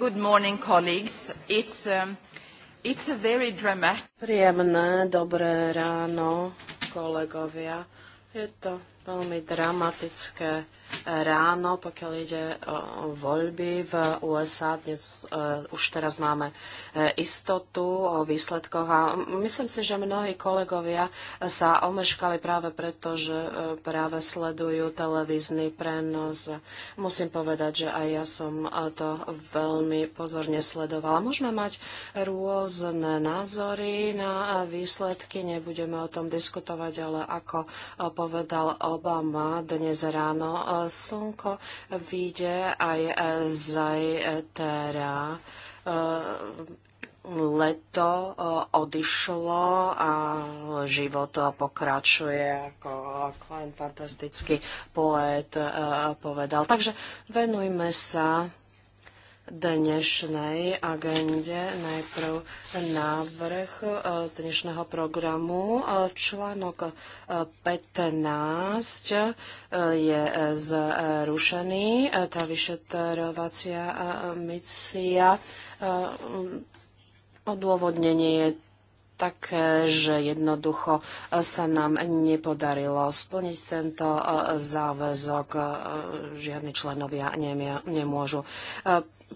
Good morning, colleagues. It's, um, it's a very dramatic... Príjemné, dobré ráno, kolegovia. Je to veľmi dramatické ráno, pokiaľ ide o voľby v USA. Dnes uh, už teraz máme eh, istotu o výsledkoch a myslím si, že mnohí kolegovia sa omeškali práve preto, že eh, práve sledujú televízny prenos. Musím povedať, že aj ja som to veľmi pozorne sledovala. Môžeme mať rôzne názory na výsledky, nebudeme o tom diskutovať, ale ako povedal Obama dnes ráno. E, slnko vyjde aj e, zajtra e, leto odišlo a život pokračuje, ako Klein fantastický poet povedal. Takže venujme sa dnešnej agende najprv návrh e, dnešného programu. E, článok 15 e, je zrušený, tá vyšetrovacia misia. Odôvodnenie je také, že jednoducho sa nám nepodarilo splniť tento záväzok. Žiadni členovia nemôžu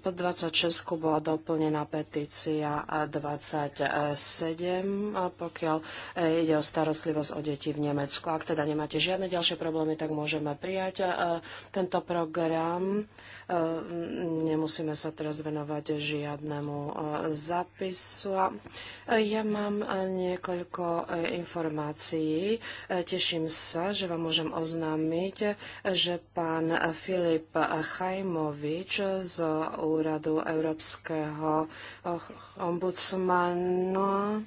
po 26 bola doplnená petícia 27, pokiaľ e, ide o starostlivosť o deti v Nemecku. Ak teda nemáte žiadne ďalšie problémy, tak môžeme prijať e, tento program. Ehm, nemusíme sa teraz venovať žiadnemu e, zápisu. E, ja mám e, niekoľko informácií. Teším sa, že vám môžem oznámiť, že pán Filip Chajmovič z úradu Európskeho ombudsmana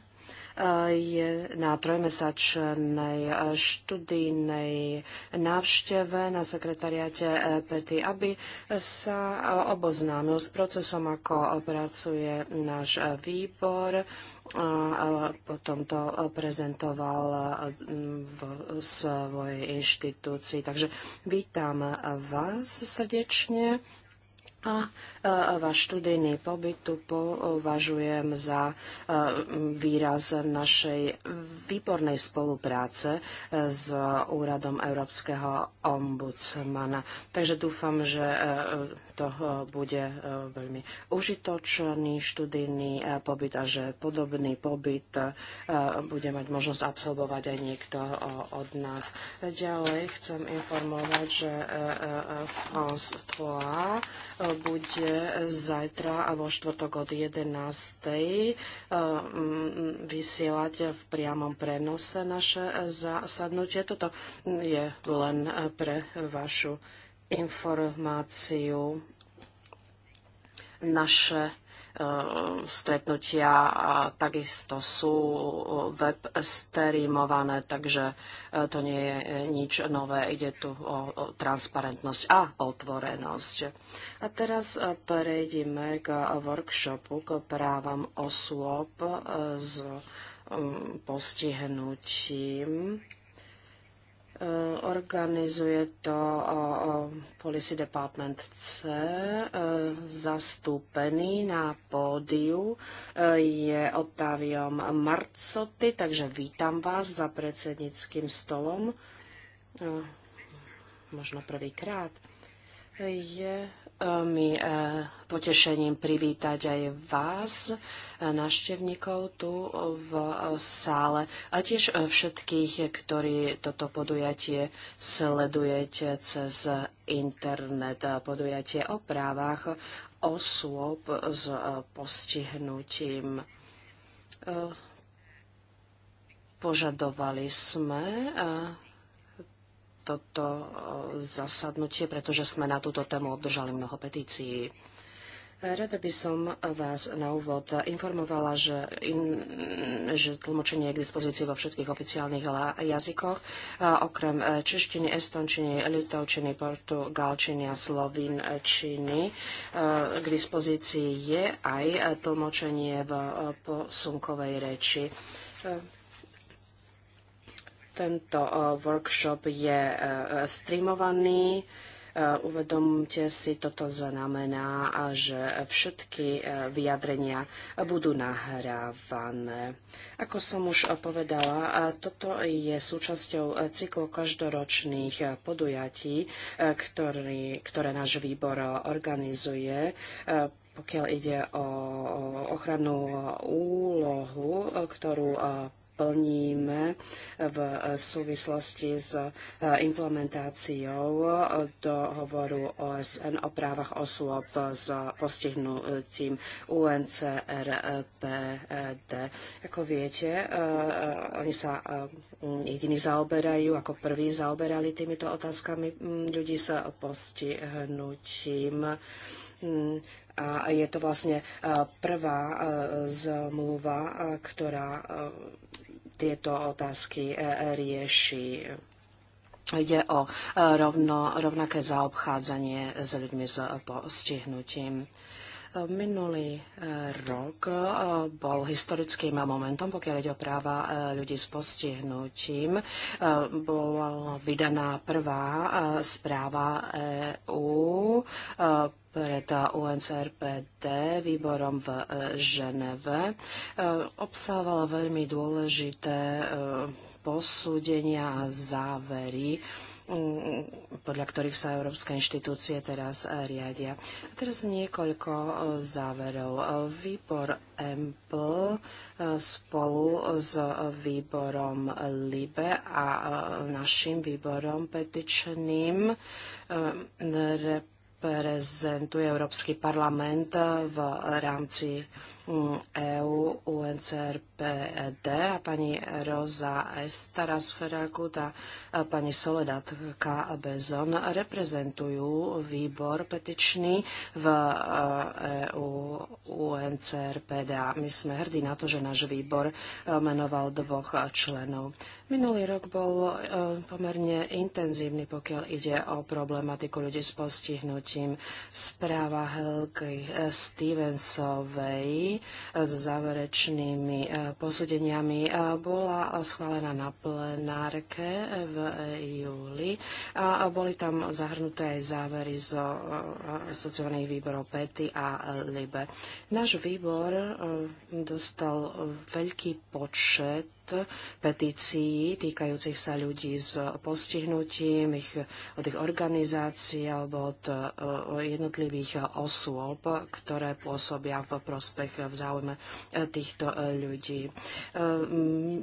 je na trojmesačnej študijnej návšteve na sekretariate e PETI, aby sa oboznámil s procesom, ako pracuje náš výbor a potom to prezentoval mm, v svojej inštitúcii. Takže vítam vás srdečne a váš študijný pobyt tu považujem za výraz našej výbornej spolupráce e, s Úradom Európskeho ombudsmana. Takže dúfam, že e, to eh, bude eh, veľmi užitočný študijný eh, pobyt a že podobný pobyt bude mať možnosť absolvovať aj niekto od nás. Ďalej chcem informovať, že France Trois bude zajtra a vo štvrtok od 11. Mm, vysielať v priamom prenose naše zasadnutie. Toto je len pre vašu informáciu naše e, stretnutia a takisto sú e, web streamované, takže e, to nie je nič nové. Ide tu o transparentnosť a otvorenosť. A teraz prejdeme k workshopu k právam osôb s postihnutím. Eh, organizuje to eh, eh, Policy Department C, zastúpený na pódiu je Ottaviom Marcoty, takže vítam vás za predsedníckým stolom. Možno prvýkrát. Je mi e, potešením privítať aj vás, e, návštevníkov tu v e, sále a tiež všetkých, ktorí toto podujatie sledujete cez internet, podujatie o právach osôb s postihnutím. Požadovali sme toto zasadnutie, pretože sme na túto tému obdržali mnoho petícií. Rada by som vás na úvod informovala, že, in, že tlmočenie je k dispozícii vo všetkých oficiálnych jazykoch, okrem e, češtiny, estončiny, litovčiny, portugalčiny a slovinčiny. E, k dispozícii je aj e, tlmočenie v posunkovej reči. Tento eh, workshop je eh, streamovaný. Eh, uvedomte si, toto znamená, že všetky vyjadrenia budú nahrávané. Ako som už povedala, toto je súčasťou cyklu každoročných podujatí, ktorý, ktoré náš výbor organizuje pokiaľ ide o ochrannú úlohu, ktorú plníme v súvislosti s eh, implementáciou dohovoru OSN o právach osôb s postihnutím UNCRPD. Ako viete, eh, eh, oni sa jediní zaoberajú, ako prví zaoberali týmito otázkami hm, ľudí s postihnutím hm, a je to vlastne prvá zmluva, ktorá tieto otázky e, e, rieši. Ide o e, rovno, rovnaké zaobchádzanie s ľuďmi s postihnutím. Minulý e, rok e, bol historickým momentom, pokiaľ ide o práva e, ľudí s postihnutím. Bola vydaná prvá správa EU pred UNCRPD, výborom v Ženeve. Obsahovala veľmi dôležité posúdenia a závery podľa ktorých sa európske inštitúcie teraz eh, riadia. A teraz niekoľko eh, záverov. Výbor EMPL eh, spolu s výborom LIBE a našim výborom petičným reprezentuje Európsky parlament v rámci EU, UNCRPD a pani Rosa Estaras Feragut a pani Soledad K. Bezon reprezentujú výbor petičný v EU e UNCRPD. My sme hrdí na to, že náš výbor e, menoval dvoch členov. Minulý rok bol e, pomerne intenzívny, pokiaľ ide o problematiku ľudí s postihnutím. Správa Helky Stevensovej s záverečnými e, posúdeniami e, bola schválená na plenárke v e, júli a boli tam zahrnuté aj závery z asociovaných výborov PETI a LIBE. Náš výbor dostal veľký počet petícií týkajúcich sa ľudí s postihnutím, ich, od ich organizácií alebo od e, jednotlivých osôb, ktoré pôsobia v prospech v záujme e, týchto e, ľudí.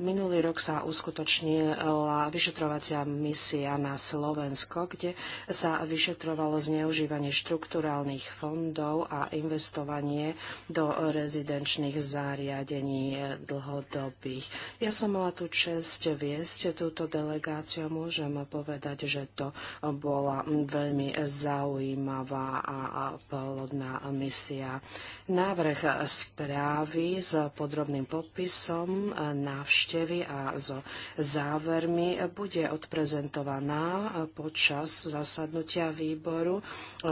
Minulý rok sa uskutočnila vyšetrovacia misia na Slovensko, kde sa vyšetrovalo zneužívanie štrukturálnych fondov a investovanie do rezidenčných zariadení dlhodobých. Ja som mala tú čest viesť túto delegáciu. Môžem povedať, že to bola veľmi zaujímavá a plodná misia. Návrh správy s podrobným popisom návštevy a s závermi bude odprezentovaná počas zasadnutia výboru,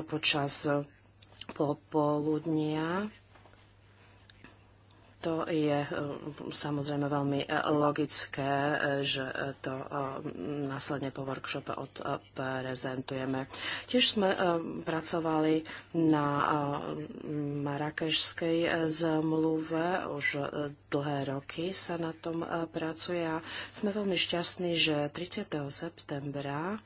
počas popoludnia to je e, samozrejme veľmi e, logické, e, že to následne po workshope odprezentujeme. Tiež sme pracovali na marakešskej zmluve, už dlhé roky sa na tom pracuje a sme veľmi šťastní, že 30. septembra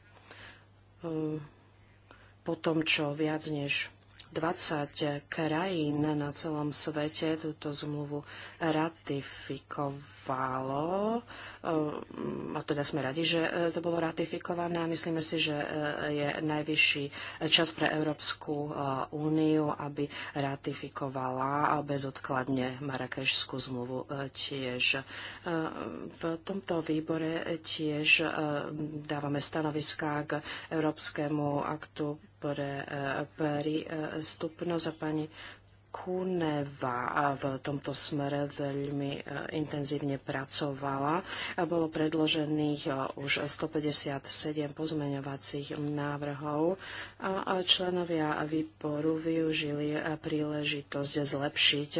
po tom, čo viac než 20 krajín na celom svete túto zmluvu ratifikovalo. Ehm, a teda sme radi, že e, to bolo ratifikované a myslíme si, že e, je najvyšší čas pre Európsku e, úniu, aby ratifikovala bezodkladne Marrakešskú zmluvu tiež. Ehm, v tomto výbore tiež dávame stanoviská k Európskemu aktu pre eh, prístupnosť a pani Kuneva v tomto smere veľmi eh, intenzívne pracovala. Bolo predložených eh, už 157 pozmeňovacích návrhov a členovia výboru využili príležitosť zlepšiť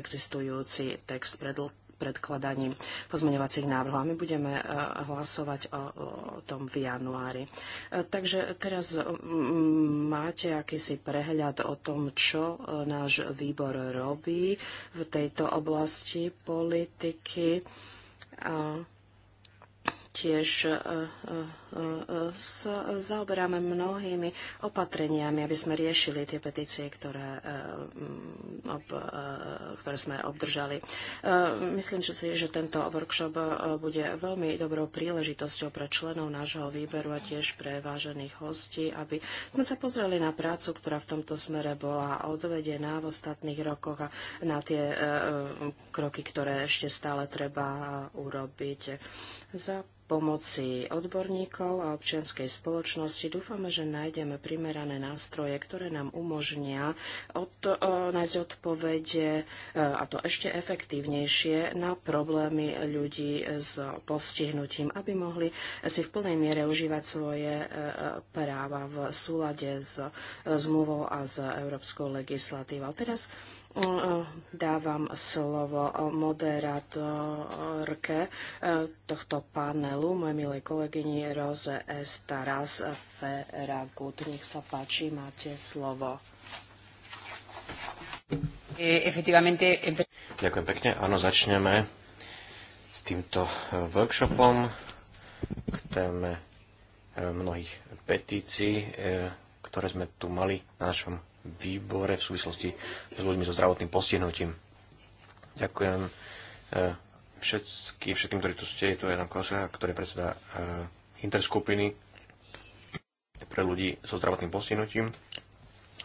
existujúci text predložený predkladaním pozmeňovacích návrhov. A my budeme e, hlasovať o tom v januári. E, takže teraz máte akýsi prehľad o tom, čo e, náš výbor robí v tejto oblasti politiky. A tiež sa zaoberáme mnohými opatreniami, aby sme riešili tie petície, ktoré, eh, mm, ob, eh, ktoré sme obdržali. Eh, myslím si, že tento workshop bude veľmi dobrou príležitosťou pre členov nášho výberu a tiež pre vážených hostí, aby sme sa pozreli na prácu, ktorá v tomto smere bola odvedená v ostatných rokoch a na tie kroky, ktoré ešte stále treba urobiť. Za pomoci odborníkov podnikov a občianskej spoločnosti dúfame, že nájdeme primerané nástroje, ktoré nám umožnia od, nájsť odpovede, e, a to ešte efektívnejšie, na problémy ľudí s postihnutím, aby mohli si v plnej miere užívať svoje e, e, práva v súlade s zmluvou a s európskou legislatívou. Teraz Hm, dávam slovo moderátorke eh, tohto panelu, mojej milej kolegyni Roze S. Taras Feragut. Nech sa páči, máte slovo. Eh, Ďakujem pekne. Áno, začneme s týmto eh, workshopom k téme mnohých petícií, ktoré sme tu mali na našom výbore v súvislosti s ľuďmi so zdravotným postihnutím. Ďakujem e, všetky, všetkým, ktorí tu ste. To je Adam Kosa, ktorý je predseda e, interskupiny pre ľudí so zdravotným postihnutím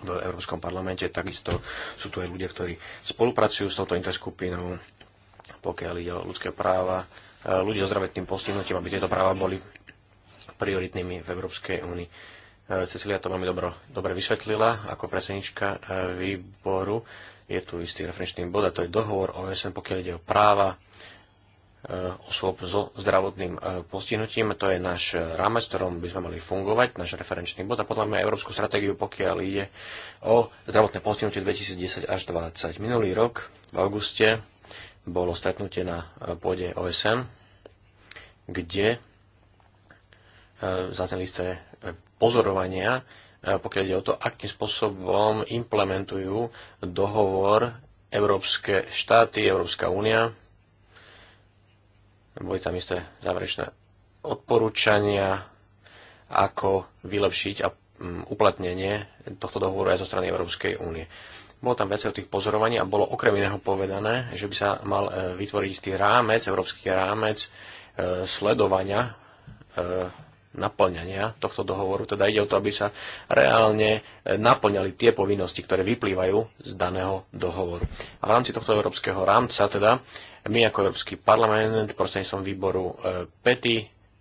v Európskom parlamente. Takisto sú tu aj ľudia, ktorí spolupracujú s touto interskupinou, pokiaľ ide o ľudské práva, e, ľudí so zdravotným postihnutím, aby tieto práva boli prioritnými v Európskej únii. Eh, Cecilia to veľmi dobro, dobre vysvetlila ako predsednička eh, výboru. Je tu istý referenčný bod a to je dohovor o OSN, pokiaľ ide o práva eh, osôb so zdravotným postihnutím. To je náš rámec, v ktorom by sme mali fungovať, náš referenčný bod a podľa mňa európsku stratégiu, pokiaľ ide o zdravotné postihnutie 2010 až 2020. Minulý rok v auguste bolo stretnutie na pôde OSN, kde E, zazneli ste pozorovania, e, pokiaľ ide o to, akým spôsobom implementujú dohovor Európske štáty, Európska únia. Boli tam isté záverečné odporúčania, ako vylepšiť a uplatnenie tohto dohovoru aj zo strany Európskej únie. Bolo tam o tých pozorovaní a bolo okrem iného povedané, že by sa mal e, vytvoriť tý rámec, európsky rámec sledovania naplňania tohto dohovoru. Teda ide o to, aby sa reálne e, naplňali tie povinnosti, ktoré vyplývajú z daného dohovoru. A v rámci tohto európskeho rámca teda my ako Európsky parlament, prostredníctvom výboru e, PETI,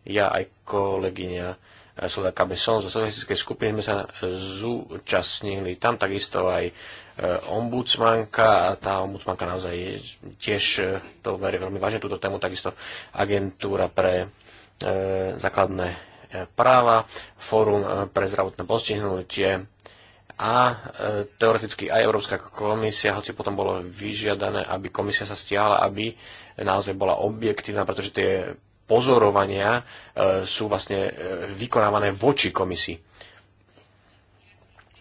ja aj kolegyňa e, Soda Kabeson zo socialistickej skupiny sme sa zúčastnili tam takisto aj e, ombudsmanka a tá ombudsmanka naozaj je, tiež e, to verí veľmi vážne túto tému, takisto agentúra pre e, základné práva, Fórum eh, pre zdravotné postihnutie a eh, teoreticky aj Európska komisia, hoci potom bolo vyžiadané, aby komisia sa stiahla, aby naozaj bola objektívna, pretože tie pozorovania eh, sú vlastne vykonávané voči komisii.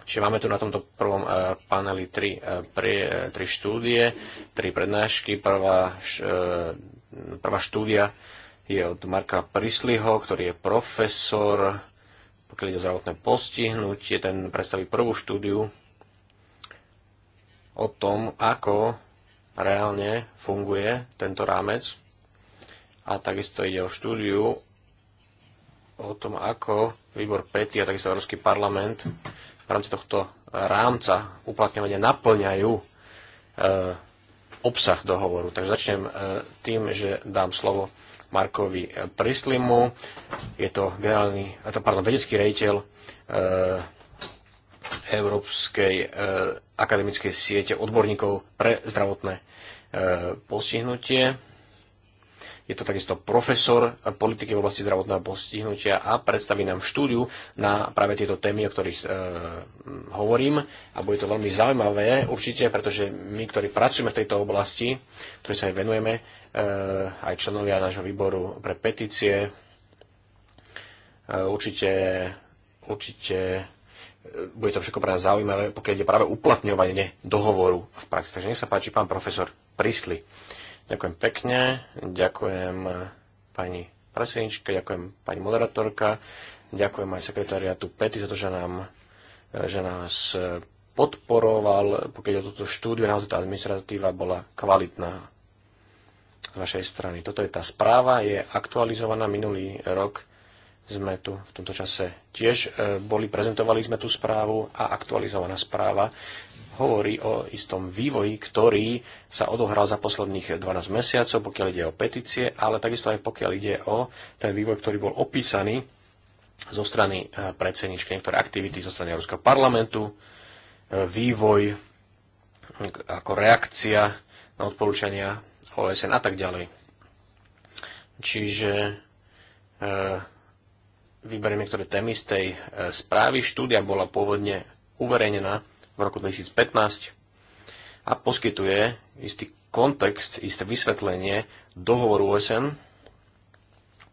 Čiže máme tu na tomto prvom paneli tri, tri štúdie, tri prednášky. Prvá, prvá štúdia je od Marka Prisliho, ktorý je profesor, pokiaľ ide o zdravotné postihnutie, ten predstaví prvú štúdiu o tom, ako reálne funguje tento rámec. A takisto ide o štúdiu o tom, ako výbor PETI a takisto Európsky parlament v rámci tohto rámca uplatňovania naplňajú e, obsah dohovoru. Takže začnem e, tým, že dám slovo Markovi eh, Prislimu. Je to, generálny, eh, pardon, vedecký rejiteľ e, Európskej e, akademickej siete odborníkov pre zdravotné e, postihnutie. Je to takisto profesor politiky v oblasti zdravotného postihnutia a predstaví nám štúdiu na práve tieto témy, o ktorých e, hovorím. A bude to veľmi zaujímavé určite, pretože my, ktorí pracujeme v tejto oblasti, ktorí sa aj venujeme, Eh, aj členovia nášho výboru pre petície. Eh, určite, určite eh, bude to všetko pre nás zaujímavé, pokiaľ ide práve uplatňovanie dohovoru v praxi. Takže nech sa páči, pán profesor Prisli. Ďakujem pekne, ďakujem pani predsednička, ďakujem pani moderatorka, ďakujem aj sekretariatu PETI za to, že, nám, že nás podporoval, pokiaľ je toto štúdiu, naozaj tá administratíva bola kvalitná z vašej strany. Toto je tá správa, je aktualizovaná minulý rok. Sme tu v tomto čase tiež e, boli, prezentovali sme tú správu a aktualizovaná správa hovorí o istom vývoji, ktorý sa odohral za posledných 12 mesiacov, pokiaľ ide o petície, ale takisto aj pokiaľ ide o ten vývoj, ktorý bol opísaný zo strany e, predsedničky, niektoré aktivity zo strany Európskeho parlamentu, e, vývoj ako reakcia na odporúčania OSN a tak ďalej. Čiže e, vyberieme niektoré témy z tej e, správy. Štúdia bola pôvodne uverejnená v roku 2015 a poskytuje istý kontext, isté vysvetlenie dohovoru OSN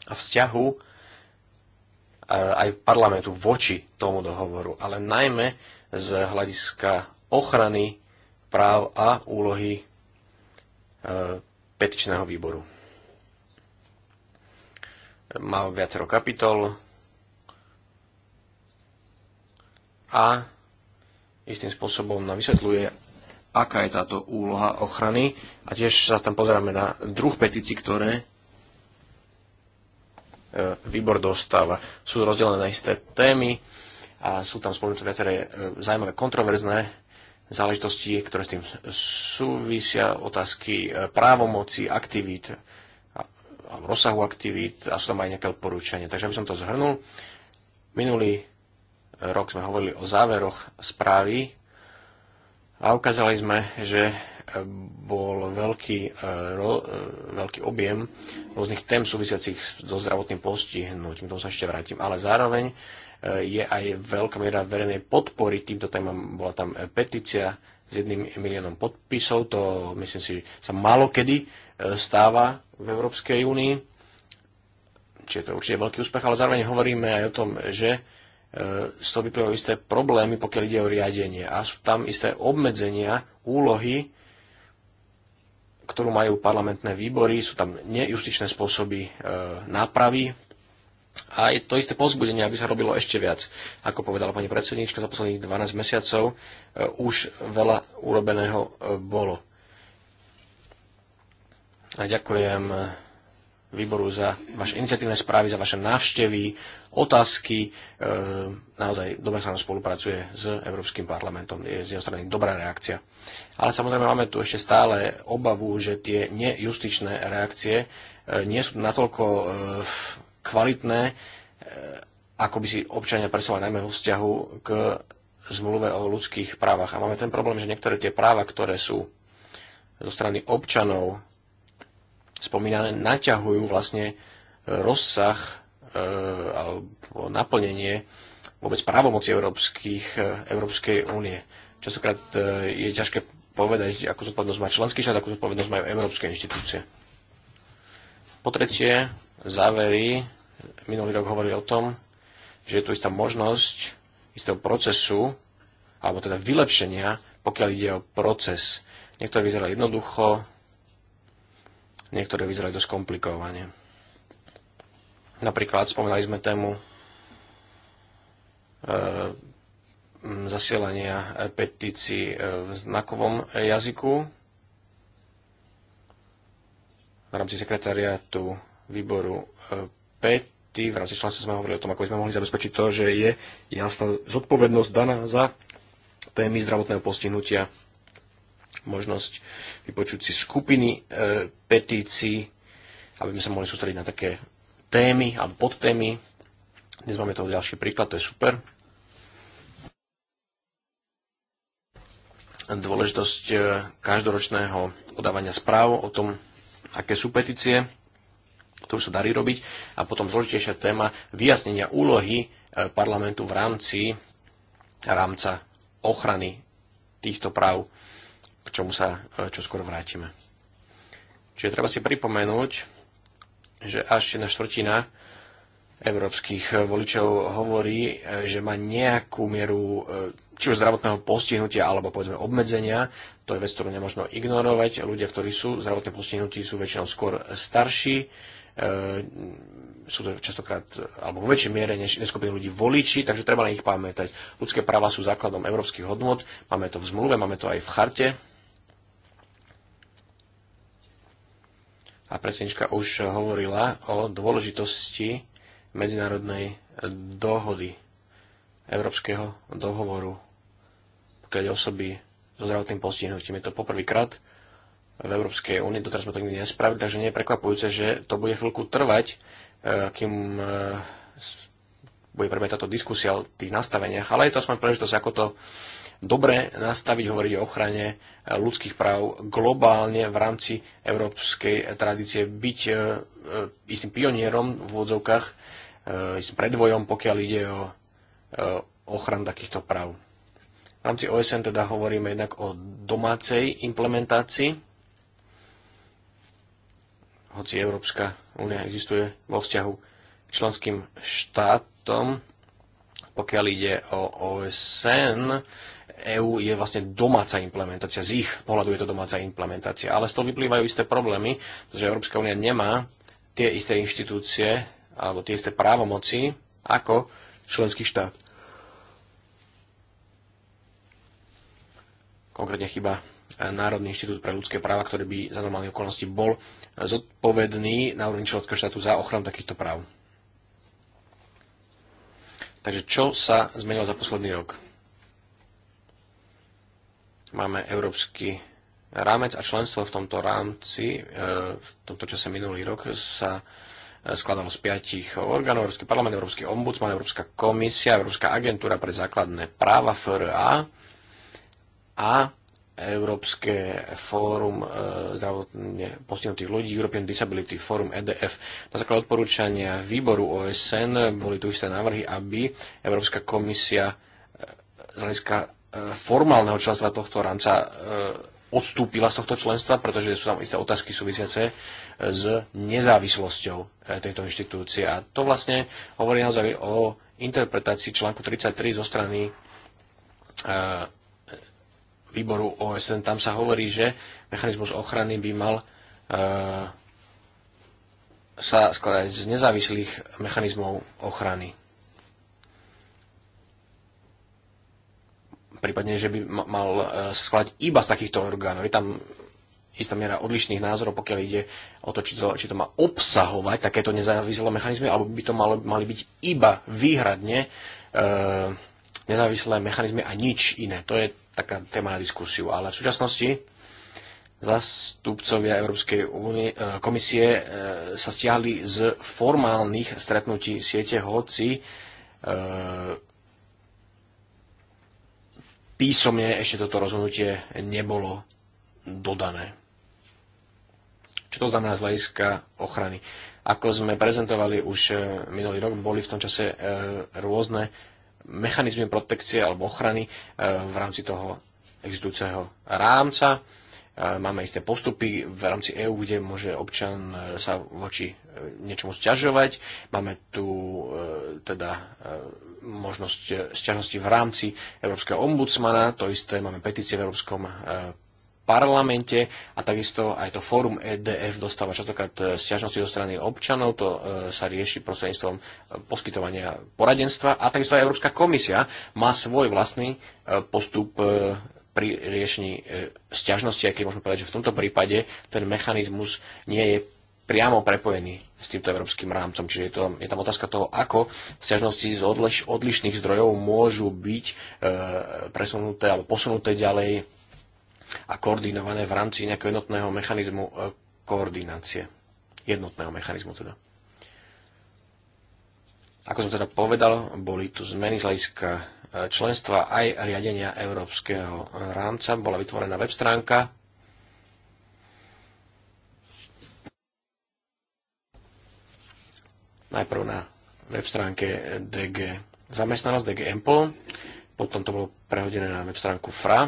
a vzťahu e, aj parlamentu voči tomu dohovoru, ale najmä z hľadiska ochrany práv a úlohy e, petičného výboru. Má viacero kapitol a istým spôsobom nám vysvetľuje, aká je táto úloha ochrany a tiež sa tam pozeráme na druh petícií, ktoré e, výbor dostáva. Sú rozdelené na isté témy a sú tam spomenuté viaceré e, zaujímavé kontroverzné záležitosti, ktoré s tým súvisia, otázky e, právomoci, aktivít, a rozsahu aktivít a sú tam aj nejaké odporúčania. Takže aby som to zhrnul, minulý rok sme hovorili o záveroch správy a ukázali sme, že bol veľký, e, ro, e, veľký objem rôznych tém súvisiacich so zdravotným postihnutím, k tomu sa ešte vrátim, ale zároveň E, je aj veľká miera verejnej podpory týmto témam. Bola tam petícia s jedným miliónom podpisov, to myslím si, sa malo kedy e, stáva v Európskej únii, čiže to je určite veľký úspech, ale zároveň hovoríme aj o tom, že e, z toho vyplývajú isté problémy, pokiaľ ide o riadenie a sú tam isté obmedzenia, úlohy, ktorú majú parlamentné výbory, sú tam nejustičné spôsoby nápravy a je to isté pozbudenie, aby sa robilo ešte viac. Ako povedala pani predsednička, za posledných 12 mesiacov e, už veľa urobeného e, bolo. A ďakujem e, výboru za vaše iniciatívne správy, za vaše návštevy, otázky. Naozaj dobre sa nám spolupracuje s Európskym parlamentom. Je z jeho strany dobrá reakcia. Ale samozrejme máme tu ešte stále obavu, že tie nejustičné reakcie nie sú natoľko kvalitné, e, ako by si občania presovali najmä vo vzťahu k zmluve o ľudských právach. A máme ten problém, že niektoré tie práva, ktoré sú zo strany občanov spomínané, naťahujú vlastne rozsah e, alebo naplnenie vôbec právomoci Európskych, e, Európskej únie. Častokrát e, je ťažké povedať, akú zodpovednosť má členský štát, akú zodpovednosť majú európske inštitúcie. Po tretie, závery minulý rok hovorili o tom, že je tu istá možnosť istého procesu, alebo teda vylepšenia, pokiaľ ide o proces. Niektoré vyzerajú jednoducho, niektoré vyzerajú dosť komplikovane. Napríklad spomenali sme tému e, zasielania e, petícií e, v znakovom jazyku v rámci sekretariátu výboru e, pety, v rámci členstva sme hovorili o tom, ako by sme mohli zabezpečiť to, že je jasná zodpovednosť daná za témy zdravotného postihnutia, možnosť vypočuť si skupiny e, petícií, aby sme sa mohli sústrediť na také témy alebo podtémy. Dnes máme toho ďalší príklad, to je super. Dôležitosť e, každoročného podávania správ o tom, aké sú petície to už sa darí robiť. A potom zložitejšia téma vyjasnenia úlohy e, parlamentu v rámci rámca ochrany týchto práv, k čomu sa e, čo skoro vrátime. Čiže treba si pripomenúť, že až jedna štvrtina európskych e, voličov hovorí, že má nejakú mieru či už zdravotného postihnutia alebo povedzme obmedzenia. To je vec, ktorú nemožno ignorovať. Ľudia, ktorí sú zdravotne postihnutí, sú väčšinou skôr starší E, sú to častokrát, alebo vo väčšej miere než iné skupiny ľudí voliči, takže treba na nich pamätať. Ľudské práva sú základom európskych hodnot, máme to v zmluve, máme to aj v charte. A predsednička už hovorila o dôležitosti medzinárodnej dohody, európskeho dohovoru, pokiaľ osoby so zdravotným postihnutím. Je to poprvýkrát, v Európskej únii. Doteraz sme to nikdy nespravili, takže nie je prekvapujúce, že to bude chvíľku trvať, e, kým e, bude prebiehať táto diskusia o tých nastaveniach, ale je to aspoň príležitosť, ako to dobre nastaviť, hovoriť o ochrane e, ľudských práv globálne v rámci európskej tradície, byť istým pionierom v úvodzovkách, istým predvojom, pokiaľ ide o ochranu takýchto práv. V rámci OSN teda hovoríme jednak o domácej implementácii hoci Európska únia existuje vo vzťahu k členským štátom, pokiaľ ide o OSN, EÚ je vlastne domáca implementácia, z ich pohľadu je to domáca implementácia, ale z toho vyplývajú isté problémy, pretože Európska únia nemá tie isté inštitúcie alebo tie isté právomoci ako členský štát. Konkrétne chyba Národný inštitút pre ľudské práva, ktorý by za normálne okolnosti bol zodpovedný na úrovni členského štátu za ochranu takýchto práv. Takže čo sa zmenilo za posledný rok? Máme európsky rámec a členstvo v tomto rámci, e, v tomto čase minulý rok sa e, skladalo z piatich orgánov, Európsky parlament, Európsky ombudsman, Európska komisia, Európska agentúra pre základné práva, FRA a Európske fórum e, zdravotne postihnutých ľudí, European Disability Forum EDF. Na základe odporúčania výboru OSN boli tu isté návrhy, aby Európska komisia e, z hľadiska e, formálneho členstva tohto rámca odstúpila z tohto členstva, pretože sú tam isté otázky súvisiace s nezávislosťou tejto inštitúcie. A to vlastne hovorí naozaj o interpretácii článku 33 zo strany výboru OSN. Tam sa hovorí, že mechanizmus ochrany by mal e, sa skladať z nezávislých mechanizmov ochrany. Prípadne, že by mal uh, skladať iba z takýchto orgánov. Je tam istá miera odlišných názorov, pokiaľ ide o to, či to, či to má obsahovať takéto nezávislé mechanizmy, alebo by to mal, mali byť iba výhradne uh, nezávislé mechanizmy a nič iné. To je taká téma na diskusiu. Ale v súčasnosti zastupcovia Európskej únie, e, komisie e, sa stiahli z formálnych stretnutí siete, hoci e, písomne ešte toto rozhodnutie nebolo dodané. Čo to znamená z hľadiska ochrany? Ako sme prezentovali už minulý rok, boli v tom čase rôzne mechanizmy protekcie alebo ochrany eh, v rámci toho existujúceho rámca. Eh, máme isté postupy v rámci EÚ, kde môže občan eh, sa voči niečomu sťažovať. Máme tu teda možnosť sťažnosti v rámci Európskeho ombudsmana, to isté máme petície v Európskom parlamente a takisto aj to fórum EDF dostáva častokrát e, sťažnosti zo strany občanov, to e, sa rieši prostredníctvom e, poskytovania poradenstva a takisto aj Európska komisia má svoj vlastný postup pri riešení sťažnosti, aj keď môžeme povedať, že v tomto prípade ten mechanizmus nie je priamo prepojený s týmto európskym rámcom. Čiže je, to, je tam otázka toho, ako sťažnosti z odliš, odlišných zdrojov môžu byť e, presunuté alebo posunuté ďalej a koordinované v rámci nejakého jednotného mechanizmu e, koordinácie. Jednotného mechanizmu teda. Ako som teda povedal, boli tu zmeny z hľadiska e, členstva aj riadenia európskeho rámca. Bola vytvorená web stránka. Najprv na web stránke DG zamestnanosť, DG Empol, potom to bolo prehodené na web stránku FRA,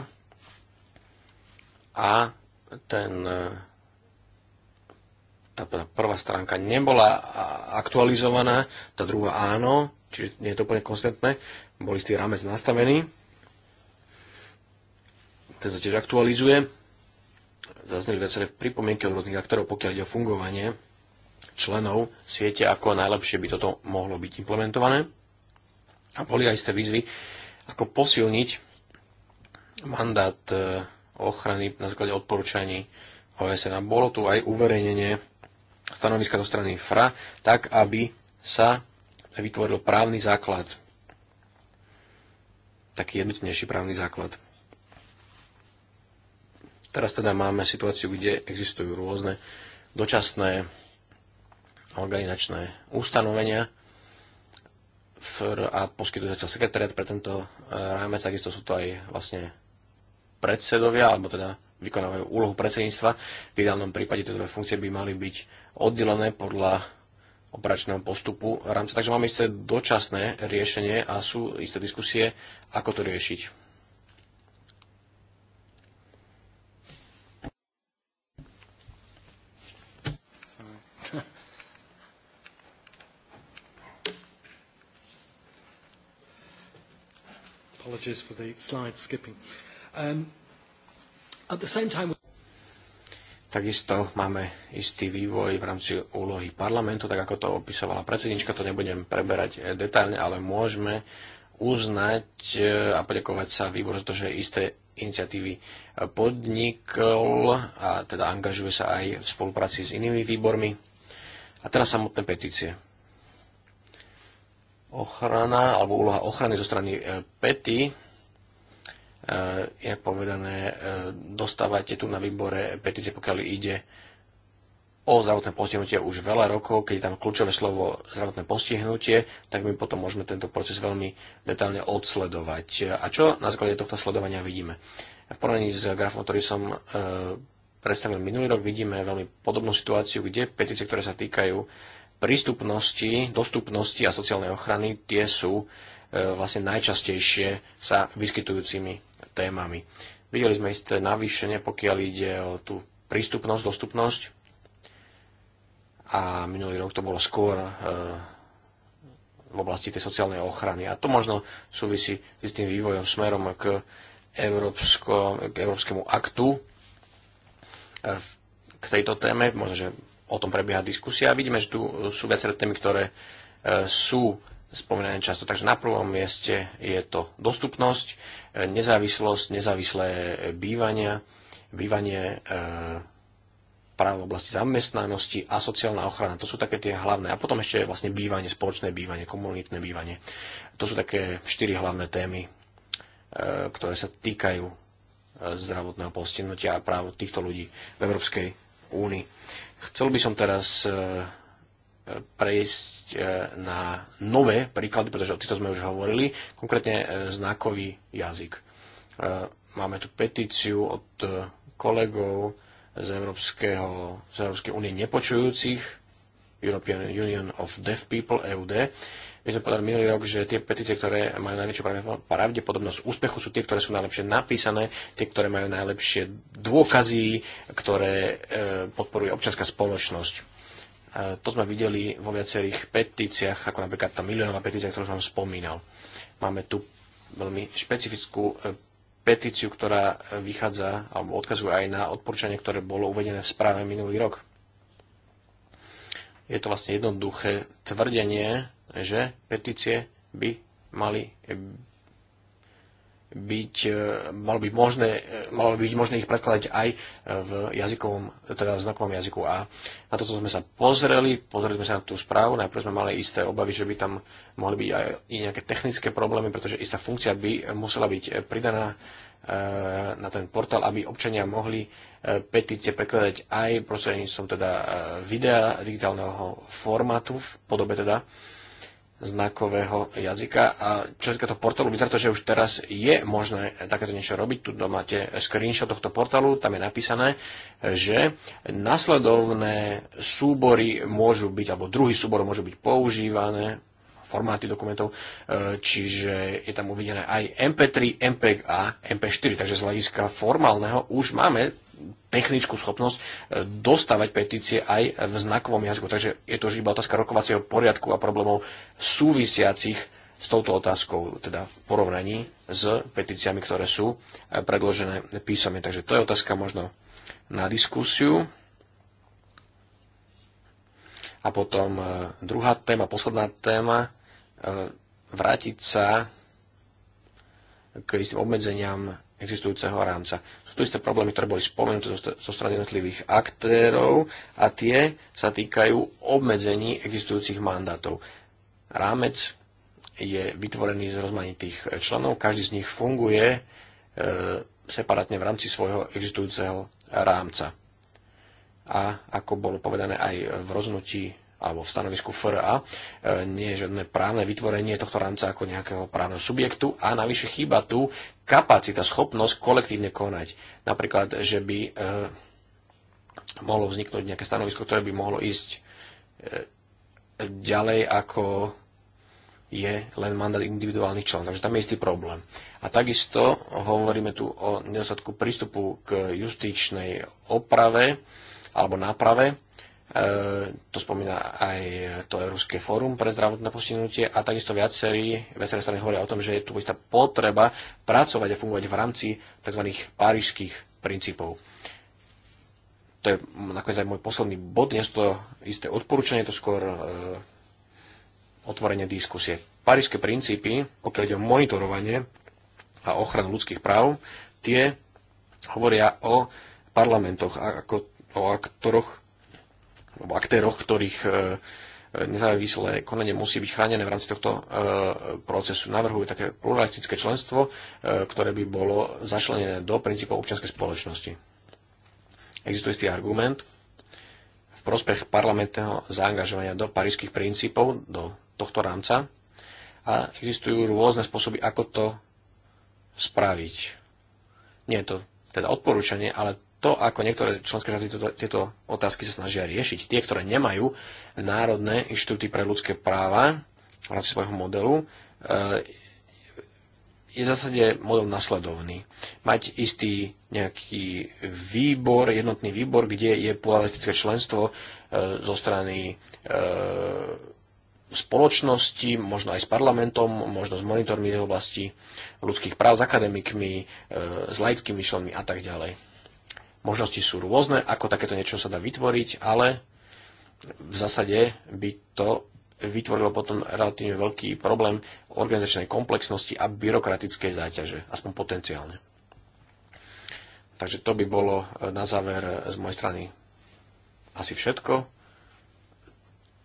a ten, tá, e, tá prvá stránka nebola aktualizovaná, tá druhá áno, čiže nie je to úplne konstantné, bol istý rámec nastavený, ten sa tiež aktualizuje. Zazneli viaceré pripomienky od rôznych aktorov, pokiaľ ide o fungovanie členov siete, ako najlepšie by toto mohlo byť implementované. A boli aj isté výzvy, ako posilniť mandát e, ochrany na základe odporúčaní OSN. A bolo tu aj uverejnenie stanoviska zo strany FRA, tak aby sa vytvoril právny základ. Taký jednotnejší právny základ. Teraz teda máme situáciu, kde existujú rôzne dočasné organizačné ustanovenia, a poskytujúceho sekretariat pre tento eh, rámec, takisto sú to aj vlastne predsedovia, alebo teda vykonávajú úlohu predsedníctva. V ideálnom prípade tieto dve funkcie by mali byť oddelené podľa operačného postupu rámci, Takže máme isté dočasné riešenie a sú isté diskusie, ako to riešiť. Apologies for the slide skipping. Um, Takisto máme istý vývoj v rámci úlohy parlamentu, tak ako to opisovala predsednička, to nebudem preberať eh, detailne, ale môžeme uznať eh, a poďakovať sa výbor za to, že isté iniciatívy eh, podnikol a teda angažuje sa aj v spolupráci s inými výbormi. A teraz samotné petície. Ochrana alebo úloha ochrany zo strany PETI Eh, Jak povedané, eh, dostávate tu na výbore petície, pokiaľ ide o zdravotné postihnutie už veľa rokov, keď je tam kľúčové slovo zdravotné postihnutie, tak my potom môžeme tento proces veľmi detálne odsledovať. A čo na základe tohto sledovania vidíme? V porovnaní s grafom, ktorý som e, predstavil minulý rok, vidíme veľmi podobnú situáciu, kde petície, ktoré sa týkajú prístupnosti, dostupnosti a sociálnej ochrany, tie sú e, vlastne najčastejšie sa vyskytujúcimi témami. Videli sme isté navýšenie, pokiaľ ide o tú prístupnosť, dostupnosť. A minulý rok to bolo skôr e, v oblasti tej sociálnej ochrany. A to možno súvisí s tým vývojom smerom k, Európsko, k Európskemu aktu e, k tejto téme. Možno, že o tom prebieha diskusia. Vidíme, že tu sú viaceré témy, ktoré e, sú spomínané často. Takže na prvom mieste je to dostupnosť nezávislosť, nezávislé bývania, bývanie, e, právo v oblasti zamestnanosti a sociálna ochrana. To sú také tie hlavné. A potom ešte vlastne bývanie, spoločné bývanie, komunitné bývanie. To sú také štyri hlavné témy, e, ktoré sa týkajú e, zdravotného postihnutia a práv týchto ľudí v Európskej únii. Chcel by som teraz prejsť eh, na nové príklady, pretože o týchto sme už hovorili, konkrétne eh, znakový jazyk. Eh, máme tu petíciu od kolegov z, Európskeho, z Európskej únie nepočujúcich, European Union of Deaf People, EUD. My sme povedali minulý rok, že tie petície, ktoré majú najväčšiu pravdepodobnosť úspechu, sú tie, ktoré sú najlepšie napísané, tie, ktoré majú najlepšie dôkazy, ktoré podporuje občianská spoločnosť E, to sme videli vo viacerých petíciách, ako napríklad tá miliónová petícia, ktorú som spomínal. Máme tu veľmi špecifickú e, petíciu, ktorá vychádza alebo odkazuje aj na odporúčanie, ktoré bolo uvedené v správe minulý rok. Je to vlastne jednoduché tvrdenie, že petície by mali byť, e, malo by možné, e, malo byť možné ich predkladať aj v jazykovom, teda v znakovom jazyku A. Na toto sme sa pozreli, pozreli sme sa na tú správu, najprv sme mali isté obavy, že by tam mohli byť aj nejaké technické problémy, pretože istá funkcia by musela byť e, pridaná na ten portál, aby občania mohli petície prekladať aj prostredníctvom teda videa digitálneho formátu v podobe teda znakového jazyka. A čo týka toho portálu, vyzerá to, že už teraz je možné takéto niečo robiť. Tu máte screenshot tohto portálu, tam je napísané, že nasledovné súbory môžu byť, alebo druhý súbor môžu byť používané, formáty dokumentov, e, čiže je tam uvedené aj MP3, MPEG a MP4, takže z hľadiska formálneho už máme technickú schopnosť e, dostávať petície aj v znakovom jazyku. Takže je to už iba otázka rokovacieho poriadku a problémov súvisiacich s touto otázkou, teda v porovnaní s petíciami, ktoré sú e, predložené písomne. Takže to je otázka možno na diskusiu. A potom e, druhá téma, posledná téma, vrátiť sa k istým obmedzeniam existujúceho rámca. Sú to isté problémy, ktoré boli spomenuté zo, zo strany jednotlivých aktérov a tie sa týkajú obmedzení existujúcich mandátov. Rámec je vytvorený z rozmanitých členov, každý z nich funguje e, separátne v rámci svojho existujúceho rámca. A ako bolo povedané aj v rozhodnutí alebo v stanovisku FRA e, nie je žiadne právne vytvorenie tohto rámca ako nejakého právneho subjektu a navyše chýba tu kapacita, schopnosť kolektívne konať. Napríklad, že by e, mohlo vzniknúť nejaké stanovisko, ktoré by mohlo ísť e, ďalej ako je len mandát individuálnych členov. Takže tam je istý problém. A takisto hovoríme tu o nedostatku prístupu k justičnej oprave alebo náprave E, to spomína aj to Európske fórum pre zdravotné postihnutie a takisto viacerí, viacerí strany hovoria o tom, že je tu istá potreba pracovať a fungovať v rámci tzv. parížských princípov. To je nakoniec aj môj posledný bod, nie sú to isté odporúčanie, to skôr e, otvorenie diskusie. Parížské princípy, pokiaľ ide o monitorovanie a ochranu ľudských práv, tie hovoria o parlamentoch, ako, o aktoroch alebo aktéroch, ktorých e, e, nezávislé konanie musí byť chránené v rámci tohto e, procesu. Navrhujú také pluralistické členstvo, ktoré by bolo zašlenené do princípov občianskej spoločnosti. Existuje tý argument v prospech parlamentného zaangažovania do parížských princípov, do tohto rámca a existujú rôzne spôsoby, ako to spraviť. Nie je to teda odporúčanie, ale to, ako niektoré členské štáty tieto, tieto otázky sa snažia riešiť. Tie, ktoré nemajú národné inštitúty pre ľudské práva v rámci svojho modelu, eh, je v zásade model nasledovný. Mať istý nejaký výbor, jednotný výbor, kde je pluralistické členstvo eh, zo strany eh, spoločnosti, možno aj s parlamentom, možno s monitormi z oblasti ľudských práv, s akademikmi, s laickými členmi a tak ďalej možnosti sú rôzne, ako takéto niečo sa dá vytvoriť, ale v zásade by to vytvorilo potom relatívne veľký problém organizačnej komplexnosti a byrokratickej záťaže, aspoň potenciálne. Takže to by bolo e, na záver e, z mojej strany asi všetko.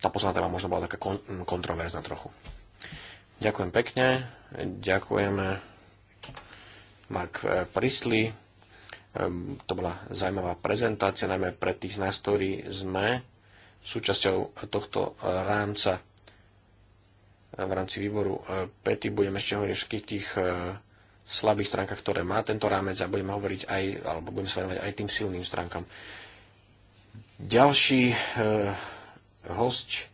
Tá posledná téma možno bola taká kontroverzná trochu. Ďakujem pekne, ďakujeme Mark e, Prisley Ehm, to bola zaujímavá prezentácia, najmä pre tých z nás, ktorí sme súčasťou tohto rámca v rámci výboru e, PETI. Budeme ešte hovoriť o všetkých tých e, slabých stránkach, ktoré má tento rámec a budeme hovoriť aj, alebo budeme sa venovať aj tým silným stránkam. Ďalší e, host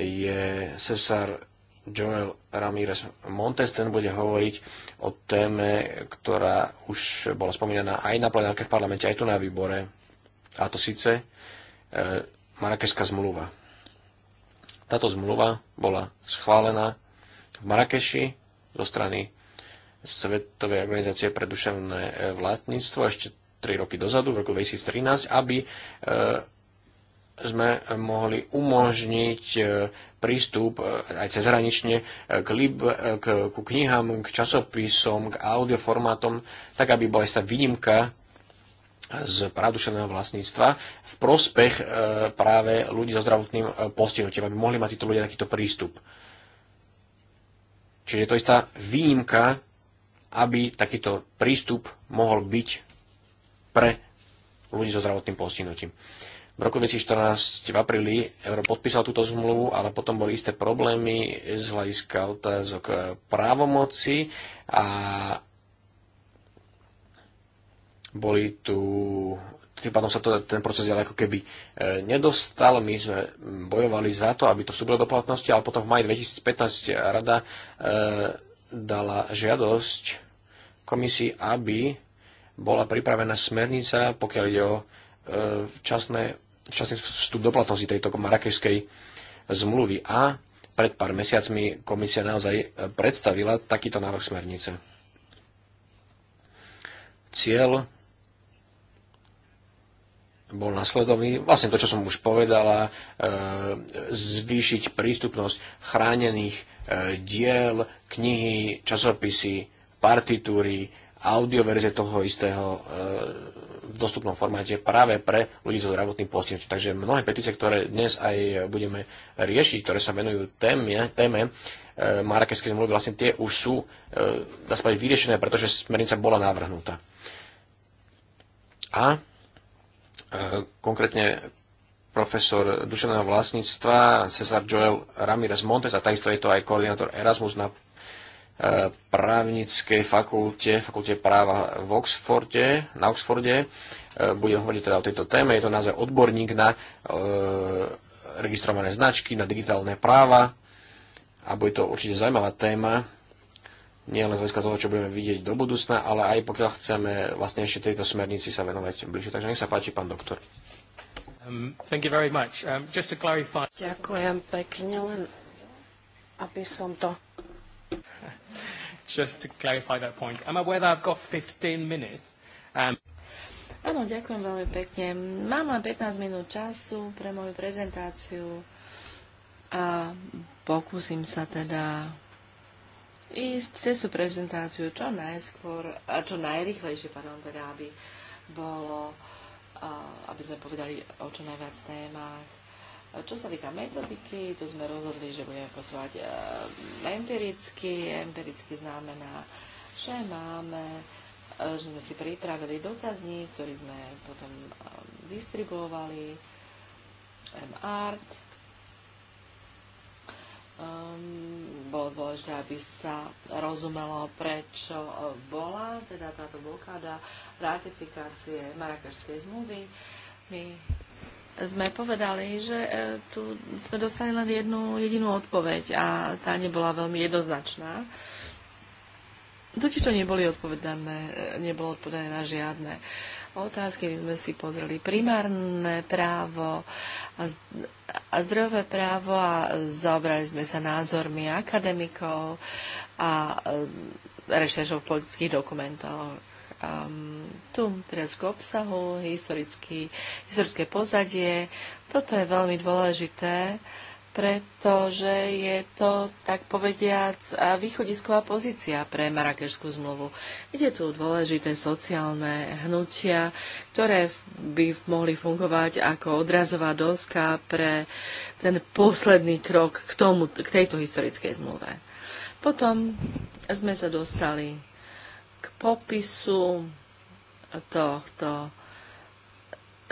je Cesar Joel Ramirez Montes, ten bude hovoriť o téme, ktorá už bola spomínaná aj na plenárke v parlamente, aj tu na výbore, a to síce e, Marakešská zmluva. Táto zmluva bola schválená v Marakeši zo strany Svetovej organizácie pre duševné e, vlastníctvo ešte 3 roky dozadu, v roku 2013, aby e, sme mohli umožniť e, prístup e, aj cezhranične e, k, lib, k, k knihám, k časopisom, k audioformátom, tak aby bola istá výnimka z pradušeného vlastníctva v prospech práve ľudí so zdravotným postihnutím, aby mohli mať títo ľudia takýto prístup. Čiže je to istá výnimka, aby takýto prístup mohol byť pre ľudí so zdravotným postihnutím. Uh, v roku 2014 v apríli euro podpísal túto zmluvu, ale potom boli isté problémy z hľadiska otázok právomoci a boli tu tým pádom sa to, ten proces ďalej ako keby e, nedostal. My sme bojovali za to, aby to vstúpilo do platnosti, ale potom v maji 2015 rada e, dala žiadosť komisii, aby bola pripravená smernica, pokiaľ ide o e, včasné časný vstup do platnosti tejto marakešskej zmluvy. A pred pár mesiacmi komisia naozaj e, predstavila takýto návrh smernice. Cieľ bol nasledovný, vlastne to, čo som už povedala, e, zvýšiť prístupnosť chránených e, diel, knihy, časopisy, partitúry, audioverzie toho istého v dostupnom formáte práve pre ľudí so zdravotným postihnutím. Takže mnohé petície, ktoré dnes aj budeme riešiť, ktoré sa venujú téme, téme e, Marrakešskej zmluvy, vlastne tie už sú, e, dá sa vyriešené, pretože smernica bola navrhnutá. A e, konkrétne profesor duševného vlastníctva Cesar Joel Ramirez Montes a takisto je to aj koordinátor Erasmus na E, právnickej fakulte, fakulte práva v Oxforde, na Oxforde. E, budem hovoriť teda o tejto téme. Je to naozaj odborník na e, registrované značky, na digitálne práva a bude to určite zaujímavá téma, nie len z hľadiska toho, čo budeme vidieť do budúcna, ale aj pokiaľ chceme vlastne ešte tejto smernici sa venovať bližšie. Takže nech sa páči, pán doktor. Um, thank you very much. Um, just to clarify... Ďakujem pekne, len aby som to just to clarify that point. I'm aware that I've got 15 minutes. Um, Áno, ďakujem veľmi pekne. Mám len 15 minút času pre moju prezentáciu a pokúsim sa teda ísť cez tú prezentáciu čo najskôr, a čo najrychlejšie, pardon, teda, aby bolo, aby sme povedali o čo najviac témach čo sa týka metodiky, tu sme rozhodli, že budeme posúvať e, empiricky. Empiricky znamená, že máme e, že sme si pripravili dotazní, ktorý sme potom e, distribuovali, M-Art. Um, bolo dôležité, aby sa rozumelo, prečo bola teda táto blokáda ratifikácie Marrakešskej zmluvy. My sme povedali, že e, tu sme dostali len jednu jedinú odpoveď a tá nebola veľmi jednoznačná. Totiž to neboli odpovedané, e, nebolo odpovedané na žiadne otázky. My sme si pozreli primárne právo a zdrojové právo a zaobrali sme sa názormi akademikov a e, rešeršov v politických dokumentoch Um, tu teraz k obsahu, historický, historické pozadie. Toto je veľmi dôležité, pretože je to, tak povediac, východisková pozícia pre Marrakešskú zmluvu. Ide tu dôležité sociálne hnutia, ktoré by mohli fungovať ako odrazová doska pre ten posledný krok k, tomu, k tejto historickej zmluve. Potom sme sa dostali k popisu tohto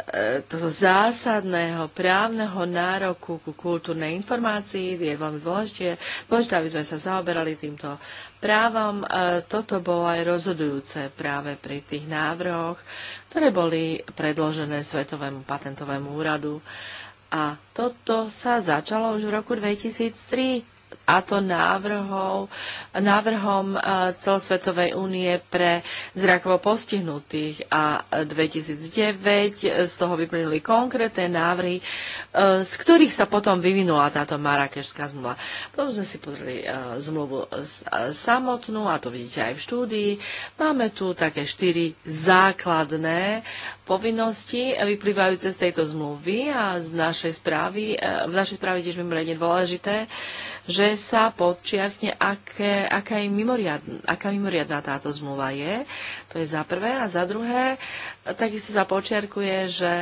e, toho zásadného právneho nároku ku kultúrnej informácii je veľmi dôležité. Dôležité, aby sme sa zaoberali týmto právom. E, toto bolo aj rozhodujúce práve pri tých návrhoch, ktoré boli predložené Svetovému patentovému úradu. A toto sa začalo už v roku 2003 a to návrhov, návrhom e, celosvetovej únie pre zrakovo postihnutých a 2009 e, z toho vyplynuli konkrétne návrhy, e, z ktorých sa potom vyvinula táto marakešská zmluva. Potom sme si pozreli zmluvu samotnú a to vidíte aj v štúdii. Máme tu také štyri základné povinnosti vyplývajúce z tejto zmluvy a z našej správy. V našej správe tiež mimoriadne dôležité, že sa podčiarkne, aké, aká, je mimoriadná, aká mimoriadná táto zmluva je. To je za prvé. A za druhé, takisto sa počiarkuje, že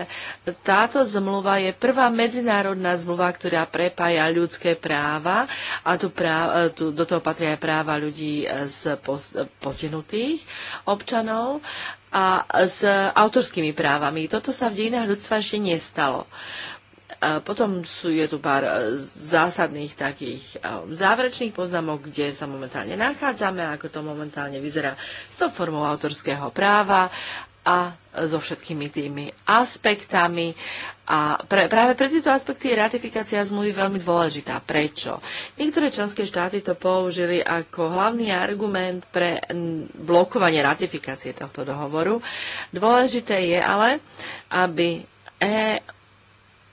táto zmluva je prvá medzinárodná zmluva, ktorá prepája ľudské práva a tu práv, tu, do toho patria aj práva ľudí e, z pos, postihnutých občanov a s autorskými právami. Toto sa v dejinách ľudstva ešte nestalo. Potom sú, je tu pár e, zásadných takých e, záverečných poznámok, kde sa momentálne nachádzame, ako to momentálne vyzerá s tou formou autorského práva a so všetkými tými aspektami. A pre, práve pre tieto aspekty je ratifikácia zmluvy veľmi dôležitá. Prečo? Niektoré členské štáty to použili ako hlavný argument pre blokovanie ratifikácie tohto dohovoru. Dôležité je ale, aby e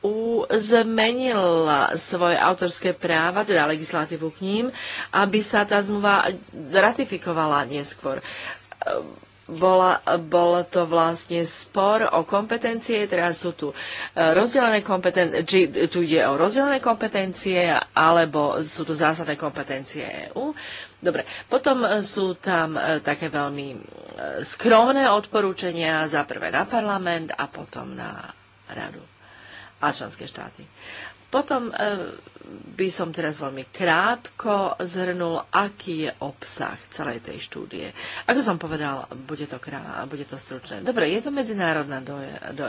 EÚ zmenila svoje autorské práva, teda legislatívu k ním, aby sa tá zmluva ratifikovala neskôr. Bola, bol to vlastne spor o kompetencie, teraz sú tu e, rozdelené kompetencie, či tu ide o rozdelené kompetencie, alebo sú tu zásadné kompetencie EÚ. Dobre, potom sú tam e, také veľmi e, skromné odporúčania, za prvé na parlament a potom na radu a členské štáty. Potom e, by som teraz veľmi krátko zhrnul, aký je obsah celej tej štúdie. Ako som povedal, bude to, krá, bude to stručné. Dobre, je to, medzinárodná do,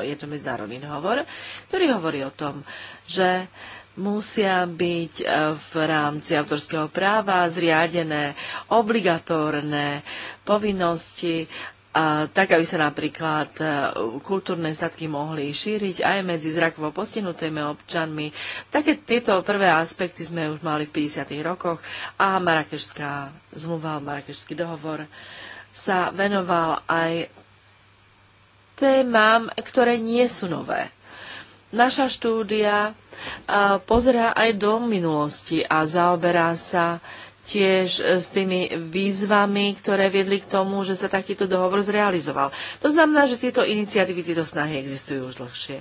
je to medzinárodný hovor, ktorý hovorí o tom, že musia byť e, v rámci autorského práva zriadené obligatórne povinnosti tak aby sa napríklad e, kultúrne statky mohli šíriť aj medzi zrakovo postihnutými občanmi. Také tieto prvé aspekty sme už mali v 50. rokoch a Marakešská zmluva, Marakešský dohovor sa venoval aj témam, ktoré nie sú nové. Naša štúdia e, pozerá aj do minulosti a zaoberá sa tiež e, s tými výzvami, ktoré viedli k tomu, že sa takýto dohovor zrealizoval. To znamená, že tieto iniciatívy, tieto snahy existujú už dlhšie.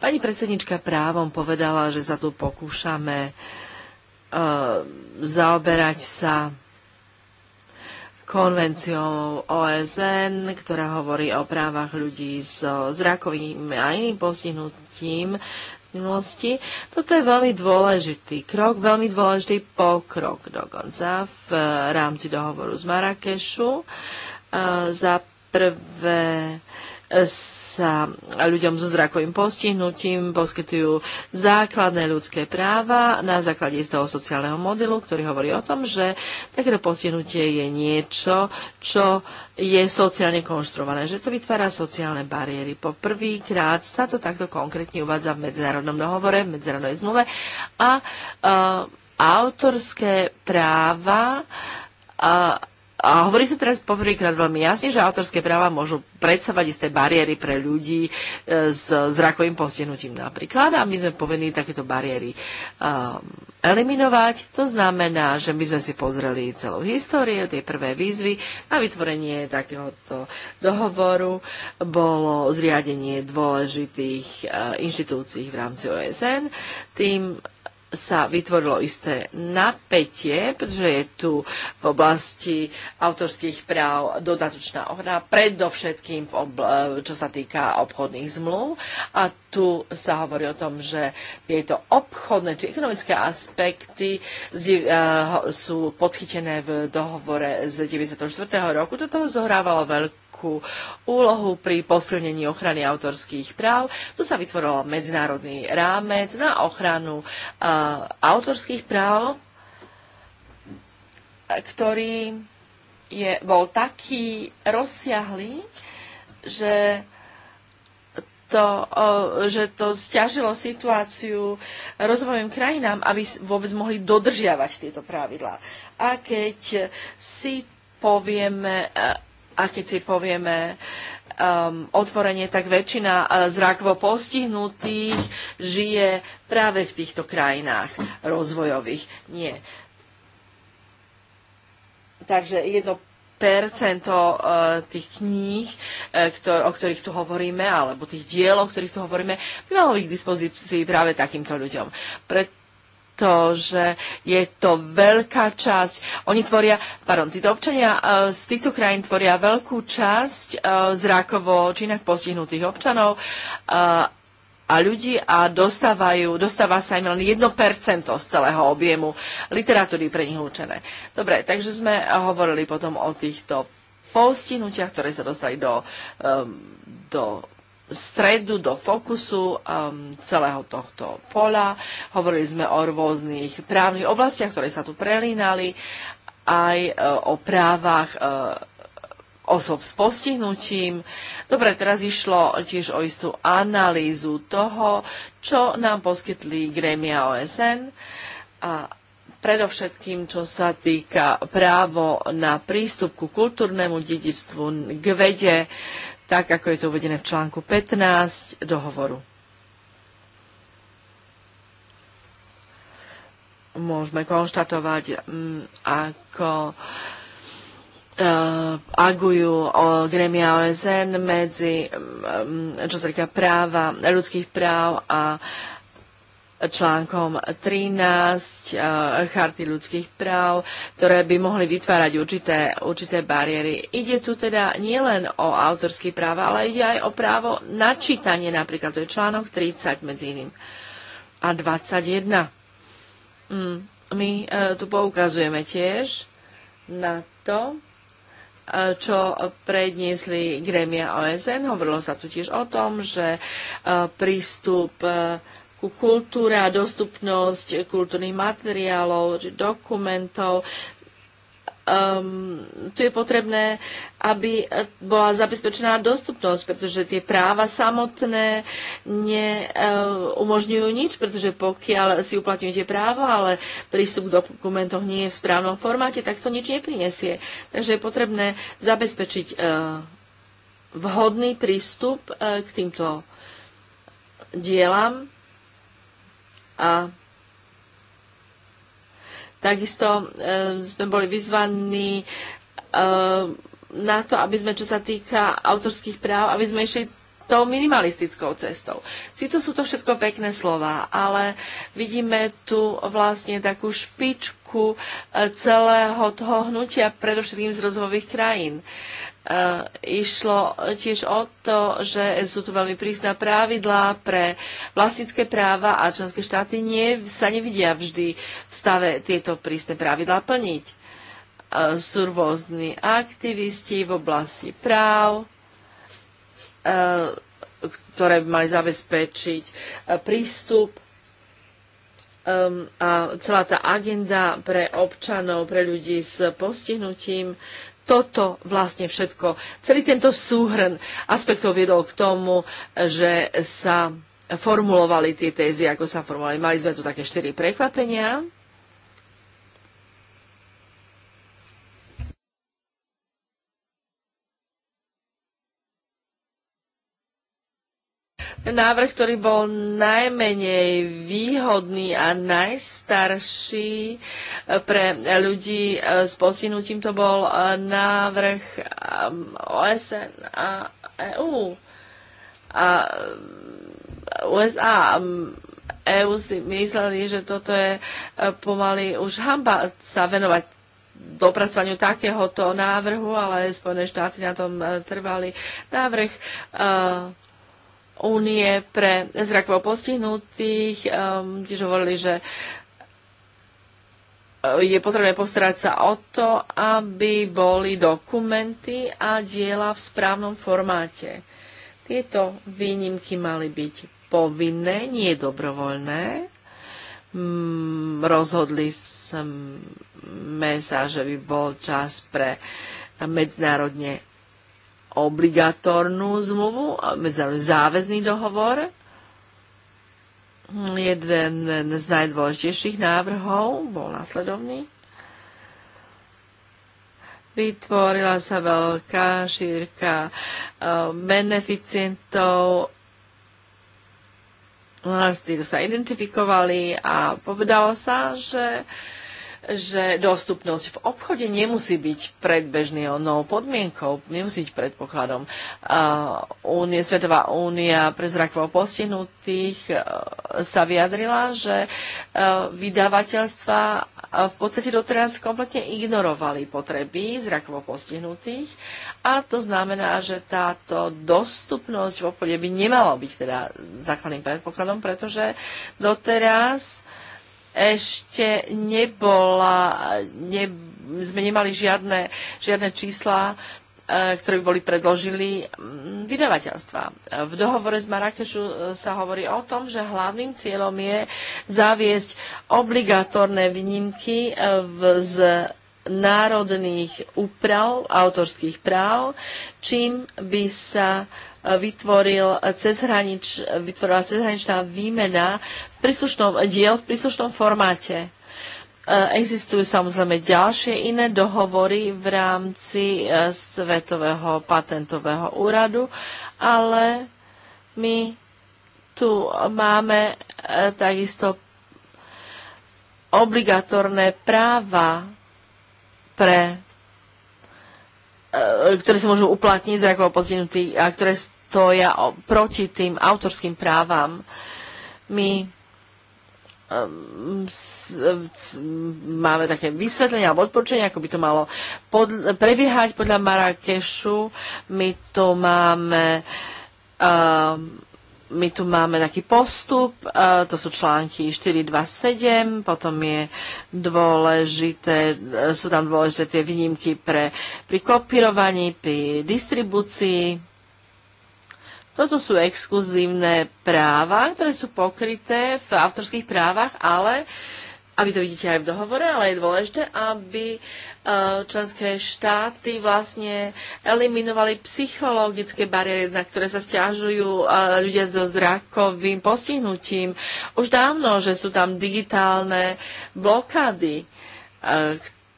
Pani predsednička právom povedala, že sa tu pokúšame uh, zaoberať sa konvenciou OSN, ktorá hovorí o právach ľudí s zrakovým a iným postihnutím minulosti. Toto je veľmi dôležitý krok, veľmi dôležitý pokrok dokonca v eh, rámci dohovoru z Marrakešu. Eh, za prvé eh, s sa ľuďom so zrakovým postihnutím poskytujú základné ľudské práva na základe istého sociálneho modelu, ktorý hovorí o tom, že takéto postihnutie je niečo, čo je sociálne konštruované, že to vytvára sociálne bariéry. Po prvýkrát sa to takto konkrétne uvádza v medzinárodnom dohovore, v medzinárodnej zmluve a uh, autorské práva uh, a hovorí sa teraz poprvýkrát veľmi jasne, že autorské práva môžu predstavať isté bariéry pre ľudí e, s zrakovým postihnutím napríklad. A my sme povinní takéto bariéry um, eliminovať. To znamená, že my sme si pozreli celú históriu, tie prvé výzvy na vytvorenie takéhoto dohovoru. Bolo zriadenie dôležitých uh, inštitúcií v rámci OSN. Tým sa vytvorilo isté napätie, pretože je tu v oblasti autorských práv dodatočná ochrana, predovšetkým, čo sa týka obchodných zmluv. A tu sa hovorí o tom, že tieto obchodné či ekonomické aspekty eh, sú podchytené v dohovore z 1994 roku. Toto zohrávalo veľkú veľkú úlohu pri posilnení ochrany autorských práv. Tu sa vytvoril medzinárodný rámec na ochranu autorských práv, ktorý je, bol taký rozsiahlý, že to, že to stiažilo situáciu rozvojovým krajinám, aby vôbec mohli dodržiavať tieto pravidlá. A keď si povieme, a keď si povieme um, otvorenie, tak väčšina uh, zrakovo postihnutých žije práve v týchto krajinách rozvojových. Nie. Takže jedno percento uh, tých kníh, uh, o ktorých tu hovoríme, alebo tých diel, o ktorých tu hovoríme, by malo byť k dispozícii práve takýmto ľuďom. Preto to, že je to veľká časť. Oni tvoria, pardon, títo občania e, z týchto krajín tvoria veľkú časť e, zrákovo, či inak postihnutých občanov e, a ľudí a dostávajú, dostáva sa im len 1% z celého objemu literatúry pre nich určené. Dobre, takže sme hovorili potom o týchto postihnutiach, ktoré sa dostali do, do stredu, do fokusu um, celého tohto pola. Hovorili sme o rôznych právnych oblastiach, ktoré sa tu prelínali, aj uh, o právach uh, osob s postihnutím. Dobre, teraz išlo tiež o istú analýzu toho, čo nám poskytli grémia OSN a predovšetkým, čo sa týka právo na prístup ku kultúrnemu dedičstvu, k vede, tak ako je to uvedené v článku 15 dohovoru. Môžeme konštatovať, mm, ako e, agujú o gremia OSN medzi, mm, čo sa týka práva, ľudských práv a článkom 13 eh, Charty ľudských práv, ktoré by mohli vytvárať určité, určité bariéry. Ide tu teda nielen o autorský práva, ale ide aj o právo na čítanie, napríklad to je článok 30 medzi iným a 21. Mm, my eh, tu poukazujeme tiež na to, eh, čo predniesli gremia OSN. Hovorilo sa tu tiež o tom, že prístup kultúra, dostupnosť kultúrnych materiálov, či dokumentov, um, tu je potrebné, aby bola zabezpečená dostupnosť, pretože tie práva samotné neumožňujú uh, nič, pretože pokiaľ si uplatňujete právo, ale prístup k dokumentov nie je v správnom formáte, tak to nič neprinesie. Takže je potrebné zabezpečiť uh, vhodný prístup uh, k týmto dielam a takisto e, sme boli vyzvaní e, na to, aby sme, čo sa týka autorských práv, aby sme išli tou minimalistickou cestou. Sice sú to všetko pekné slova, ale vidíme tu vlastne takú špičku e, celého toho hnutia, predovšetkým z rozvojových krajín. E, išlo tiež o to, že sú tu veľmi prísna právidlá pre vlastnícke práva a členské štáty nie, sa nevidia vždy v stave tieto prísne právidlá plniť. E, sú rôzni aktivisti v oblasti práv, Eh, ktoré by mali zabezpečiť eh, prístup ehm, a celá tá agenda pre občanov, pre ľudí s postihnutím, toto vlastne všetko, celý tento súhrn aspektov viedol k tomu, že sa formulovali tie tézy, ako sa formulovali. Mali sme tu také štyri prekvapenia, návrh, ktorý bol najmenej výhodný a najstarší eh, pre ľudí eh, s posinutím, to bol eh, návrh OSN a EU a USA. EU e si mysleli, že toto je pomaly už hamba sa venovať dopracovaniu takéhoto návrhu, ale Spojené štáty na tom trvali. Návrh uh, únie pre zrakovo postihnutých, ehm, tiež hovorili, že eh, je potrebné postarať sa o to, aby boli dokumenty a diela v správnom formáte. Tieto výnimky mali byť povinné, nie dobrovoľné. Mm, rozhodli sme sa, že by bol čas pre medzinárodne obligatornú zmluvu, záväzný dohovor. Jeden z najdôležitejších návrhov bol následovný. Vytvorila sa veľká šírka e, beneficientov, s sa identifikovali a povedalo sa, že uh, že dostupnosť v obchode nemusí byť predbežný onou podmienkou, nemusí byť predpokladom. Únie, Svetová únia pre zrakovo postihnutých e, sa vyjadrila, že e, vydavateľstva e, v podstate doteraz kompletne ignorovali potreby zrakovo postihnutých a to znamená, že táto dostupnosť v obchode by nemala byť teda základným predpokladom, pretože doteraz uh, ešte nebola, ne, sme nemali žiadne, žiadne čísla, e, ktoré by boli predložili mm, vydavateľstva. V dohovore z Marrakešu e, sa hovorí o tom, že hlavným cieľom je zaviesť obligatórne výnimky e, z národných úprav autorských práv, čím by sa vytvoril cezhranič, vytvorila cezhraničná výmena v príslušnom diel v príslušnom formáte. E, existujú samozrejme ďalšie iné dohovory v rámci e, Svetového patentového úradu, ale my tu máme e, takisto obligatorné práva pre ktoré sa môžu uplatniť ako postihnutí a ktoré stoja proti tým autorským právam. My ehm, máme také vysvetlenia alebo odporúčania, ako by to malo pod, prebiehať podľa Marrakešu. My tu máme uh, my tu máme taký postup, uh, to sú články 427, potom je dôležité, eh, sú tam dôležité tie výnimky pre, pri kopírovaní, pri distribúcii, toto sú exkluzívne práva, ktoré sú pokryté v autorských právach, ale aby to vidíte aj v dohovore, ale je dôležité, aby e, členské štáty vlastne eliminovali psychologické bariéry, na ktoré sa stiažujú e, ľudia s zrakovým postihnutím. Už dávno, že sú tam digitálne blokády, e,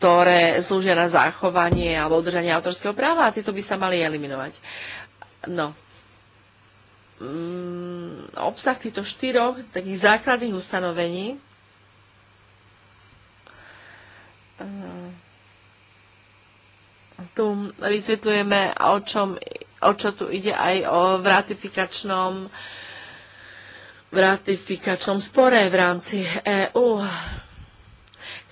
ktoré slúžia na zachovanie alebo udržanie autorského práva a tieto by sa mali eliminovať. No, Mm, obsah týchto štyroch takých základných ustanovení eh, tu vysvetľujeme, o, čom, o čo tu ide aj o, v ratifikačnom, v ratifikačnom spore v rámci EÚ.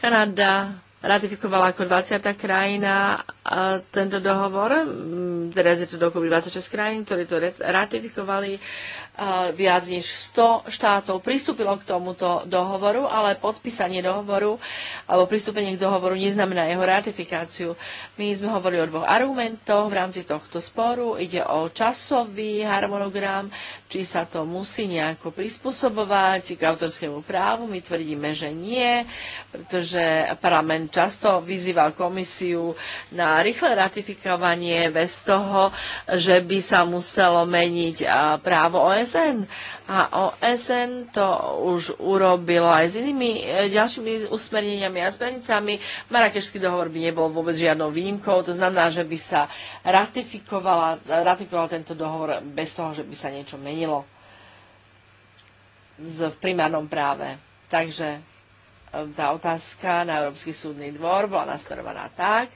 Kanada ratifikovala ako 20. krajina a tento dohovor. Mm, Teraz je to dokopy 26 krajín, ktorí to ratifikovali. Viac než 100 štátov pristúpilo k tomuto dohovoru, ale podpísanie dohovoru alebo pristúpenie k dohovoru neznamená jeho ratifikáciu. My sme hovorili o dvoch argumentoch v rámci tohto sporu. Ide o časový harmonogram, či sa to musí nejako prispôsobovať k autorskému právu. My tvrdíme, že nie, pretože parlament často vyzýval komisiu na a rýchle ratifikovanie bez toho, že by sa muselo meniť právo OSN. A OSN to už urobilo aj s inými e, ďalšími usmerneniami a smernicami. Marakešský dohovor by nebol vôbec žiadnou výnimkou, to znamená, že by sa ratifikovala, ratifikovala tento dohovor bez toho, že by sa niečo menilo v primárnom práve. Takže e, tá otázka na Európsky súdny dvor bola nasmerovaná tak,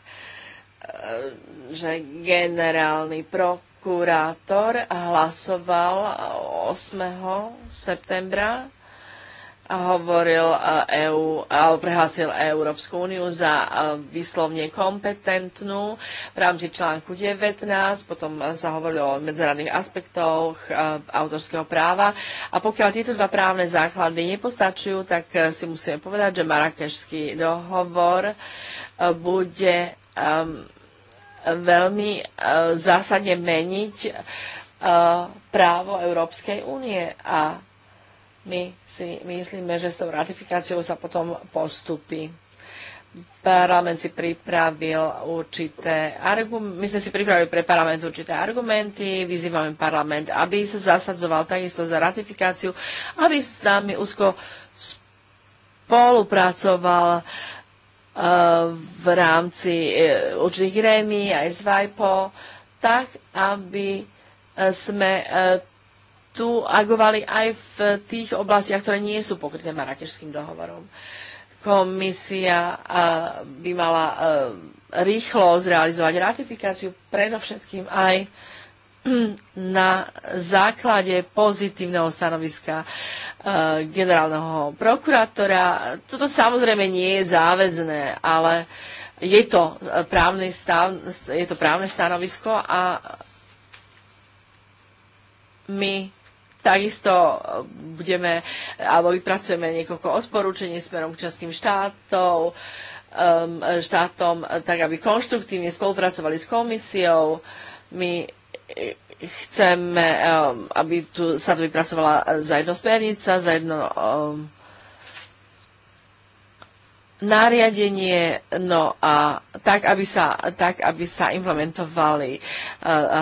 že generálny prokurátor hlasoval 8. septembra a hovoril e, EU, alebo prehlasil Európsku úniu za e, vyslovne kompetentnú v rámci článku 19, potom sa hovorilo o medzinárodných aspektoch e, autorského práva a pokiaľ tieto dva právne základy nepostačujú, tak si musíme povedať, že Marakešský dohovor bude Um, veľmi uh, zásadne meniť uh, právo Európskej únie a my si myslíme, že s tou ratifikáciou sa potom postupí. Parlament si pripravil určité argumenty, my sme si pripravili pre parlament určité argumenty, vyzývame parlament, aby sa zasadzoval takisto za ratifikáciu, aby s nami úzko spolupracoval uh, v rámci e, určitých grémy aj z VIPO, tak aby e, sme e, tu agovali aj v tých oblastiach, ktoré nie sú pokryté marakešským dohovorom. Komisia by mala rýchlo zrealizovať ratifikáciu, predovšetkým aj na základe pozitívneho stanoviska e, generálneho prokurátora. Toto samozrejme nie je záväzné, ale je to právne, stav, je to právne stanovisko a my takisto budeme alebo vypracujeme niekoľko odporúčení smerom k častým štátov, štátom, tak aby konštruktívne spolupracovali s komisiou. My chceme, um, aby tu sa tu vypracovala za jedno smernica, za jedno um, nariadenie, no a tak, aby sa, tak, aby sa implementovali uh,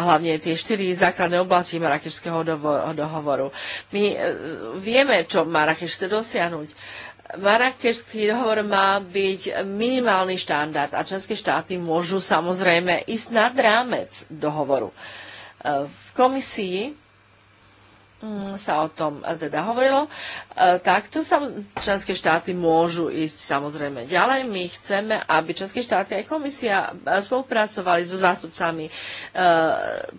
hlavne tie štyri základné oblasti Marakešského dohovoru. My uh, vieme, čo Marakeš chce dosiahnuť. Marrakešský dohovor má byť minimálny štandard a členské štáty môžu samozrejme ísť nad rámec dohovoru. Uh, v komisii mm, sa o tom e, teda hovorilo. E, takto sa členské štáty môžu ísť samozrejme ďalej. My chceme, aby členské štáty aj komisia e, spolupracovali so zástupcami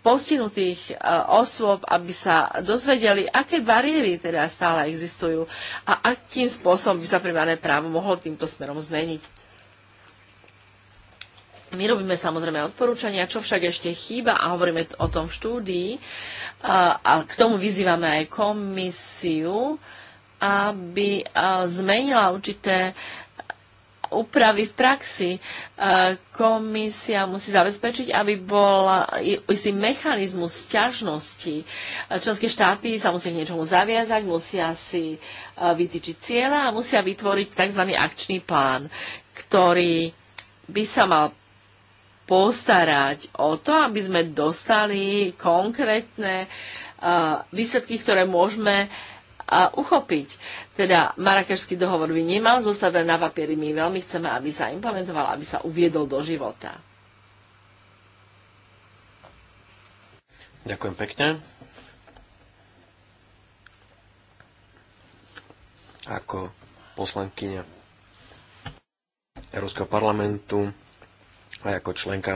postihnutých osôb, aby sa dozvedeli, aké bariéry teda stále existujú a akým spôsobom by sa primárne právo mohlo týmto smerom zmeniť. My robíme samozrejme odporúčania, čo však ešte chýba a hovoríme o tom v štúdii a k tomu vyzývame aj komisiu, aby zmenila určité úpravy v praxi. Komisia musí zabezpečiť, aby bol istý mechanizmus sťažnosti. Členské štáty sa musia k niečomu zaviazať, musia si vytýčiť cieľa a musia vytvoriť tzv. akčný plán, ktorý by sa mal postarať o to, aby sme dostali konkrétne uh, výsledky, ktoré môžeme a uh, uchopiť. Teda Marrakešský dohovor by nemal zostať len na papieri. My veľmi chceme, aby sa implementoval, aby sa uviedol do života. Ďakujem pekne. Ako poslankyňa Európskeho parlamentu aj ako členka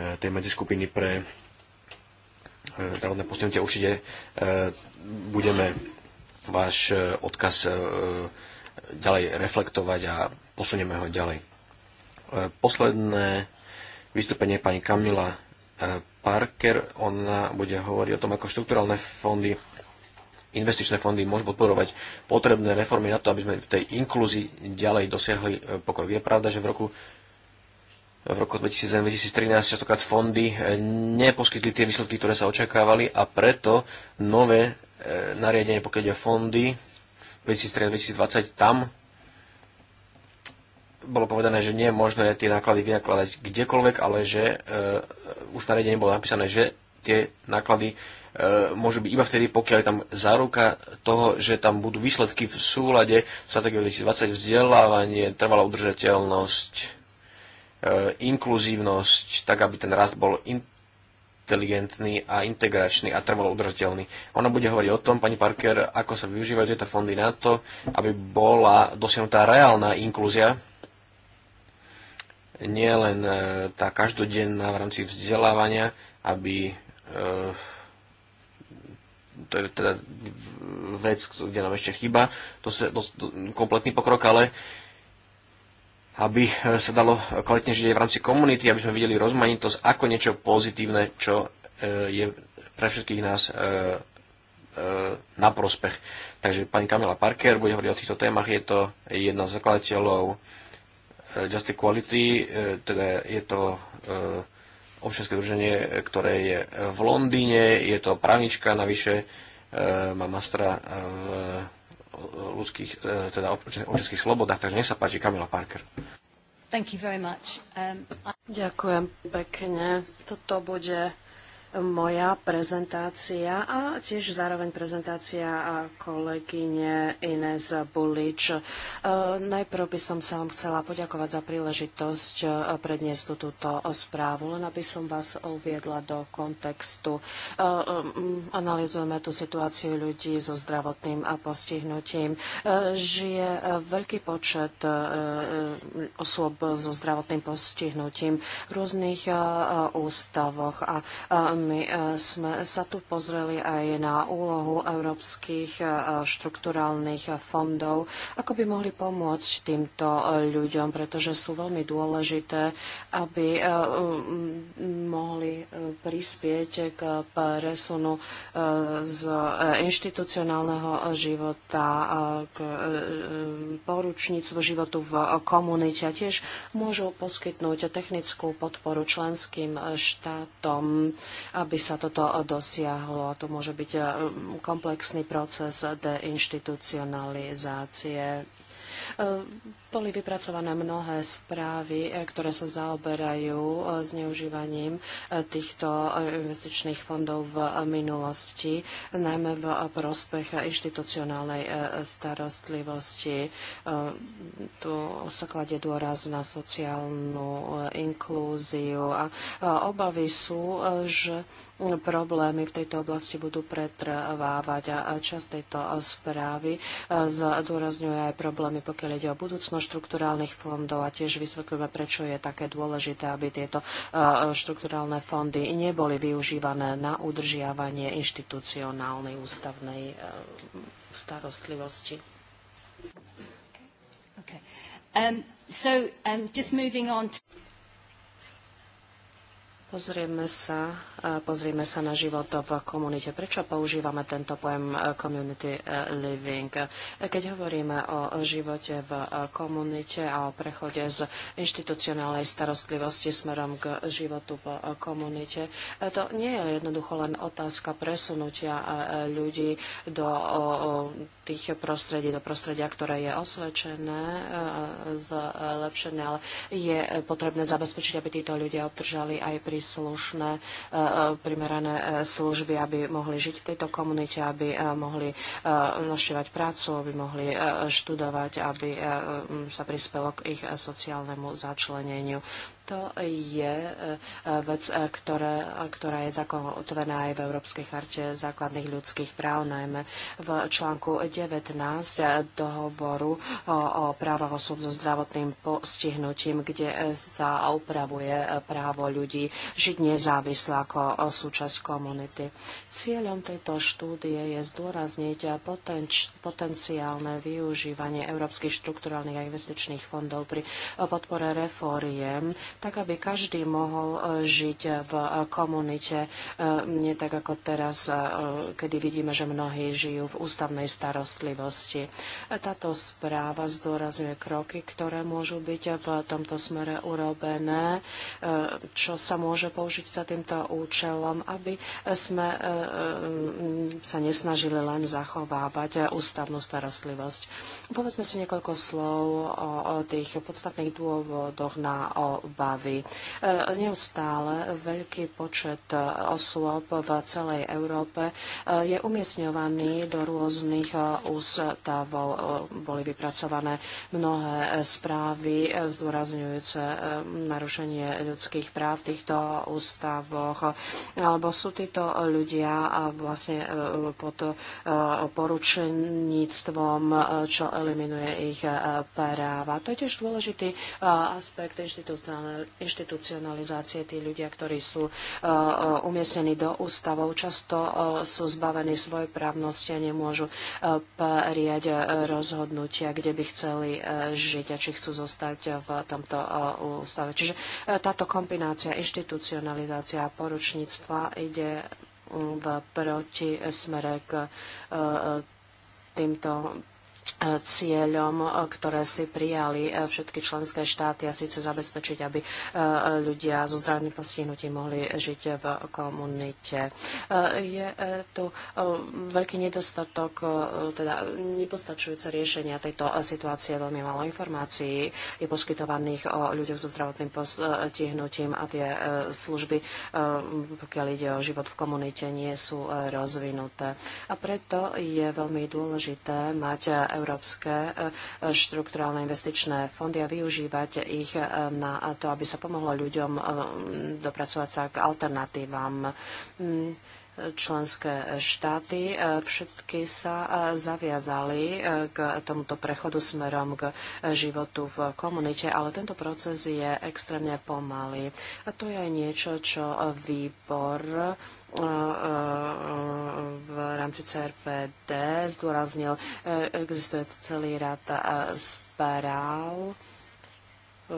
e, tej medziskupiny pre e, zdravotné postihnutie určite e, budeme váš odkaz ďalej reflektovať a posunieme ho ďalej. Posledné vystúpenie pani Kamila Parker, ona bude hovoriť o tom, ako štrukturálne fondy investičné fondy môžu podporovať potrebné reformy na to, aby sme v tej inklúzii ďalej dosiahli e, pokrok. Je pravda, že v roku v roku 2007-2013 častokrát fondy e, neposkytli tie výsledky, ktoré sa očakávali a preto nové e, nariadenie, pokiaľ ide fondy 2013-2020, tam bolo povedané, že nie je možné tie náklady vynakladať kdekoľvek, ale že už nariadenie bolo napísané, že tie náklady E, môže byť iba vtedy, pokiaľ je tam záruka toho, že tam budú výsledky v súlade v stratégiou 2020 vzdelávanie, trvalá udržateľnosť, e, inkluzívnosť, tak aby ten rast bol inteligentný a integračný a trvalo udržateľný. Ona bude hovoriť o tom, pani Parker, ako sa využívajú tieto fondy na to, aby bola dosiahnutá reálna inklúzia, nielen e, tá každodenná v rámci vzdelávania, aby to je teda vec, kde nám ešte chýba, to je kompletný pokrok, ale aby sa dalo kvalitne žiť v rámci komunity, aby sme videli rozmanitosť ako niečo pozitívne, čo e, je pre všetkých nás e, e, na prospech. Takže pani Kamila Parker bude hovoriť o týchto témach, je to jedna z zakladateľov Just Equality, teda je to občianske druženie, ktoré je v Londýne, je to právnička, navyše e, má mastra e, v e, ľudských, teda občianských slobodách, takže nech sa páči Kamila Parker. Thank you very much. Um, I... Ďakujem pekne. Toto bude moja prezentácia a tiež zároveň prezentácia kolegyne Inés Bulič. E, najprv by som sa vám chcela poďakovať za príležitosť e, predniesť túto správu, len aby som vás uviedla do kontextu. E, analizujeme tú situáciu ľudí so zdravotným postihnutím. Žije veľký počet osôb so zdravotným postihnutím v rôznych ústavoch a my e, sme sa tu pozreli aj na úlohu európskych e, štrukturálnych fondov, ako by mohli pomôcť týmto ľuďom, pretože sú veľmi dôležité, aby e, mohli prispieť k presunu z inštitucionálneho života k poručníctvu životu v komunite. Tiež môžu poskytnúť technickú podporu členským štátom aby sa toto dosiahlo. To môže byť eh, komplexný proces deinstitucionalizácie. Eh, boli vypracované mnohé správy, e, ktoré sa zaoberajú e, zneužívaním e, týchto investičných fondov v minulosti, najmä v prospech inštitucionálnej starostlivosti. Tu sa kladie dôraz na sociálnu inklúziu a obavy sú, že problémy v tejto oblasti budú pretrvávať a čas tejto správy zdôrazňuje aj problémy, pokiaľ ide o budúcnosť štrukturálnych fondov a tiež vysvetlíme, prečo je také dôležité, aby tieto e, štrukturálne fondy neboli využívané na udržiavanie inštitucionálnej ústavnej e, starostlivosti. Um, um, Pozrieme sa pozrieme sa na život v komunite. Prečo používame tento pojem e, community e, living? E, keď hovoríme o živote v komunite a o prechode z inštitucionálnej starostlivosti smerom k životu v komunite, to nie je jednoducho len otázka presunutia ľudí do tých prostredí, do prostredia, ktoré je osvedčené, zlepšené, ale je potrebné zabezpečiť, aby títo ľudia obdržali aj príslušné E, primerané e, služby, aby mohli žiť v tejto komunite, aby e, mohli našivať prácu, aby mohli študovať, aby sa prispelo k ich sociálnemu začleneniu to je e, vec, e, ktoré, e, ktorá je zakotvená aj v Európskej charte základných ľudských práv, najmä v článku 19 dohovoru o právach osôb so zdravotným postihnutím, kde sa upravuje právo ľudí žiť nezávisle ako súčasť komunity. Cieľom tejto štúdie je zdôrazniť potenč, potenciálne využívanie európskych štrukturálnych a investičných fondov pri podpore reforiem tak aby každý mohol e, žiť e, v e, komunite, nie tak ako teraz, kedy vidíme, že mnohí žijú v ústavnej starostlivosti. Táto správa zdôrazňuje kroky, ktoré môžu byť v tomto smere urobené, čo sa môže použiť za týmto účelom, aby sme sa nesnažili len zachovávať ústavnú starostlivosť. Povedzme si niekoľko slov o, o tých podstatných dôvodoch na oba obavy. E, neustále veľký počet e, osôb v celej Európe e, je umiestňovaný do rôznych ústavov. Boli vypracované mnohé správy zdôrazňujúce narušenie ľudských práv v týchto ústavoch. Alebo sú títo ľudia vlastne pod poručeníctvom, čo eliminuje ich práva. To je tiež dôležitý aspekt inštitucionálnej inštitucionalizácie. Tí ľudia, ktorí sú uh, uh, umiestnení do ústavov, často uh, sú zbavení svojej právnosti a nemôžu prijať rozhodnutia, kde by chceli žiť a či chcú zostať v tomto ústave. Čiže táto kombinácia inštitucionalizácia a poručníctva ide um, v proti smere k týmto E, cieľom, e, ktoré si prijali e, všetky členské štáty a síce zabezpečiť, aby ľudia so zdravotným postihnutím mohli žiť v komunite. Je tu veľký nedostatok, teda nepostačujúce riešenia tejto situácie, veľmi málo informácií je poskytovaných o ľuďoch so zdravotným postihnutím a tie služby, pokiaľ ide o život v komunite, nie sú rozvinuté. A preto je veľmi dôležité mať európske e, štrukturálne investičné fondy a využívať ich e, na to, aby sa pomohlo ľuďom e, dopracovať sa k alternatívam. Mm, členské štáty. E, všetky sa e, zaviazali e, k tomuto prechodu smerom k životu v komunite, ale tento proces je extrémne pomalý. A to je niečo, čo výbor v rámci CRPD zdôraznil. Existuje celý rád správ Eh,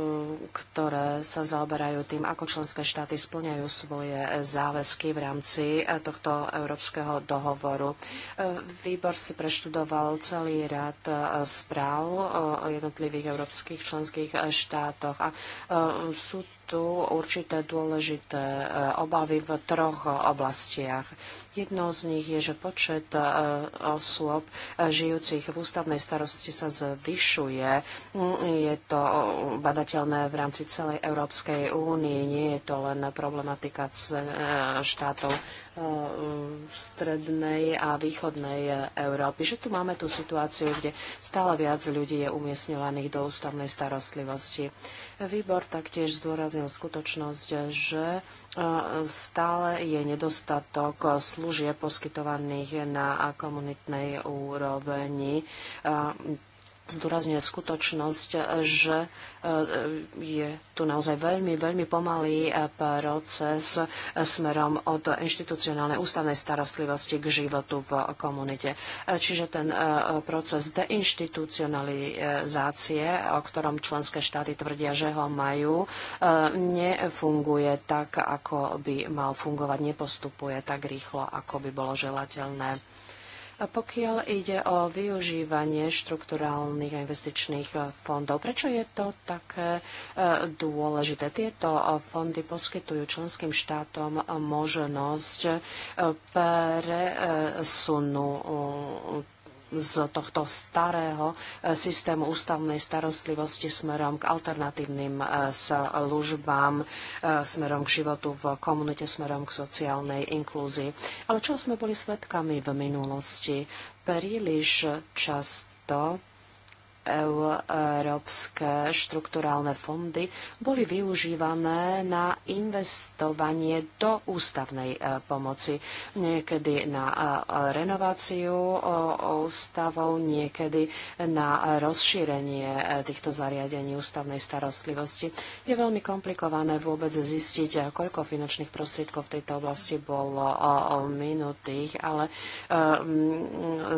ktoré sa zaoberajú tým, ako členské štáty splňajú svoje záväzky v rámci eh, tohto európskeho dohovoru. Eh, výbor si preštudoval celý rad správ o jednotlivých európskych členských štátoch a sú tu určité dôležité obavy v troch oblastiach. Jednou z nich je, že počet e, osôb e, žijúcich v ústavnej starosti sa zvyšuje. Je to e, badateľné v rámci celej Európskej únie. Nie je to len problematika štátov strednej a východnej Európy. Že tu máme tú situáciu, kde stále viac ľudí je umiestňovaných do ústavnej starostlivosti. Výbor taktiež zdôraznil skutočnosť, že E, stále je nedostatok služieb poskytovaných na komunitnej úrovni e, zdôrazňuje skutočnosť, že e, je tu naozaj veľmi, veľmi pomalý e, proces e, smerom od inštitucionálnej ústavnej starostlivosti k životu v komunite. Čiže ten proces deinstitucionalizácie, o ktorom členské štáty tvrdia, že ho majú, nefunguje tak, ako by mal fungovať, nepostupuje tak rýchlo, ako by bolo želateľné. A pokiaľ ide o využívanie štrukturálnych investičných e, fondov, prečo je to také e, dôležité? Tieto e, fondy poskytujú členským štátom možnosť presunu z tohto starého e, systému ústavnej starostlivosti smerom k alternatívnym e, službám, e, smerom k životu v komunite, smerom k sociálnej inklúzii. Ale čo sme boli svedkami v minulosti? Príliš často európske štrukturálne fondy boli využívané na investovanie do ústavnej e, pomoci. Niekedy na e, renováciu e, ústavov, niekedy na rozšírenie týchto zariadení ústavnej starostlivosti. Je veľmi komplikované vôbec zistiť, koľko finančných prostriedkov v tejto oblasti bolo minutých, ale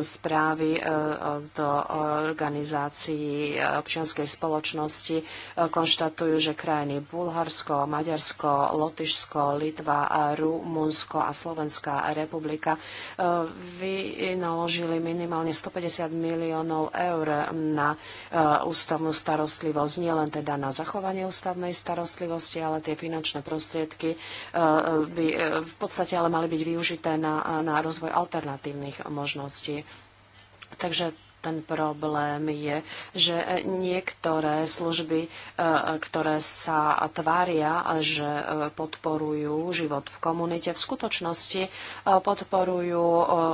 správy do organizácií organizácií eh, občianskej spoločnosti eh, konštatujú, že krajiny Bulharsko, Maďarsko, Lotyšsko, Litva, eh, Rumunsko a Slovenská republika vynaložili minimálne 150 miliónov eur na ústavnú starostlivosť, nielen teda na zachovanie ústavnej starostlivosti, ale tie finančné prostriedky by v podstate ale mali byť využité na, na rozvoj alternatívnych možností. Takže ten problém je, že niektoré služby, e, ktoré sa tvária, že e, podporujú život v komunite, v skutočnosti e, podporujú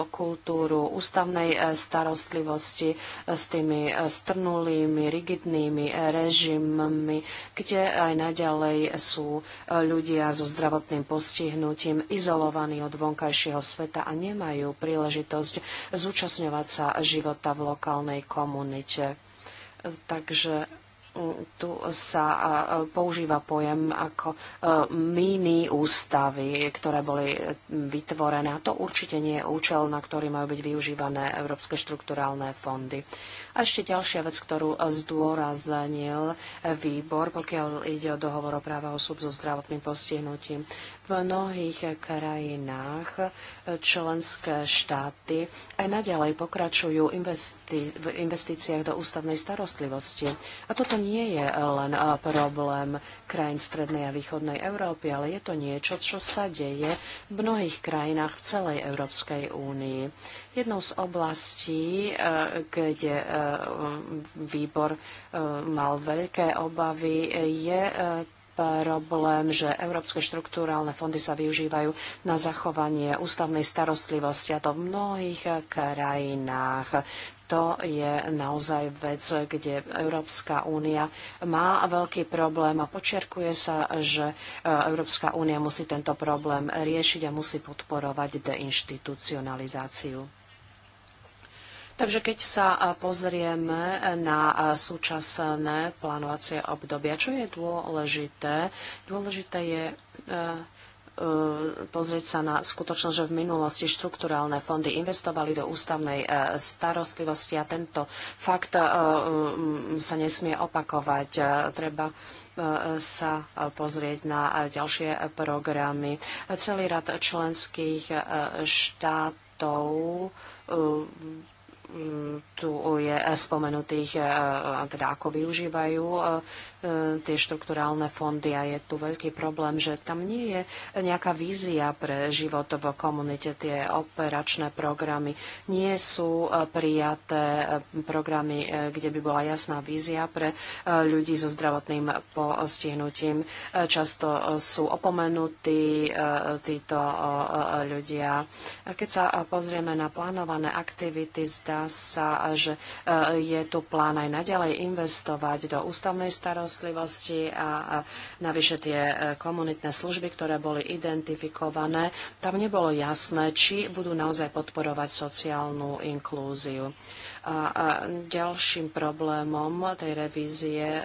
kultúru ústavnej starostlivosti s tými strnulými, rigidnými režimmi, kde aj naďalej sú ľudia so zdravotným postihnutím izolovaní od vonkajšieho sveta a nemajú príležitosť zúčastňovať sa života v lokálnej lokálnej komunite. Takže mm, tu sa používa pojem ako e, mini ústavy, ktoré boli e, vytvorené. A to určite nie je účel, na ktorý majú byť využívané európske štrukturálne fondy. A ešte ďalšia vec, ktorú e, zdôraznil e, výbor, pokiaľ ide o dohovor o práva osôb so zdravotným postihnutím. V mnohých e, krajinách členské štáty aj naďalej pokračujú investi- v investíciách do ústavnej starostlivosti. A toto nie je len problém krajín strednej a východnej Európy, ale je to niečo, čo sa deje v mnohých krajinách v celej Európskej únii. Jednou z oblastí, kde E, výbor e, mal veľké obavy, je e, problém, že európske štruktúrálne fondy sa využívajú na zachovanie ústavnej starostlivosti a to v mnohých krajinách to je naozaj vec, kde Európska únia má veľký problém a počiarkuje sa, že Európska únia musí tento problém riešiť a musí podporovať deinstitucionalizáciu. Takže keď sa pozrieme e, na súčasné plánovacie obdobia, čo je dôležité? Dôležité je e, e, pozrieť sa na skutočnosť, že v minulosti štrukturálne fondy investovali do ústavnej starostlivosti a tento fakt sa nesmie opakovať. Treba sa pozrieť na ďalšie programy. Celý rad členských štátov tu je spomenutých, e, e, teda ako využívajú e, tie štrukturálne fondy a je tu veľký problém, že tam nie je nejaká vízia pre život v komunite. Tie operačné programy nie sú prijaté programy, kde by bola jasná vízia pre ľudí so zdravotným postihnutím. Často sú opomenutí títo ľudia. Keď sa pozrieme na plánované aktivity, zdá sa, že e, je tu plán aj naďalej investovať do ústavnej starostlivosti a navyše tie e, komunitné služby, ktoré boli identifikované, tam nebolo jasné, či budú naozaj podporovať sociálnu inklúziu. A ďalším problémom tej revízie, e,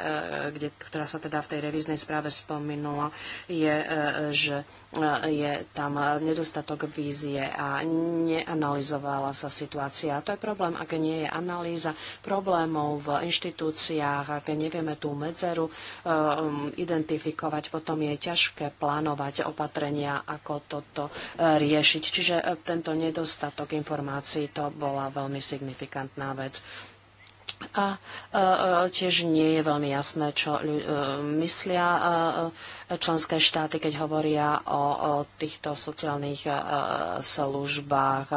kde, ktorá sa teda v tej revíznej správe spomenula, je, e, že e, je tam nedostatok vízie a neanalizovala sa situácia. A to je problém, ak nie je analýza problémov v inštitúciách, ak nevieme tú medzeru um, identifikovať, potom je ťažké plánovať opatrenia, ako toto riešiť. Čiže tento nedostatok informácií to bola veľmi signifikantná jedna vec. A e, e, tiež nie je veľmi jasné, čo e, myslia členské štáty, keď hovoria o, týchto sociálnych službách.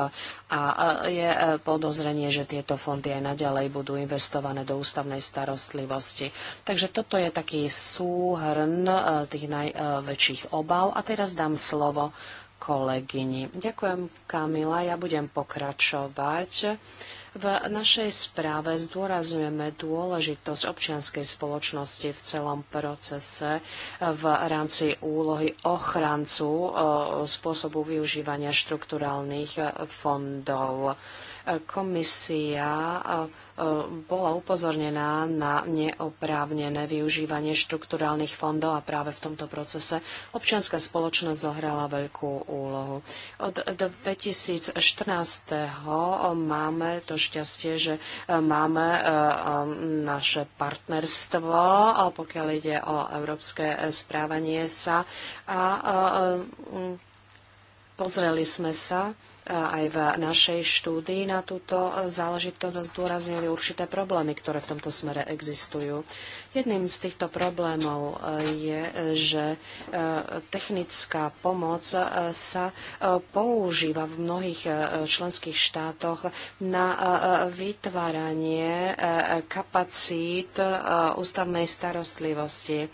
A je podozrenie, že tieto fondy aj naďalej budú investované do ústavnej starostlivosti. Takže toto je taký súhrn tých najväčších obav. A teraz dám slovo kolegyni. Ďakujem, Kamila. Ja budem pokračovať v našej správe zdôrazňujeme dôležitosť občianskej spoločnosti v celom procese v rámci úlohy ochrancu e, spôsobu využívania štrukturálnych e, fondov komisia bola upozornená na neoprávnené využívanie štrukturálnych fondov a práve v tomto procese občianská spoločnosť zohrala veľkú úlohu. Od 2014. máme to šťastie, že e, máme e, e, naše partnerstvo, pokiaľ ide o európske správanie sa a Pozreli sme sa e, aj v našej štúdii na túto záležitosť a zdôraznili určité problémy, ktoré v tomto smere existujú. Jedným z týchto problémov e, je, že e, technická pomoc sa používa v mnohých členských štátoch na vytváranie kapacít ústavnej starostlivosti.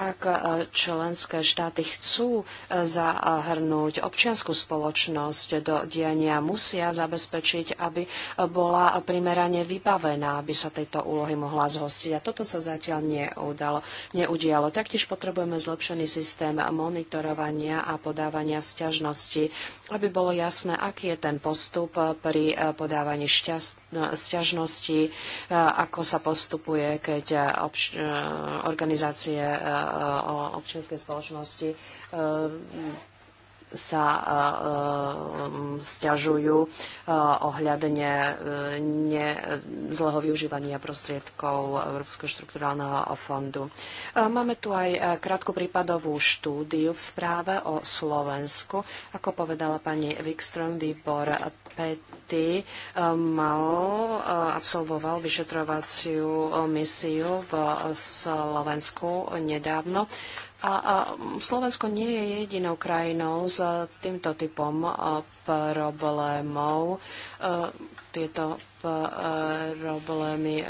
Ak e, členské štáty chcú e, zahrnúť občianskú spoločnosť do diania, musia zabezpečiť, aby bola primerane vybavená, aby sa tejto úlohy mohla zhostiť. A toto sa zatiaľ neudalo, neudialo. Taktiež potrebujeme zlepšený systém monitorovania a podávania sťažnosti, aby bolo jasné, aký je ten postup pri e, podávaní sťažnosti, ako sa postupuje, keď organizácie o občianskej spoločnosti e, sa e, e, stiažujú ohľadne zlého využívania prostriedkov Európskeho štrukturálneho fondu. Máme tu aj krátku prípadovú štúdiu v správe o Slovensku. Ako povedala pani Wikström, výbor PET Haiti eh, mal, eh, absolvoval vyšetrovaciu eh, misiu v Slovensku nedávno. A, a Slovensko nie je jedinou krajinou s týmto typom problémov. Tieto problémy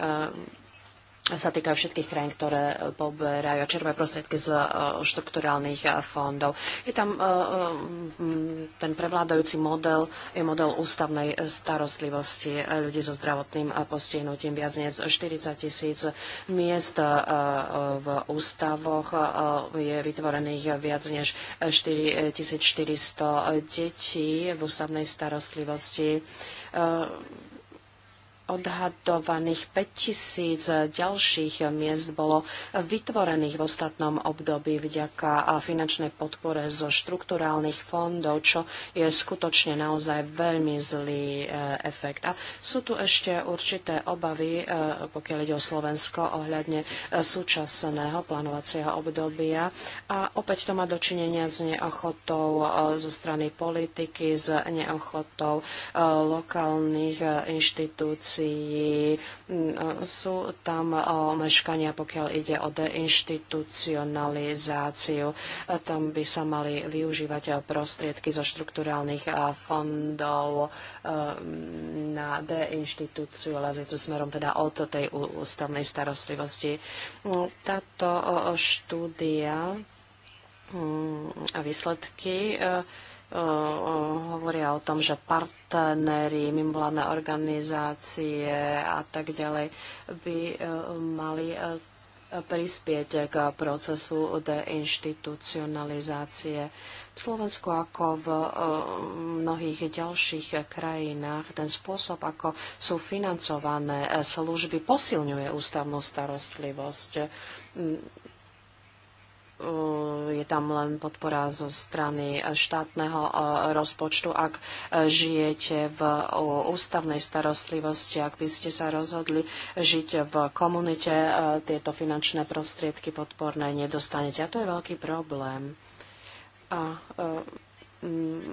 sa týkajú všetkých krajín, ktoré e, poberajú a čerpajú prostriedky z e, štrukturálnych e, fondov. Je tam ten prevládajúci model, je model ústavnej starostlivosti ľudí so zdravotným postihnutím. Viac než 40 tisíc miest v ústavoch je vytvorených viac než 4400 detí v ústavnej starostlivosti odhadovaných 5000 ďalších miest bolo vytvorených v ostatnom období vďaka finančnej podpore zo štrukturálnych fondov, čo je skutočne naozaj veľmi zlý e, efekt. A sú tu ešte určité obavy, e, pokiaľ ide o Slovensko, ohľadne e, súčasného plánovacieho obdobia. A opäť to má dočinenia s neochotou zo strany politiky, s neochotou lokálnych inštitúcií inštitúcií. Mm, sú tam meškania, pokiaľ ide o deinstitucionalizáciu. Tam by sa mali využívať prostriedky zo štrukturálnych fondov mm, na deinstitucionalizáciu smerom teda od tej ústavnej starostlivosti. No, táto štúdia mm, a výsledky e, hovoria o tom, že partnery, mimovládne organizácie a tak ďalej by e, mali e, prispieť k procesu deinstitucionalizácie. V Slovensku ako v e, mnohých ďalších krajinách ten spôsob, ako sú financované služby, posilňuje ústavnú starostlivosť Eh, je tam len podpora zo strany štátneho eh, rozpočtu. Ak eh, žijete v ústavnej starostlivosti, ak by ste sa rozhodli žiť v komunite, tieto finančné prostriedky podporné nedostanete. A to je veľký problém. A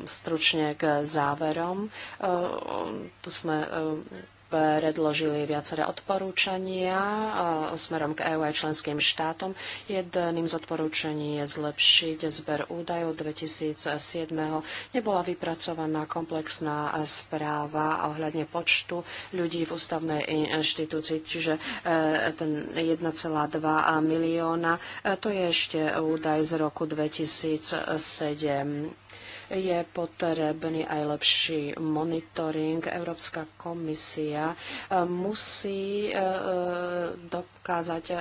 stručne k záverom. Tu sme predložili viaceré odporúčania smerom k EU aj členským štátom. Jedným z odporúčaní je zlepšiť zber údajov 2007. Nebola vypracovaná komplexná správa ohľadne počtu ľudí v ústavnej inštitúcii, čiže e, ten 1,2 milióna. E, to je ešte údaj z roku 2007 je potrebný aj lepší monitoring. Európska komisia e, musí e, e, dokázať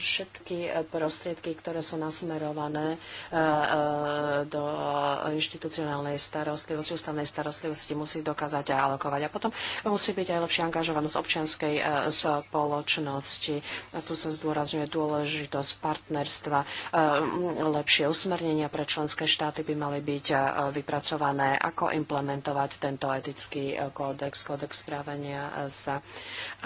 všetky prostriedky, ktoré sú nasmerované do inštitucionálnej starostlivosti, ústavnej starostlivosti, musí dokázať aj alokovať. A potom musí byť aj lepšia angažovanosť občianskej spoločnosti. A tu sa zdôrazňuje dôležitosť partnerstva, lepšie usmernenia pre členské štáty by mali byť e, vypracované, ako implementovať tento etický e, kódex, kódex správania e, sa.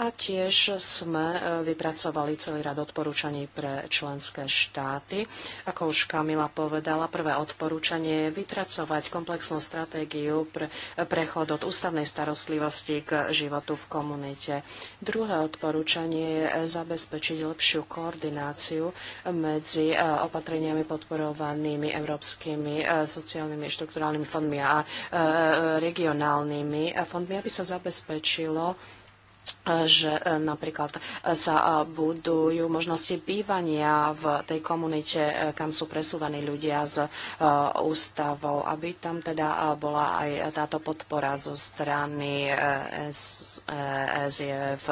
A tiež sme vypracovali celý rad odporúčaní pre členské štáty. Ako už Kamila povedala, prvé odporúčanie je vypracovať komplexnú stratégiu pre prechod od ústavnej starostlivosti k životu v komunite. Druhé odporúčanie je zabezpečiť lepšiu koordináciu medzi opatreniami podporovanými Európskym národnými e, sociálnymi štrukturálnymi fondmi a e, e, regionálnymi fondmi, aby sa zabezpečilo, že e, napríklad sa e, budujú možnosti bývania v tej komunite, e, kam sú presúvaní ľudia z ústavov, aby tam teda bola aj táto podpora zo strany SIF.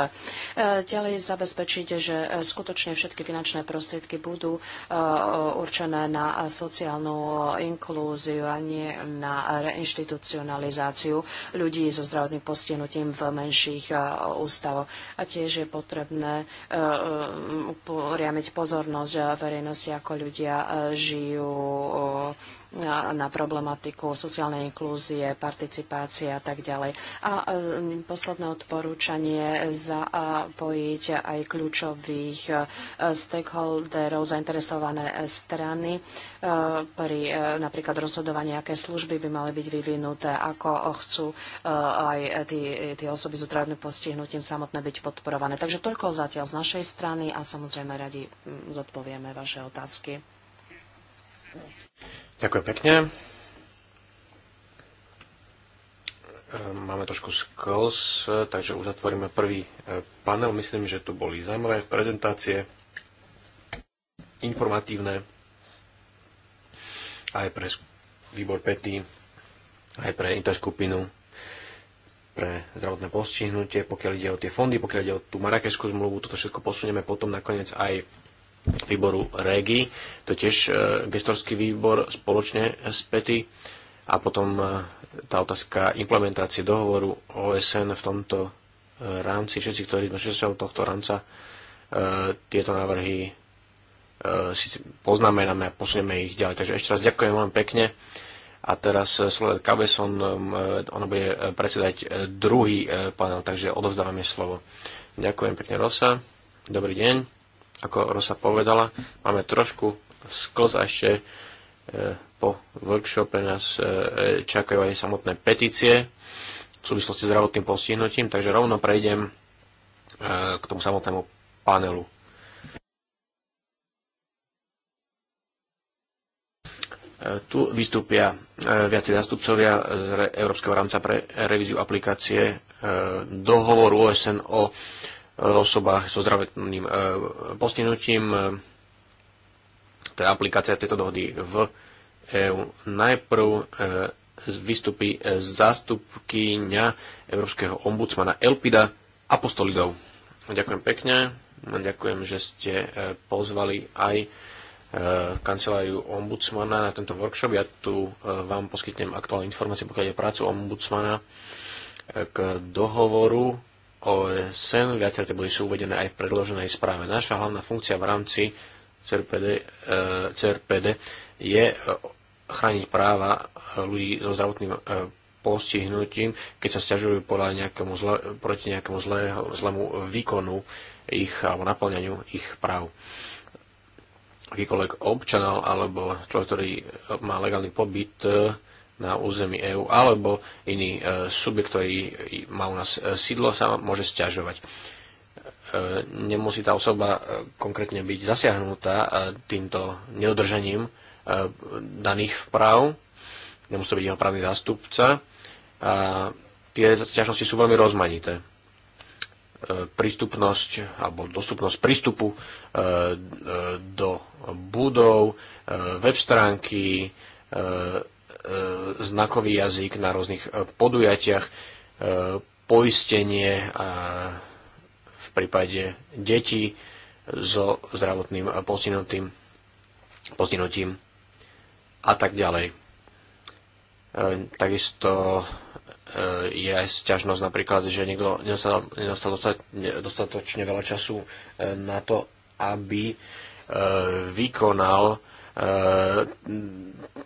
Ďalej zabezpečiť, že skutočne všetky finančné prostriedky budú určené na sociálnu inklúziu a nie na reinstitucionalizáciu ľudí so zdravotným postihnutím v menších ústavo. A tiež je potrebné e, e, upriamiť pozornosť verejnosti, ako ľudia e, žijú na problematiku sociálnej inklúzie, participácie a tak ďalej. A e, posledné odporúčanie zapojiť aj kľúčových e, stakeholderov, zainteresované strany e, pri napríklad rozhodovaní, aké služby by mali byť vyvinuté, ako chcú aj tie osoby s zdravotným postihnutím samotné byť podporované. Takže toľko zatiaľ z našej strany a samozrejme radi zodpovieme vaše otázky. Ďakujem pekne. E, máme trošku skls, e, takže uzatvoríme prvý e, panel. Myslím, že tu boli zaujímavé prezentácie, informatívne, aj pre výbor PETI, aj pre interskupinu pre zdravotné postihnutie, pokiaľ ide o tie fondy, pokiaľ ide o tú marakešskú zmluvu, toto všetko posunieme potom nakoniec aj výboru REGI, to tiež e, gestorský výbor spoločne s PETI a potom e, tá otázka implementácie dohovoru OSN v tomto e, rámci, všetci, ktorí sme časťou tohto rámca, tieto návrhy si poznamenáme a posunieme ich ďalej. Takže ešte raz ďakujem veľmi pekne. A teraz Soledad Kabeson, ono bude predsedať druhý panel, takže odovzdávame slovo. Ďakujem pekne, Rosa. Dobrý deň. Ako Rosa povedala, máme trošku sklz a ešte e, po workshope nás e, čakajú aj samotné petície v súvislosti s zdravotným postihnutím, takže rovno prejdem e, k tomu samotnému panelu. Tu vystúpia viaci zastupcovia z Európskeho rámca pre revíziu aplikácie dohovoru OSN o osobách so zdravotným e, postihnutím, teda aplikácia tejto dohody v EÚ. Najprv e, vystupí zástupkyňa Európskeho ombudsmana Elpida Apostolidov. Ďakujem pekne, ďakujem, že ste pozvali aj kanceláriu ombudsmana na tento workshop. Ja tu vám poskytnem aktuálne informácie, pokiaľ je prácu ombudsmana k dohovoru OSN, viaceré boli sú uvedené aj v predloženej správe. Naša hlavná funkcia v rámci CRPD, eh, CRPD je eh, chrániť práva eh, ľudí so zdravotným postihnutím, keď sa stiažujú podľa nejakému zle, proti nejakému zlého, zlému výkonu ich alebo naplňaniu ich práv. Akýkoľvek občan alebo človek, ktorý má legálny pobyt, na území EÚ alebo iný e, subjekt, ktorý má u nás e, sídlo, sa môže stiažovať. E, nemusí tá osoba konkrétne byť zasiahnutá týmto nedodržaním daných práv, nemusí to byť jeho právny zástupca a tie ťažnosti sú veľmi rozmanité prístupnosť alebo dostupnosť prístupu do budov, web stránky, E, znakový jazyk na rôznych e, podujatiach, e, poistenie a v prípade detí so zdravotným postihnutým, postihnutím a tak ďalej. Takisto je aj sťažnosť napríklad, že niekto nedostal, nedostal dostatočne veľa času na to, aby vykonal E,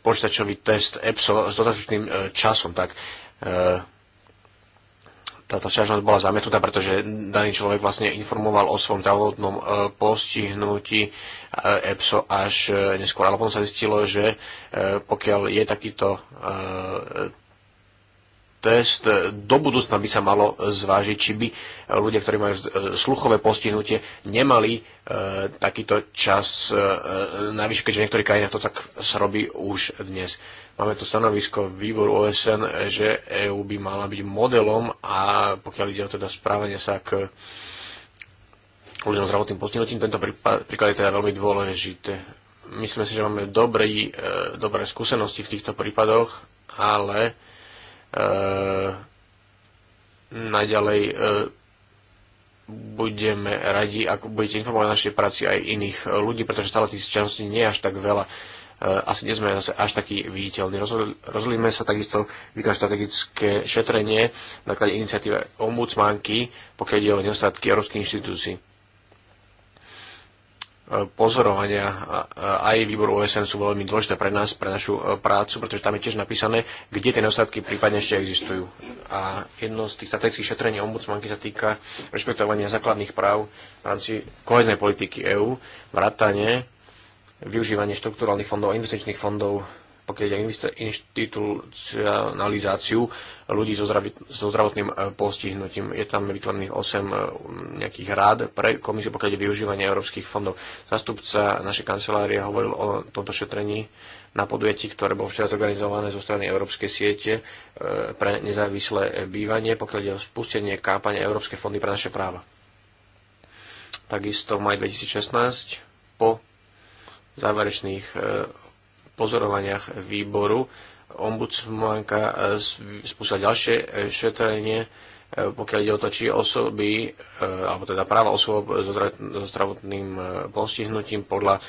počítačový test EPSO s dostatočným e, časom, tak e, táto sťažnosť bola zamietnutá, pretože daný človek vlastne informoval o svojom zdravotnom postihnutí EPSO až neskôr. Ale potom sa zistilo, že pokiaľ je takýto test. Do budúcna by sa malo zvážiť, či by ľudia, ktorí majú sluchové postihnutie, nemali e, takýto čas e, e keďže v niektorých krajinách to tak sa robí už dnes. Máme tu stanovisko výboru OSN, že EÚ by mala byť modelom a pokiaľ ide o teda správanie sa k ľuďom s zdravotným postihnutím, tento príklad je teda veľmi dôležité. myslíme si, že máme dobrý, e, dobré skúsenosti v týchto prípadoch, ale E, naďalej e, budeme radi, ak budete informovať o našej práci aj iných ľudí, pretože stále tých sťažností nie je až tak veľa. E, asi nie sme zase až taký viditeľní. Rozhodlíme sa takisto vykonať strategické šetrenie na základe iniciatívy ombudsmanky, pokiaľ ide o nedostatky európskych inštitúcií pozorovania aj výboru OSN sú veľmi dôležité pre nás, pre našu e, prácu, pretože tam je tiež napísané, kde tie nedostatky prípadne ešte existujú. A jedno z tých strategických šetrení ombudsmanky sa týka rešpektovania základných práv v rámci koheznej politiky EÚ, vrátanie využívanie štrukturálnych fondov a investičných fondov pokiaľ ide inštitucionalizáciu ľudí so, so zdravotným e, postihnutím. Je tam vytvorených 8 e, nejakých rád pre komisiu, pokiaľ ide využívanie európskych fondov. Zastupca našej kancelárie hovoril o tomto šetrení na podujatí, ktoré bolo včera organizované zo strany Európskej siete e, pre nezávislé bývanie, pokiaľ ide o spustenie kampane Európske fondy pre naše práva. Takisto v maj 2016 po záverečných pozorovaniach výboru. Ombudsmanka e, spúšťa ďalšie e, šetrenie, e, pokiaľ ide o to, či osoby, alebo teda práva osôb so zdravotným postihnutím podľa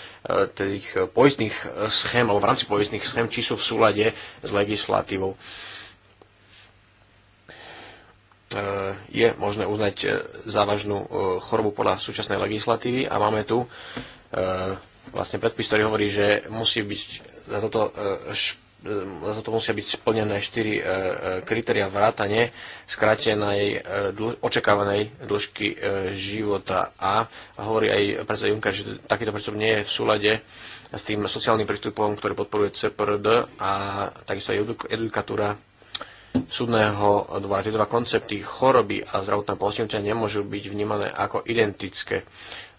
tých poistných schém, alebo v rámci poistných schém, či sú v súlade s legislatívou. Je možné uznať závažnú chorobu podľa súčasnej legislatívy a máme tu vlastne predpis, ktorý hovorí, že musí byť za toto, e, e, za toto musia byť splnené 4 e, kritéria vrátane skrátenej dl- očakávanej dĺžky života. A hovorí aj predseda Juncker, že takýto prístup nie je v súlade s tým sociálnym prístupom, ktorý podporuje CPRD a takisto aj edukatúra súdneho dvora. Tieto dva koncepty choroby a zdravotného postihnutia nemôžu byť vnímané ako identické.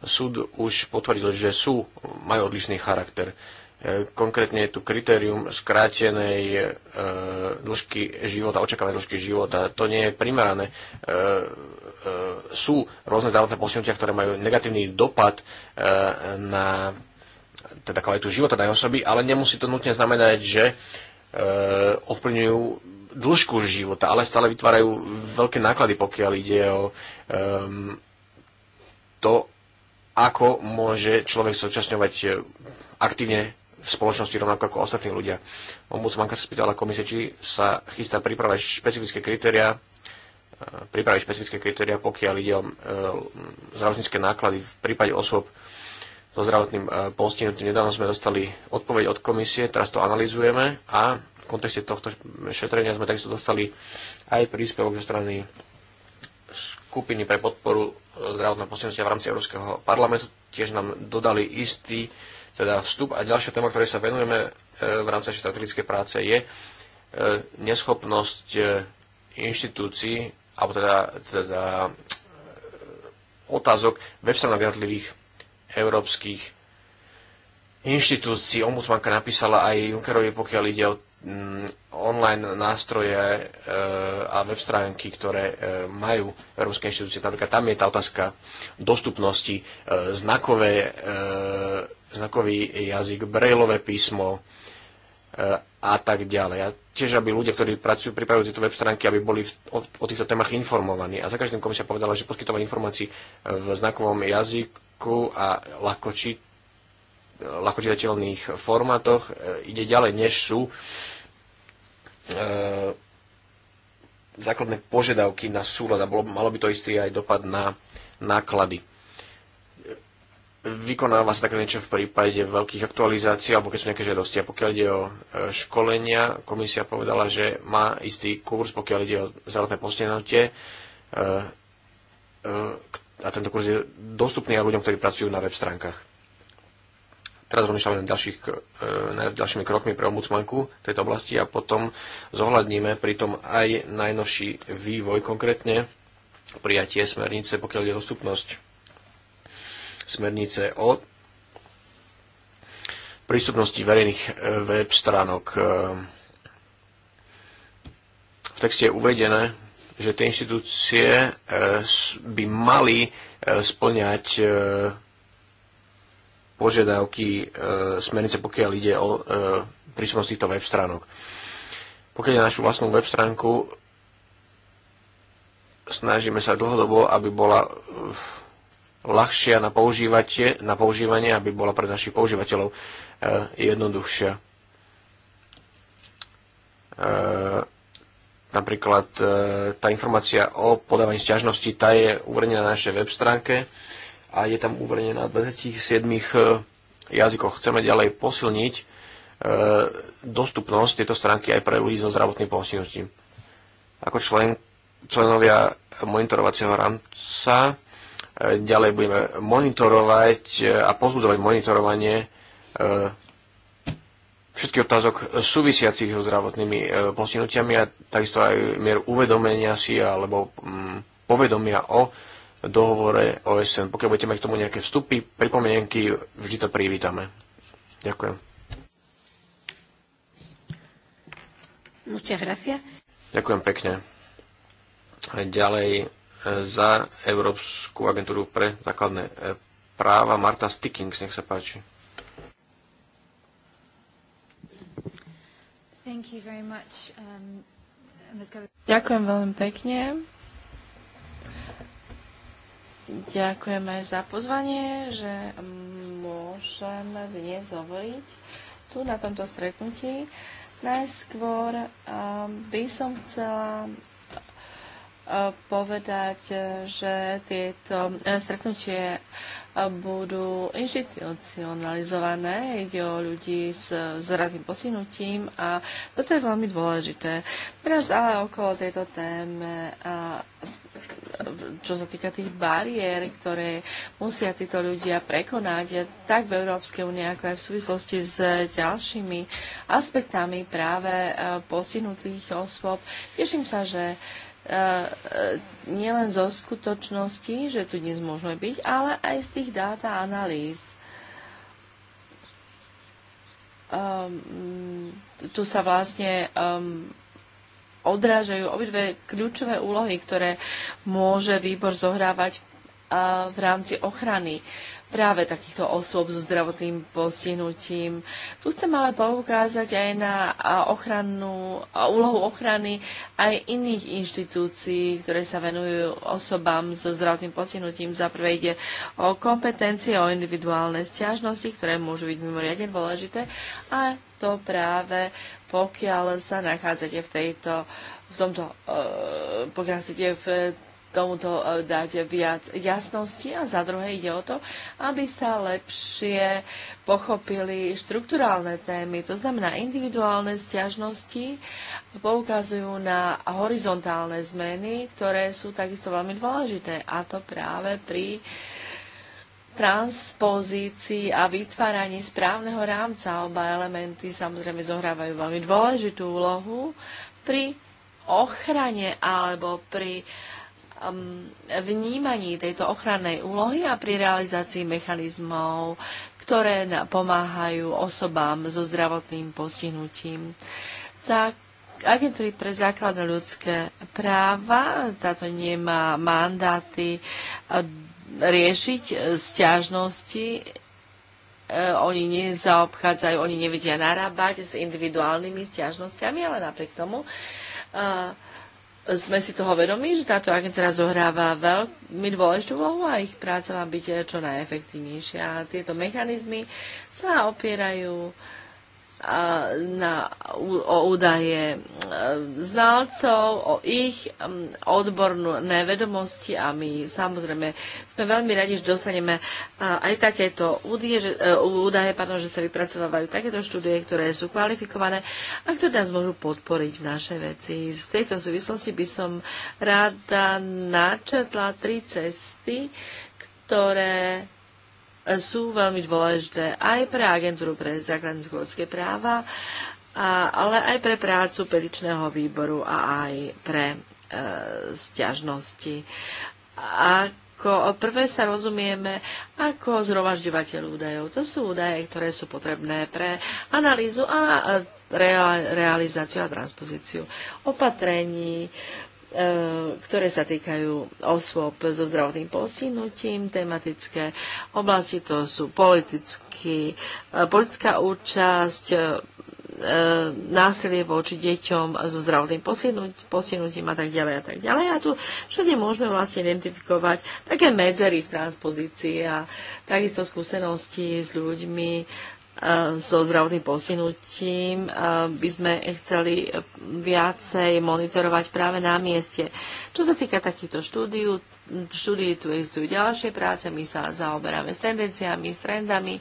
Súd už potvrdil, že sú, majú odlišný charakter. Konkrétne je tu kritérium skrátenej e, dĺžky života, očakávanej dĺžky života. To nie je primerané. E, e, sú rôzne zdravotné posunutia, ktoré majú negatívny dopad na teda kvalitu života danej osoby, ale nemusí to nutne znamenať, že ovplyvňujú dĺžku života, ale stále vytvárajú veľké náklady, pokiaľ ide o um, to, ako môže človek súčasňovať aktívne v spoločnosti rovnako ako ostatní ľudia. Ombudsmanka sa spýtala komisie, či sa chystá pripravať špecifické kritéria eh, pripraviť špecifické kritéria, pokiaľ ide o eh, zdravotnícke náklady v prípade osôb so zdravotným eh, postihnutím. Nedávno sme dostali odpoveď od komisie, teraz to analizujeme a v kontexte tohto šetrenia sme takisto dostali aj príspevok zo strany skupiny pre podporu zdravotného postihnutia v rámci Európskeho parlamentu. Tiež nám dodali istý teda vstup. A ďalšia téma, ktorej sa venujeme e, v rámci našej strategickej práce je e, neschopnosť e, inštitúcií, alebo teda, teda otázok web stránok jednotlivých európskych inštitúcií. Ombudsmanka napísala aj Junckerovi, pokiaľ ide o Mm, online nástroje e, a web stránky, ktoré e, majú európske inštitúcie. Napríklad tam je tá otázka dostupnosti, e, znakové, znakový jazyk, brejlové písmo a tak ďalej. A tiež, aby ľudia, ktorí pracujú, pripravujú tieto web stránky, aby boli o, týchto témach informovaní. A za každým komisia povedala, že poskytovať informácií v znakovom jazyku a ľahko ľahkočítateľných formátoch e, ide ďalej, než sú e, základné požiadavky na súľad a bolo, malo by to istý aj dopad na náklady. Vykonáva sa také niečo v prípade veľkých aktualizácií alebo keď sú nejaké žiadosti. A pokiaľ ide o e, školenia, komisia povedala, že má istý kurz, pokiaľ ide o zdravotné postihnutie, a tento kurz je dostupný aj ľuďom, ktorí pracujú na web stránkach. Teraz rozmýšľame nad, ďalších, e, nad ďalšími krokmi pre ombudsmanku v tejto oblasti a potom zohľadníme pritom aj najnovší vývoj, konkrétne prijatie smernice, pokiaľ je dostupnosť smernice o prístupnosti verejných e, web stránok. E, v texte je uvedené, že tie inštitúcie by mali splňať požiadavky e, smernice, pokiaľ ide o e, prísnosť týchto web stránok. Pokiaľ je našu vlastnú web stránku, snažíme sa dlhodobo, aby bola e, ľahšia na, používate, na používanie, aby bola pre našich používateľov e, jednoduchšia. E, napríklad e, tá informácia o podávaní sťažnosti, tá je uverejnená na našej web stránke a je tam uverejnená na 27 e, jazykoch. Chceme ďalej posilniť e, dostupnosť tejto stránky aj pre ľudí so zdravotným postihnutím. Ako člen, členovia monitorovacieho rámca e, ďalej budeme monitorovať a pozbudzovať monitorovanie všetkých otázok súvisiacich so zdravotnými postihnutiami a takisto aj mier uvedomenia si alebo mm, povedomia o dohovore OSN. Pokiaľ budete mať k tomu nejaké vstupy, pripomienky, vždy to privítame. Ďakujem. Ďakujem pekne. Ďalej e, za Európsku agentúru pre základné e, práva Marta Stickings, nech sa páči. Um, Ďakujem veľmi pekne. Ďakujeme za pozvanie, že môžeme dnes hovoriť tu na tomto stretnutí. Najskôr eh, by som chcela eh, povedať, že tieto eh, stretnutie budú inštitucionalizované. Ide o ľudí s zdravým posinutím a toto je veľmi dôležité. Teraz ale okolo tejto téme čo sa týka tých bariér, ktoré musia títo ľudia prekonať tak v Európskej únie, ako aj v súvislosti s ďalšími aspektami práve e, postihnutých osôb. Teším sa, že e, e, nielen zo skutočnosti, že tu dnes môžeme byť, ale aj z tých dáta analýz. Um, tu sa vlastne um, odrážajú obidve kľúčové úlohy, ktoré môže výbor zohrávať v rámci ochrany práve takýchto osôb so zdravotným postihnutím. Tu chcem ale poukázať aj na ochranu, úlohu ochrany aj iných inštitúcií, ktoré sa venujú osobám so zdravotným postihnutím. Za prvé ide o kompetencie, o individuálne stiažnosti, ktoré môžu byť mimoriadne dôležité a to práve pokiaľ sa nachádzate v tejto, v tomto, uh, pokiaľ chcete v tomuto uh, dať viac jasnosti a za druhé ide o to, aby sa lepšie pochopili štruktúrálne témy, to znamená individuálne stiažnosti poukazujú na horizontálne zmeny, ktoré sú takisto veľmi dôležité a to práve pri uh, transpozícii a vytváraní správneho rámca. Oba elementy samozrejme zohrávajú veľmi dôležitú úlohu pri ochrane alebo pri um, vnímaní tejto ochrannej úlohy a pri realizácii mechanizmov, ktoré pomáhajú osobám so zdravotným postihnutím. Za agentúry pre základné ľudské práva, táto nemá mandáty riešiť e, stiažnosti. E, oni nezaobchádzajú, oni nevedia narábať s individuálnymi stiažnosťami, ale napriek tomu e, sme si toho vedomi, že táto agentúra zohráva veľmi dôležitú úlohu a ich práca má byť čo najefektívnejšia. Tieto mechanizmy sa opierajú uh, na, o údaje e, znalcov, o ich odbornú nevedomosti a my samozrejme sme veľmi radi, že dostaneme e, aj takéto údaje, že, e, údaje pardon, že sa vypracovávajú takéto štúdie, ktoré sú kvalifikované a ktoré nás môžu podporiť v našej veci. V tejto súvislosti by som rada načetla tri cesty, ktoré sú veľmi dôležité aj pre agentúru pre základné ľudské práva, a, ale aj pre prácu petičného výboru a aj pre e, stiažnosti. Ako prvé sa rozumieme ako zhromažďovateľ údajov. To sú údaje, ktoré sú potrebné pre analýzu a realizáciu a transpozíciu opatrení, E, ktoré sa týkajú osôb so zdravotným postihnutím, tematické oblasti, to sú politicky, e, politická účasť, e, násilie voči deťom so zdravotným postihnutím a tak ďalej a tak ďalej. A tu všade môžeme vlastne identifikovať také medzery v transpozícii a takisto skúsenosti s ľuďmi, so zdravotným posinutím by sme chceli viacej monitorovať práve na mieste. Čo sa týka takýchto štúdiu, štúdii, tu existujú ďalšie práce, my sa zaoberáme s tendenciami, s trendami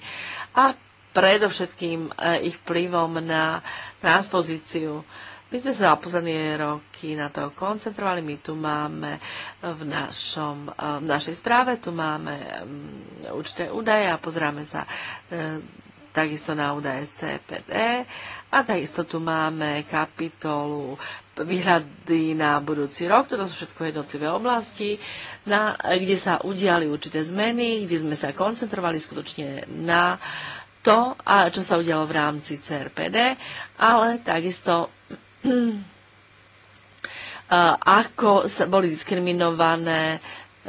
a predovšetkým e, ich vplyvom na transpozíciu. My sme sa za posledné roky na to koncentrovali. My tu máme v, našom, e, v našej správe, tu máme mm, určité údaje a pozráme sa e, takisto na údaje z CPD a takisto tu máme kapitolu výhľady na budúci rok. Toto sú všetko jednotlivé oblasti, na, kde sa udiali určité zmeny, kde sme sa koncentrovali skutočne na to, a čo sa udialo v rámci CRPD, ale takisto ako sa boli diskriminované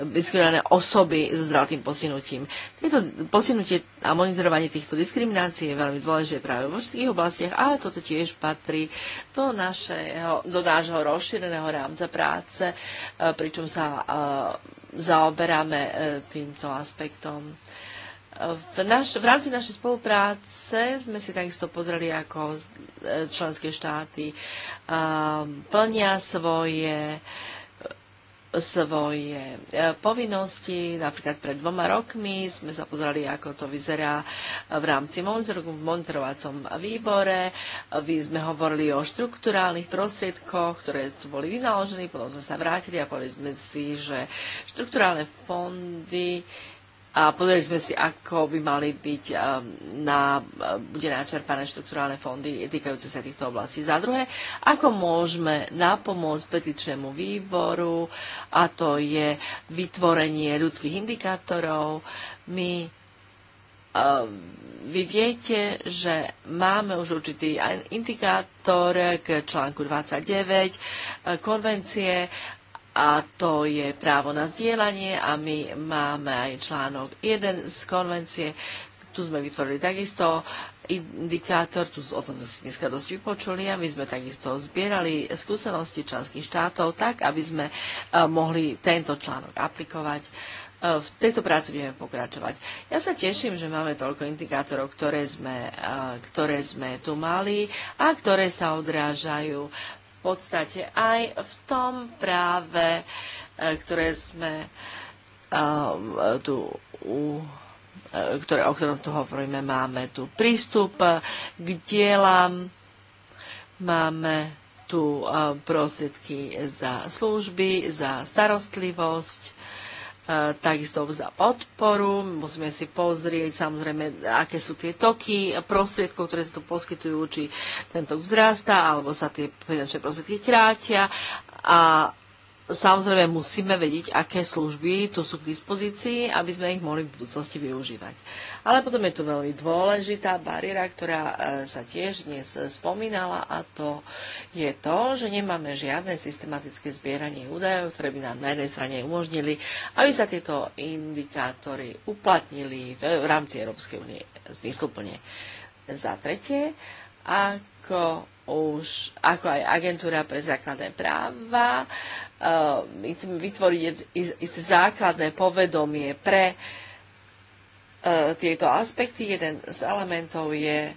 diskriminované osoby s zdravotným postihnutím. Tieto postihnutie a monitorovanie týchto diskriminácií je veľmi dôležité práve vo všetkých oblastiach, ale toto tiež patrí do, našeho, do nášho rozšíreného rámca práce, e, pričom sa e, zaoberáme e, týmto aspektom. V, naš, v rámci našej spolupráce sme si takisto pozreli, ako členské štáty plnia svoje svoje e, povinnosti. Napríklad pred dvoma rokmi sme sa pozerali, ako to vyzerá v rámci monitoringu v monitorovacom výbore. Vy sme hovorili o štruktúrálnych prostriedkoch, ktoré tu boli vynaložené, potom sme sa vrátili a povedali sme si, že štruktúrálne fondy a povedali sme si, ako by mali byť um, na, um, bude načerpané štrukturálne fondy týkajúce sa týchto oblastí. Za druhé, ako môžeme napomôcť petičnému výboru, a to je vytvorenie ľudských indikátorov. My um, vy viete, že máme už určitý indikátor k článku 29 uh, konvencie a to je právo na zdieľanie a my máme aj článok 1 z konvencie. Tu sme vytvorili takisto indikátor, tu o tom si dneska dosť vypočuli a my sme takisto zbierali skúsenosti členských štátov tak, aby sme e, mohli tento článok aplikovať. E, v tejto práci budeme pokračovať. Ja sa teším, že máme toľko indikátorov, ktoré sme, e, ktoré sme tu mali a ktoré sa odrážajú podstate aj v tom práve, e, ktoré sme e, tu u e, ktoré, o ktorom tu hovoríme, máme tu prístup k dielam, máme tu prostriedky za služby, za starostlivosť, E, takisto za podporu. Musíme si pozrieť samozrejme, aké sú tie toky prostriedkov, ktoré sa tu poskytujú, či tento tok vzrastá, alebo sa tie finančné prostriedky krátia a Samozrejme musíme vedieť, aké služby tu sú k dispozícii, aby sme ich mohli v budúcnosti využívať. Ale potom je tu veľmi dôležitá bariéra, ktorá e, sa tiež dnes spomínala a to je to, že nemáme žiadne systematické zbieranie údajov, ktoré by nám na jednej strane umožnili, aby sa tieto indikátory uplatnili v rámci Európskej únie zmysluplne. Za tretie, ako už, ako aj agentúra pre základné práva. My eh, chceme vytvoriť isté základné povedomie pre eh, tieto aspekty. Jeden z elementov je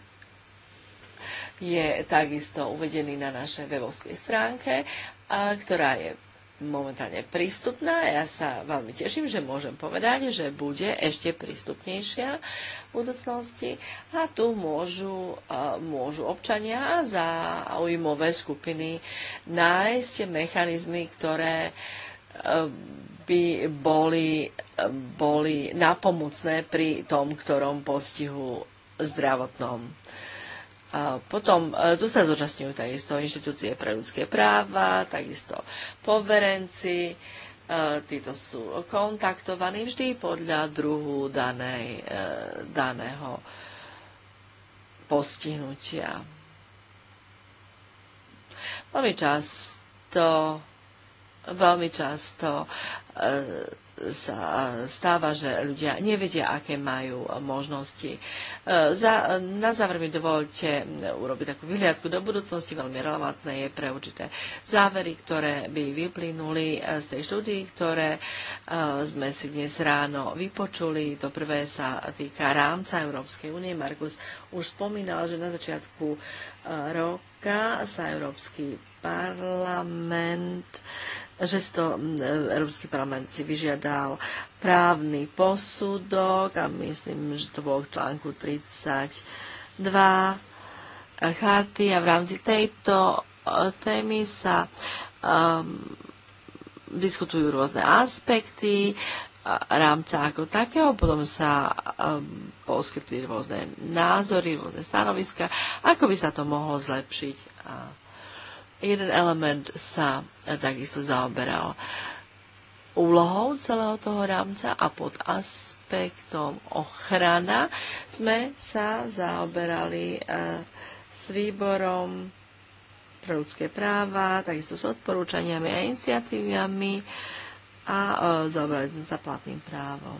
je takisto uvedený na našej webovskej stránke, eh, ktorá je momentálne prístupná. Ja sa veľmi teším, že môžem povedať, že bude ešte prístupnejšia v budúcnosti a tu môžu, môžu občania a záujmové skupiny nájsť mechanizmy, ktoré e, by boli, e, boli napomocné pri tom, ktorom postihu zdravotnom. Potom e, tu sa zúčastňujú takisto inštitúcie pre ľudské práva, takisto poverenci, e, títo sú kontaktovaní vždy podľa druhu danej, e, daného postihnutia. Veľmi často, veľmi často sa stáva, že ľudia nevedia, aké majú možnosti. E, za, na záver mi dovolte urobiť takú vyhliadku do budúcnosti. Veľmi relevantné je pre určité závery, ktoré by vyplynuli e, z tej štúdii, ktoré e, sme si dnes ráno vypočuli. To prvé sa týka rámca Európskej únie. Markus už spomínal, že na začiatku roka sa Európsky parlament že si to e, Európsky parlament si vyžiadal právny posudok a myslím, že to bolo v článku 32 charty a v rámci tejto e, témy sa um, diskutujú rôzne aspekty rámca ako takého, potom sa um, poskytli rôzne názory, rôzne stanoviska, ako by sa to mohlo zlepšiť. A Jeden element sa eh, takisto zaoberal úlohou celého toho rámca a pod aspektom ochrana sme sa zaoberali eh, s výborom pre ľudské práva, takisto s odporúčaniami a iniciatívami a eh, zaoberali sme sa platným právom.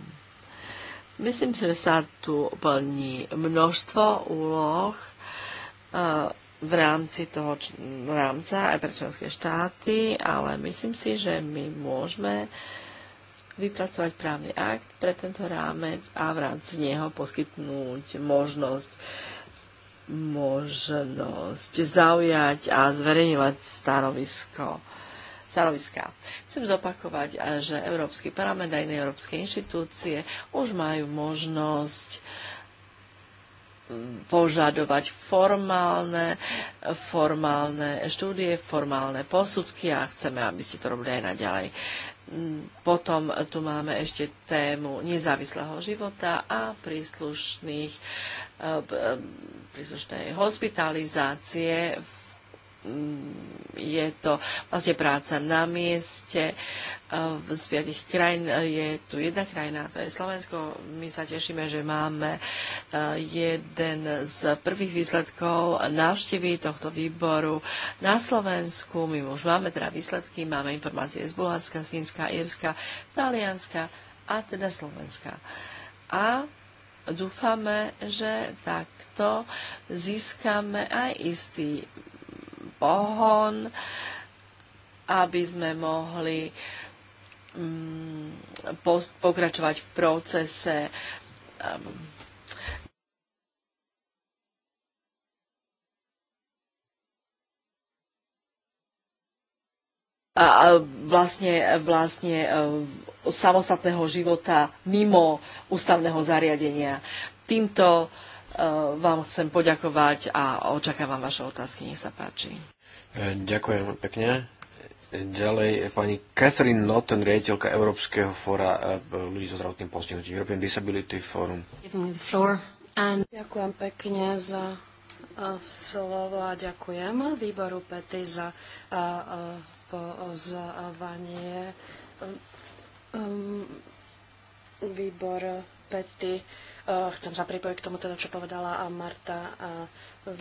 Myslím že sa tu plní množstvo úloh v rámci toho rámca aj pre členské štáty, ale myslím si, že my môžeme vypracovať právny akt pre tento rámec a v rámci neho poskytnúť možnosť možnosť zaujať a zverejňovať stanovisko stanoviská. Chcem zopakovať, že Európsky parlament a iné európske inštitúcie už majú možnosť uh, požadovať formálne, formálne štúdie, formálne posudky a chceme, aby ste to robili aj naďalej. Mm, potom tu máme ešte tému nezávislého života a príslušných, e, e, príslušnej hospitalizácie v Mm, je to vlastne práca na mieste. Eh, z piatich krajín eh, je tu jedna krajina, to je Slovensko. My sa tešíme, že máme eh, jeden z prvých výsledkov návštevy tohto výboru na Slovensku. My už máme teda výsledky, máme informácie z Bulharska, Fínska, Írska, Talianska a teda Slovenska. A dúfame, že takto získame aj istý pohon, aby sme mohli mm, pokračovať v procese um, a vlastne, vlastne um, samostatného života mimo ústavného zariadenia. Týmto Eh, vám chcem poďakovať a očakávam vaše otázky. Nech sa páči. Eh, ďakujem pekne. Ďalej eh, pani Catherine Norton, riaditeľka Európskeho fóra ľudí so zdravotným postihnutím, European Disability Forum. Ďakujem pekne za slovo a ďakujem výboru Pety za pozvanie. Ehm, ehm, výbor Pety Eh, chcem sa pripojiť k tomu, teda, čo povedala Marta. a eh,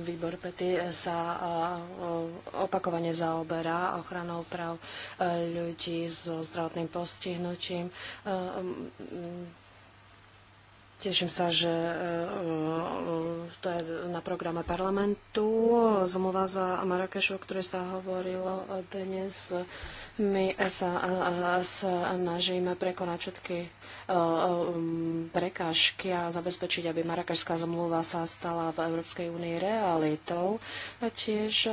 Výbor Pety sa eh, opakovane zaoberá ochranou práv ľudí so zdravotným postihnutím. Mm, teším sa, že to je na programe parlamentu. Zmluva za Marrakešu, o ktorej sa hovorilo dnes. My sa snažíme prekonať všetky E, e, prekážky a zabezpečiť, aby Marakašská zmluva sa stala v Európskej únii realitou. A tiež e,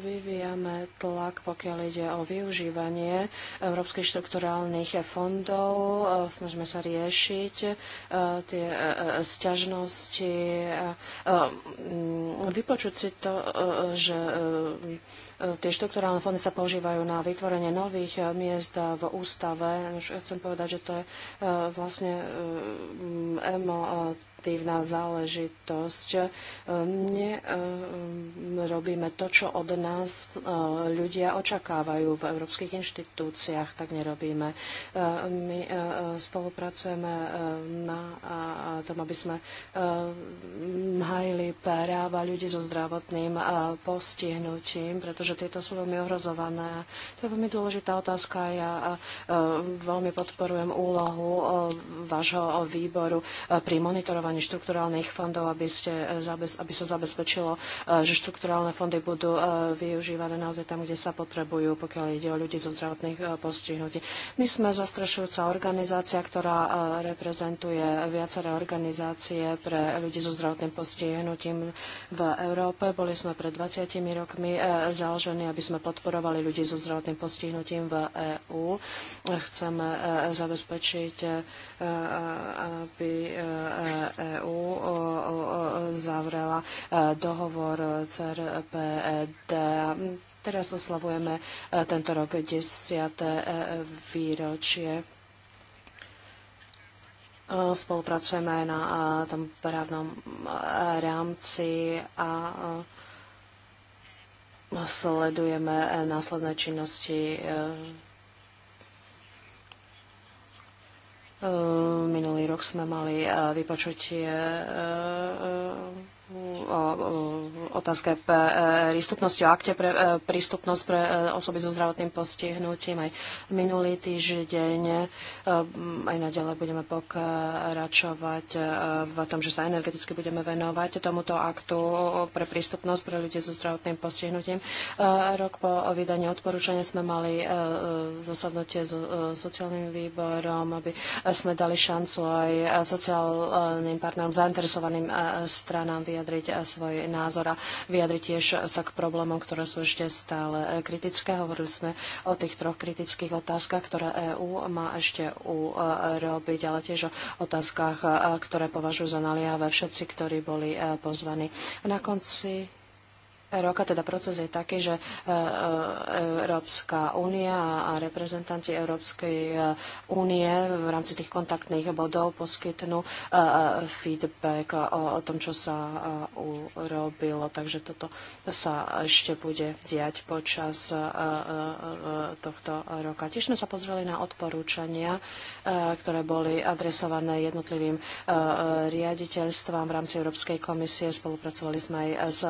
vyvíjame tlak, pokiaľ ide o využívanie európskych štrukturálnych fondov. Snažíme sa riešiť tie sťažnosti, vypočuť si to, že E, tie štrukturálne fondy sa používajú na vytvorenie nových e, miest v ústave. Už chcem povedať, že to je e, vlastne MO legislatívna záležitosť. E, nerobíme e, to, čo od nás e, ľudia očakávajú v európskych inštitúciách, tak nerobíme. My spolupracujeme na tom, aby sme hajili práva ľudí so zdravotným postihnutím, pretože tieto sú veľmi ohrozované. To je veľmi dôležitá otázka. Ja veľmi podporujem úlohu vášho výboru pri monitorovaní využívaní štrukturálnych fondov, aby, ste, e, aby sa zabezpečilo, e, že štrukturálne fondy budú e, využívané naozaj tam, kde sa potrebujú, pokiaľ ide o ľudí zo zdravotných postihnutí. My sme zastrašujúca organizácia, ktorá reprezentuje viaceré organizácie pre ľudí so zdravotným postihnutím v Európe. Boli sme pred 20 rokmi založení, aby sme podporovali ľudí so zdravotným postihnutím v EÚ. Chceme zabezpečiť, aby EÚ zavrela e, dohovor CRPD. E teraz oslavujeme e, tento rok 10. výročie spolupracujeme na tom právnom rámci a sledujeme následné činnosti Ehm, minulý rok sme mali eh, vypočutie eh, eh, otázke e, prístupnosti, o akte pre e, prístupnosť pre e, osoby so zdravotným postihnutím. Aj minulý týždeň aj naďalej budeme pokračovať v tom, že sa energeticky budeme venovať tomuto aktu pre prístupnosť pre ľudí so zdravotným postihnutím. Rok po vydaní odporúčania sme mali zasadnutie s sociálnym výborom, aby sme dali šancu aj sociálnym partnerom, zainteresovaným stranám vyjadriť vyjadriť svoj názor a vyjadriť tiež sa k problémom, ktoré sú ešte stále kritické. Hovorili sme o tých troch kritických otázkach, ktoré EÚ má ešte urobiť, ale tiež o otázkach, ktoré považujú za naliehavé všetci, ktorí boli e, pozvaní. Na konci roka, teda proces je taký, že e, e, Európska únia a reprezentanti Európskej e, únie v rámci tých kontaktných bodov poskytnú feedback o tom, čo sa urobilo. Takže toto sa ešte bude diať počas tohto roka. Tiež sme sa pozreli na odporúčania, ktoré boli adresované jednotlivým riaditeľstvám v rámci Európskej komisie. Spolupracovali sme aj s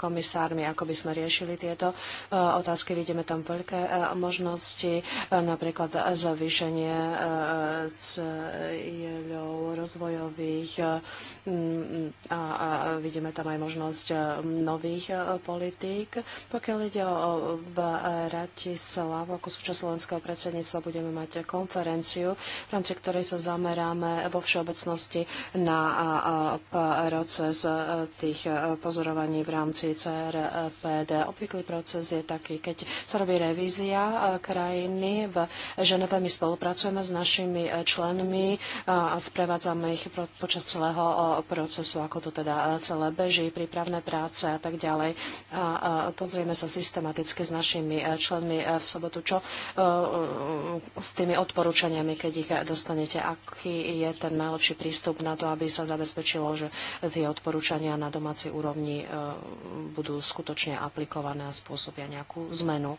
komisármi reformy, ako by sme riešili tieto e, otázky. Vidíme tam veľké e, možnosti, e, napríklad zavýšenie cieľov rozvojových mm, a vidíme tam aj možnosť nových politík. Pokiaľ ide o Bratislavu, ako súčasť slovenského predsedníctva budeme mať konferenciu, v rámci ktorej sa zameráme vo všeobecnosti na proces tých pozorovaní v rámci CR RPD. Obvyklý proces je taký, keď sa robí revízia e, krajiny, v Ženeve my spolupracujeme s našimi e, členmi e, a sprevádzame ich počas celého procesu, ako to teda celé beží, prípravné práce a tak ďalej. A pozrieme sa systematicky s našimi členmi v sobotu, čo s tými odporúčaniami, keď ich dostanete, aký je ten najlepší prístup na to, aby sa zabezpečilo, že tie odporúčania na domácej úrovni budú skutočne aplikované a spôsobia nejakú zmenu.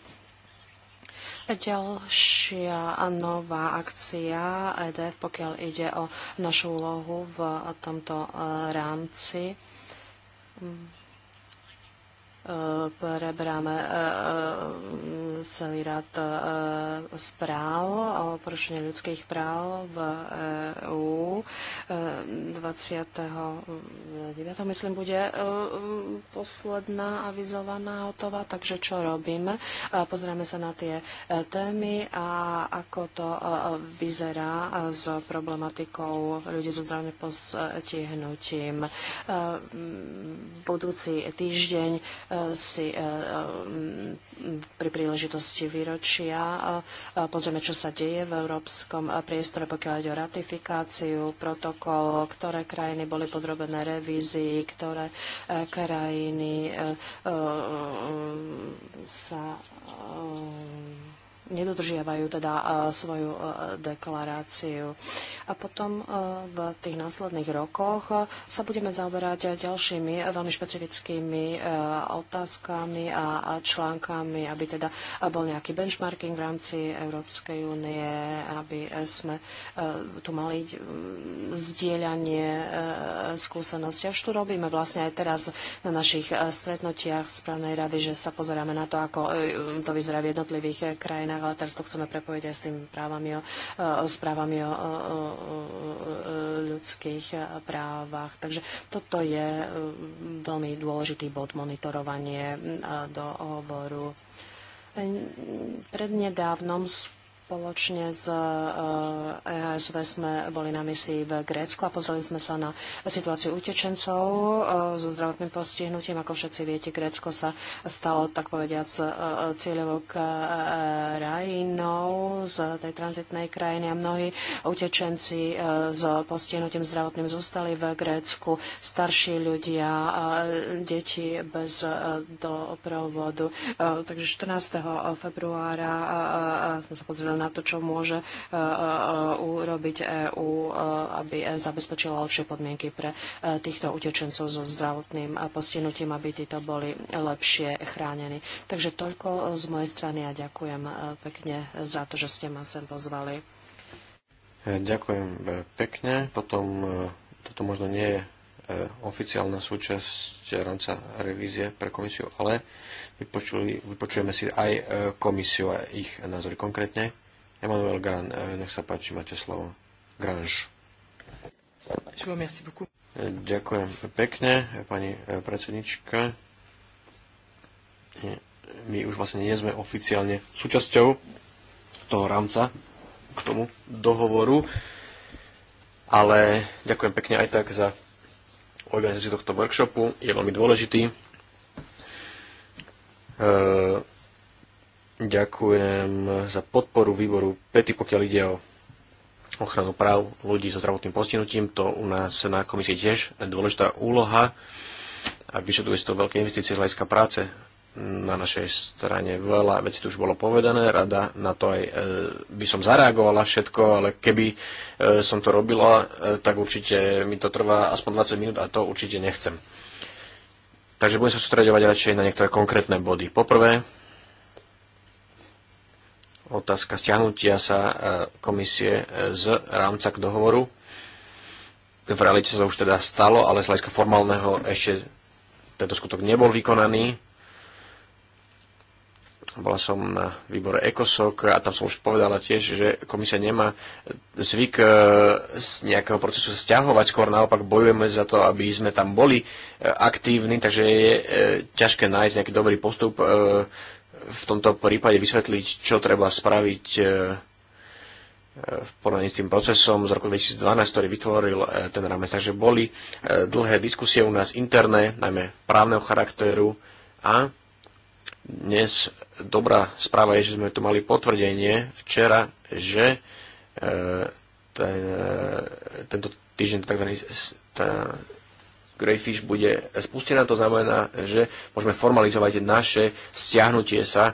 Ďalšia nová akcia EDF, pokiaľ ide o našu úlohu v tomto eh, rámci, preberáme e, e, celý rad e, správ o porušení ľudských práv v EU. 29. myslím bude posledná avizovaná hotová, takže čo robíme? Pozrieme sa na tie témy a ako to vyzerá s problematikou ľudí so zdravotným postihnutím. Budúci týždeň si eh, eh, pri príležitosti výročia eh, pozrieme, čo sa deje v európskom priestore, pokiaľ ide o ratifikáciu protokol, ktoré krajiny boli podrobené revízii, ktoré krajiny sa nedodržiavajú teda svoju deklaráciu. A potom v tých následných rokoch sa budeme zaoberať ďalšími veľmi špecifickými otázkami a článkami, aby teda bol nejaký benchmarking v rámci Európskej únie, aby sme tu mali zdieľanie skúsenosti. Až tu robíme vlastne aj teraz na našich stretnutiach správnej rady, že sa pozeráme na to, ako e, to vyzerá v jednotlivých e, krajinách krajinách, ale teraz to chceme prepojiť aj s tým e, právami o, o správami o, o, o e, ľudských e, právach. Takže toto je veľmi dôležitý bod monitorovanie do hovoru. Prednedávnom Spoločne s EHSV e sme boli na misii v Grécku a pozreli sme sa na situáciu utečencov e, so zdravotným postihnutím. Ako všetci viete, Grécko sa stalo, tak povediať, e, cieľovou krajinou z tej tranzitnej krajiny a mnohí utečenci s postihnutím zdravotným zostali v Grécku. Starší ľudia, deti bez doprovodu. Takže 14. februára sme sa pozreli na to, čo môže e, e, e, urobiť EÚ, aby zabezpečila lepšie podmienky pre týchto utečencov so zdravotným postihnutím, aby títo boli lepšie chránení. Takže toľko z mojej strany a ďakujem pekne za to, že ste ma sem pozvali. Ďakujem pekne. Potom toto možno nie je oficiálna súčasť rámca revízie pre komisiu, ale vypočujeme si aj komisiu a ich názory konkrétne. Emanuel Gran, eh, nech sa páči, máte slovo. Grange. Ďakujem pekne, pani eh, predsednička. My už vlastne nie sme oficiálne súčasťou toho rámca k tomu dohovoru, ale ďakujem pekne aj tak za organizáciu tohto workshopu. Je veľmi dôležitý. Eh, Ďakujem za podporu výboru PETI, pokiaľ ide o ochranu práv ľudí so zdravotným postihnutím. To u nás na komisii tiež dôležitá úloha a vyžaduje si to veľké investície z hľadiska práce na našej strane. Veľa vecí tu už bolo povedané, rada na to aj e, by som zareagovala všetko, ale keby e, som to robila, e, tak určite mi to trvá aspoň 20 minút a to určite nechcem. Takže budem sa sústredovať radšej na niektoré konkrétne body. Poprvé, otázka stiahnutia sa e, komisie e, z rámca k dohovoru. V realite sa to už teda stalo, ale z hľadiska formálneho ešte tento skutok nebol vykonaný. Bola som na výbore ECOSOC a tam som už povedala tiež, že komisia nemá zvyk e, z nejakého procesu stiahovať, skôr naopak bojujeme za to, aby sme tam boli aktívni, takže je ťažké nájsť nejaký dobrý postup, v tomto prípade vysvetliť, čo treba spraviť e, v porovnaní s tým procesom z roku 2012, ktorý vytvoril e, ten rámec. Takže boli e, dlhé diskusie u nás interné, najmä právneho charakteru a dnes dobrá správa je, že sme tu mali potvrdenie včera, že ten, tento týždeň tzv. Greyfish bude spustená, to znamená, že môžeme formalizovať naše stiahnutie sa e,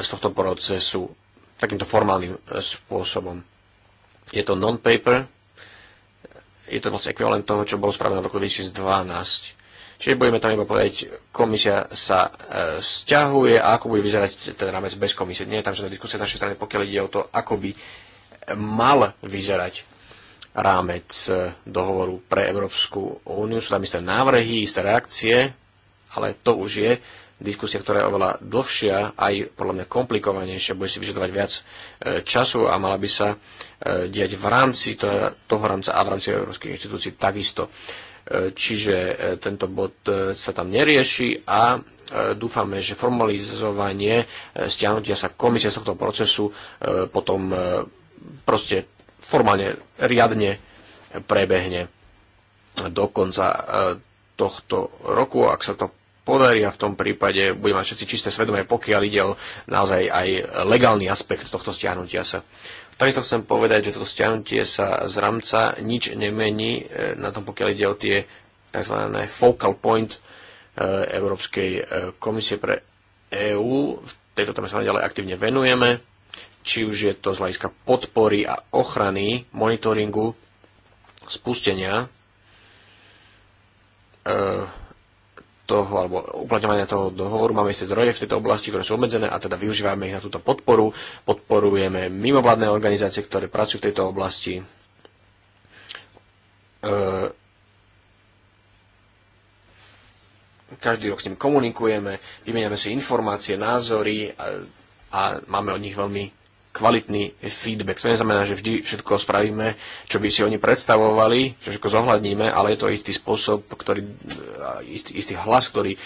z tohto procesu takýmto formálnym e, spôsobom. Je to non-paper, je to vlastne ekvivalent toho, čo bolo spravené v roku 2012. Čiže budeme tam iba povedať, komisia sa e, stiahuje a ako bude vyzerať ten rámec bez komisie. Nie je tam žiadna diskusia z našej strany, pokiaľ ide o to, ako by mal vyzerať rámec e, dohovoru pre Európsku úniu. Sú tam isté návrhy, isté reakcie, ale to už je diskusia, ktorá je oveľa dlhšia, aj podľa mňa komplikovanejšia, bude si vyžadovať viac e, času a mala by sa e, diať v rámci toho, toho rámca a v rámci Európskej inštitúcií takisto. Čiže tento bod sa tam nerieši a dúfame, že formalizovanie stiahnutia sa komisie z tohto procesu potom proste formálne, riadne prebehne do konca e, tohto roku, ak sa to podarí a v tom prípade budeme mať všetci čisté svedomie, pokiaľ ide o naozaj aj legálny aspekt tohto stiahnutia sa. Takisto chcem povedať, že toto stiahnutie sa z rámca nič nemení e, na tom, pokiaľ ide o tie tzv. focal point e, Európskej komisie pre EÚ. V tejto téme sa ďalej aktívne venujeme či už je to z hľadiska podpory a ochrany, monitoringu, spustenia e, toho, alebo uplatňovania toho dohovoru. Máme ešte zdroje v tejto oblasti, ktoré sú obmedzené a teda využívame ich na túto podporu. Podporujeme mimovládne organizácie, ktoré pracujú v tejto oblasti. E, každý rok s ním komunikujeme, vymeniame si informácie, názory a, a máme od nich veľmi kvalitný feedback. To neznamená, že vždy všetko spravíme, čo by si oni predstavovali, že všetko zohľadníme, ale je to istý spôsob, ktorý, e, istý, istý hlas, ktorý e,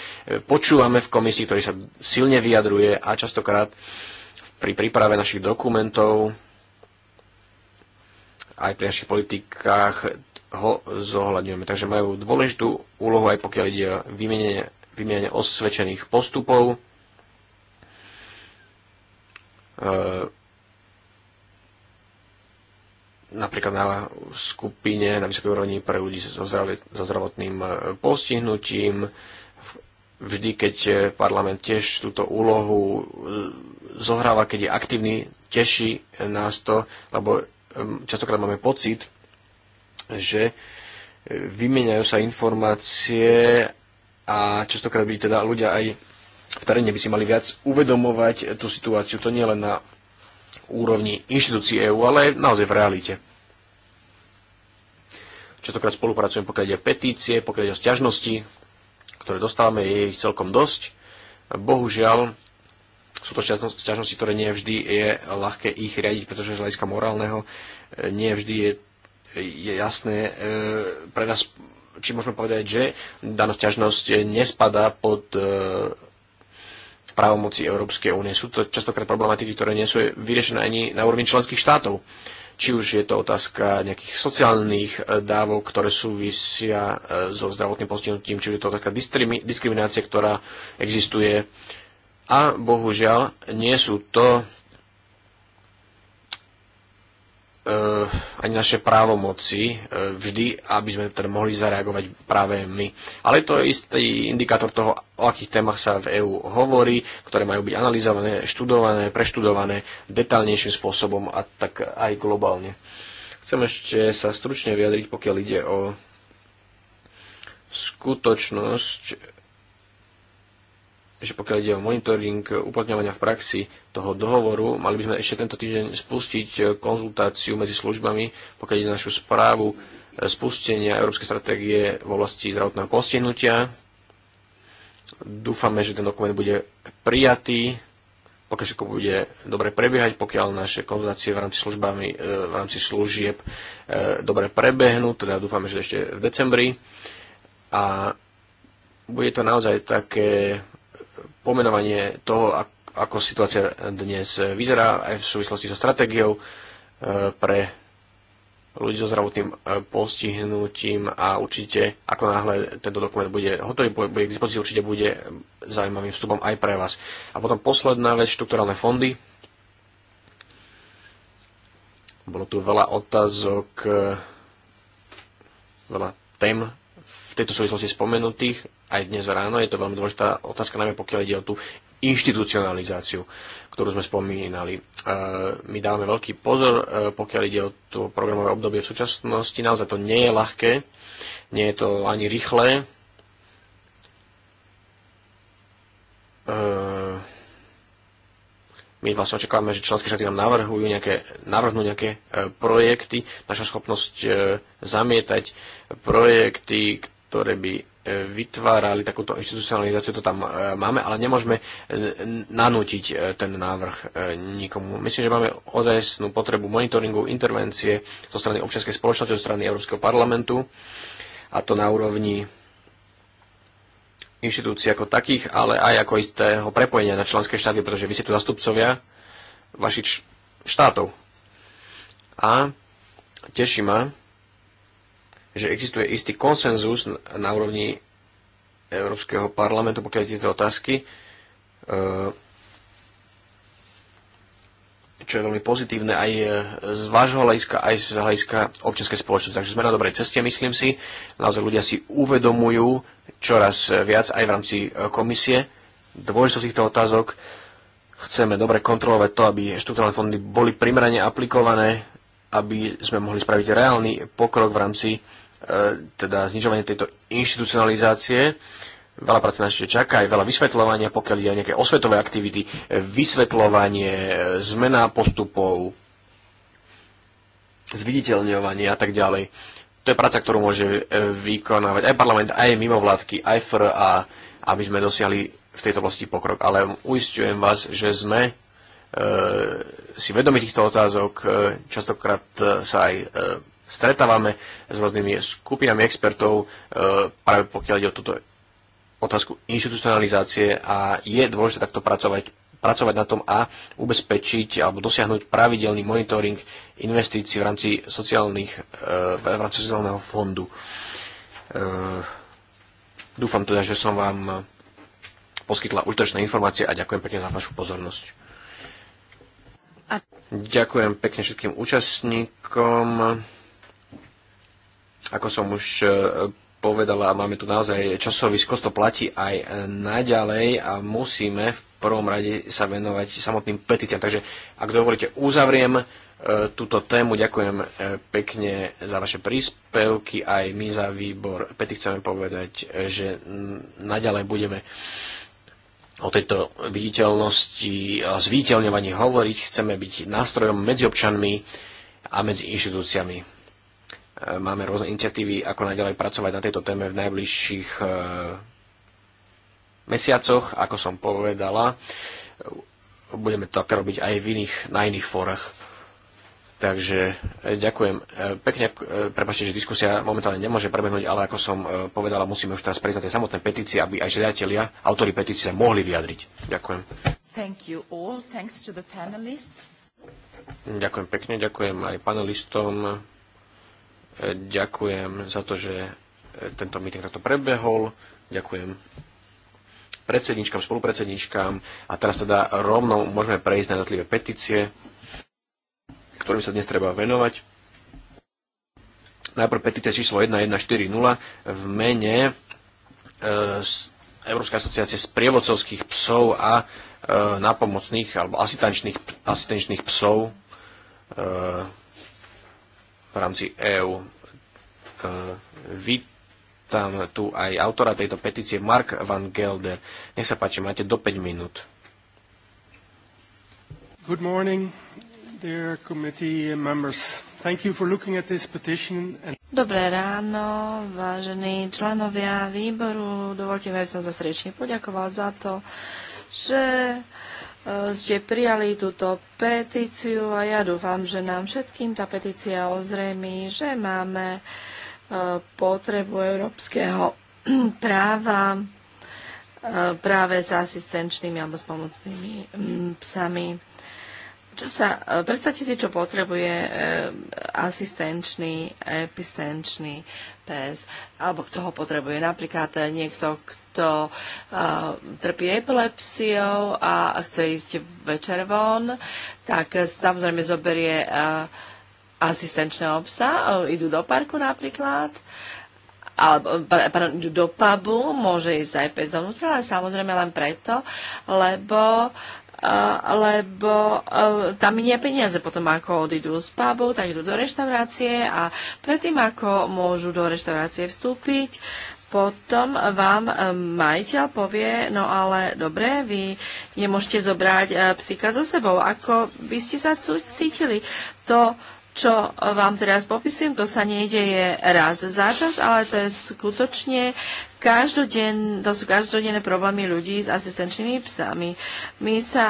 počúvame v komisii, ktorý sa silne vyjadruje a častokrát pri príprave našich dokumentov aj pri našich politikách ho zohľadňujeme. Takže majú dôležitú úlohu aj pokiaľ ide o vymenenie, vymenenie osvedčených postupov, e, napríklad na skupine na vysokej úrovni pre ľudí so, zdrav- so zdravotným e, postihnutím. Vždy, keď e, parlament tiež túto úlohu e, zohráva, keď je aktívny, teší nás to, lebo častokrát máme pocit, že vymieňajú sa informácie a častokrát by teda ľudia aj v teréne by si mali viac uvedomovať tú situáciu. To nie len na úrovni inštitúcií EÚ, ale naozaj v realite. Častokrát spolupracujem, pokiaľ ide petície, pokiaľ ide o sťažnosti, ktoré dostávame, je ich celkom dosť. Bohužiaľ, sú to sťažnosti, ktoré nie vždy je ľahké ich riadiť, pretože z hľadiska morálneho e, nie vždy je, je jasné e, pre nás, či môžeme povedať, že daná sťažnosť nespadá pod e, právomoci Európskej únie. Sú to častokrát problematiky, ktoré nie sú vyriešené ani na úrovni členských štátov. Či už je to otázka nejakých sociálnych e, dávok, ktoré súvisia e, so zdravotným postihnutím, či už je to otázka diskriminácie, ktorá existuje. A bohužiaľ nie sú to Eh, ani naše právomoci eh, vždy, aby sme teda mohli zareagovať práve my. Ale to je istý indikátor toho, o akých témach sa v EÚ hovorí, ktoré majú byť analyzované, študované, preštudované detálnejším spôsobom a tak aj globálne. Chcem ešte sa stručne vyjadriť, pokiaľ ide o skutočnosť, že pokiaľ ide o monitoring e, uplatňovania v praxi toho dohovoru, mali by sme ešte tento týždeň spustiť e, konzultáciu medzi službami, pokiaľ ide na našu správu e, spustenia Európskej stratégie v oblasti zdravotného postihnutia. Dúfame, že ten dokument bude prijatý, pokiaľ všetko bude dobre prebiehať, pokiaľ naše konzultácie v rámci, službami, v rámci služieb dobre prebehnú, teda dúfame, že ešte v decembri. A bude to naozaj také pomenovanie toho, ako situácia dnes vyzerá aj v súvislosti so stratégiou e, pre ľudí so zdravotným e, postihnutím a určite, ako náhle tento dokument bude hotový, bude k dispozícii, určite bude zaujímavým vstupom aj pre vás. A potom posledná vec, štrukturálne fondy. Bolo tu veľa otázok, e, veľa tém v tejto súvislosti spomenutých aj dnes ráno. Je to veľmi dôležitá otázka, najmä pokiaľ ide o tú inštitucionalizáciu, ktorú sme spomínali. E, my dávame veľký pozor, e, pokiaľ ide o to programové obdobie v súčasnosti. Naozaj to nie je ľahké, nie je to ani rýchle. E, my vlastne očakávame, že členské štáty nám navrhujú nejaké, navrhnú nejaké projekty. Naša schopnosť zamietať projekty, ktoré by vytvárali takúto institucionalizáciu, to tam e, máme, ale nemôžeme e, nanútiť e, ten návrh nikomu. Myslím, že máme ozajstnú potrebu monitoringu, intervencie zo strany občianskej spoločnosti, zo strany Európskeho parlamentu a to na úrovni inštitúcií ako takých, ale aj ako istého prepojenia na členské štáty, pretože vy ste tu zastupcovia vašich štátov. A teší ma, že existuje istý konsenzus na úrovni Európskeho parlamentu, pokiaľ tieto otázky, e, čo je veľmi pozitívne aj e, z vášho hľadiska, aj z hľadiska občianskej spoločnosti. Takže sme na dobrej ceste, myslím si. Naozaj ľudia si uvedomujú čoraz viac aj v rámci e, komisie dôležitosť týchto otázok. Chceme dobre kontrolovať to, aby štruktúrne fondy boli primerane aplikované, aby sme mohli spraviť reálny pokrok v rámci e, teda znižovania tejto inštitucionalizácie. Veľa práce nás ešte čaká, aj veľa vysvetľovania, pokiaľ ide o nejaké osvetové aktivity, vysvetľovanie, e, zmena postupov, zviditeľňovanie a tak ďalej. To je práca, ktorú môže e, vykonávať aj parlament, aj mimovládky, aj FRA, aby sme dosiahli v tejto oblasti pokrok. Ale uistujem vás, že sme E, si vedomi týchto otázok, e, častokrát e, sa aj stretávame s rôznymi skupinami expertov, práve pokiaľ ide o túto otázku inštitucionalizácie a je dôležité takto pracovať, pracovať na tom a ubezpečiť alebo dosiahnuť pravidelný monitoring investícií v rámci, sociálnych, v rámci sociálneho fondu. Dúfam teda, že som vám poskytla užitočné informácie a ďakujem pekne za vašu pozornosť. Ďakujem pekne všetkým účastníkom. Ako som už e, povedala, máme tu naozaj časový skos, to platí aj naďalej a musíme v prvom rade sa venovať samotným petíciám. Takže ak dovolíte, uzavriem e, túto tému. Ďakujem e, pekne za vaše príspevky. Aj my za výbor petí chceme povedať, že naďalej budeme o tejto viditeľnosti a zviditeľňovaní hovoriť. Chceme byť nástrojom medzi občanmi a medzi inštitúciami e, máme rôzne iniciatívy, ako naďalej pracovať na tejto téme v najbližších e, mesiacoch, ako som povedala. Budeme to robiť aj v iných, na iných fórach. Takže e, ďakujem e, pekne. E, Prepašte, že diskusia momentálne nemôže prebehnúť, ale ako som povedala, musíme už teraz prejsť na tie samotné petície, aby aj žiadatelia, autori petície sa mohli vyjadriť. Ďakujem. Thank you all. Thanks to the panelists. Ďakujem pekne, ďakujem aj panelistom. Ďakujem za to, že tento meeting takto prebehol. Ďakujem predsedničkám, spolupredsedničkám. A teraz teda rovno môžeme prejsť na jednotlivé petície ktorým sa dnes treba venovať. Najprv petícia číslo 1140 v mene e, Európskej asociácie sprievodcovských psov a e, napomocných alebo asistenčných, asistenčných psov e, v rámci EÚ. Vítam tu aj autora tejto petície, Mark van Gelder. Nech sa páči, máte do 5 minút. Good morning. Dobré ráno, vážení členovia výboru. Dovolte mi, aby som sa srdečne poďakoval za to, že e, ste prijali túto petíciu a ja dúfam, že nám všetkým tá petícia ozrejmí, že máme e, potrebu európskeho práva e, práve s asistenčnými alebo s pomocnými psami. Čo sa, e, predstavte si, čo potrebuje e, asistenčný, epistenčný pes, alebo kto ho potrebuje. Napríklad e, niekto, kto trpí epilepsiou a chce ísť večer von, tak samozrejme zoberie asistenčného psa, idú do parku napríklad, alebo do pubu, môže ísť aj pes dovnútra, ale samozrejme len preto, lebo uh, Eh, lebo eh, tam nie peniaze potom, ako odídu z pubu, tak idú do reštaurácie a predtým, ako môžu do reštaurácie vstúpiť, potom vám eh, majiteľ povie, no ale dobre, vy nemôžete zobrať psíka so sebou. Ako by ste sa cítili? To čo vám teraz popisujem, to sa nedeje raz za čas, ale to je skutočne každodenn, to sú každodenné problémy ľudí s asistenčnými psami. My sa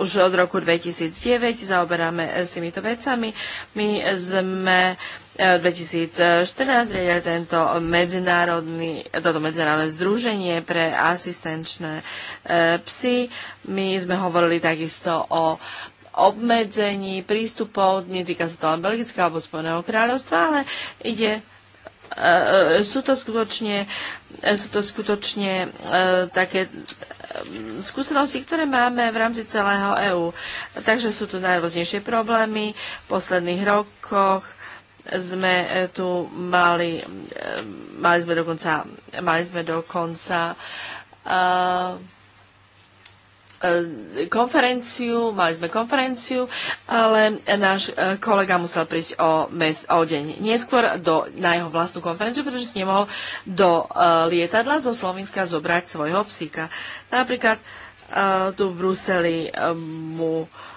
už od roku 2009 zaoberáme s týmito vecami. My sme 2014 e, riadili tento medzinárodný, toto medzinárodné združenie pre asistenčné e, psy. My sme hovorili takisto o obmedzení prístupov, netýka sa to len Belgická alebo Spojeného kráľovstva, ale ide e, e, sú to skutočne, e, sú to skutočne také skúsenosti, ktoré máme v rámci celého EÚ. Takže sú tu najrôznejšie problémy. V posledných rokoch sme tu mali, mali sme dokonca, mali sme dokonca uh, E, konferenciu, mali sme konferenciu, ale náš e, kolega musel prísť o, mes, o deň neskôr do, na jeho vlastnú konferenciu, pretože si nemohol do e, lietadla zo Slovenska zobrať svojho psíka. Napríklad tu v Bruseli mu uh,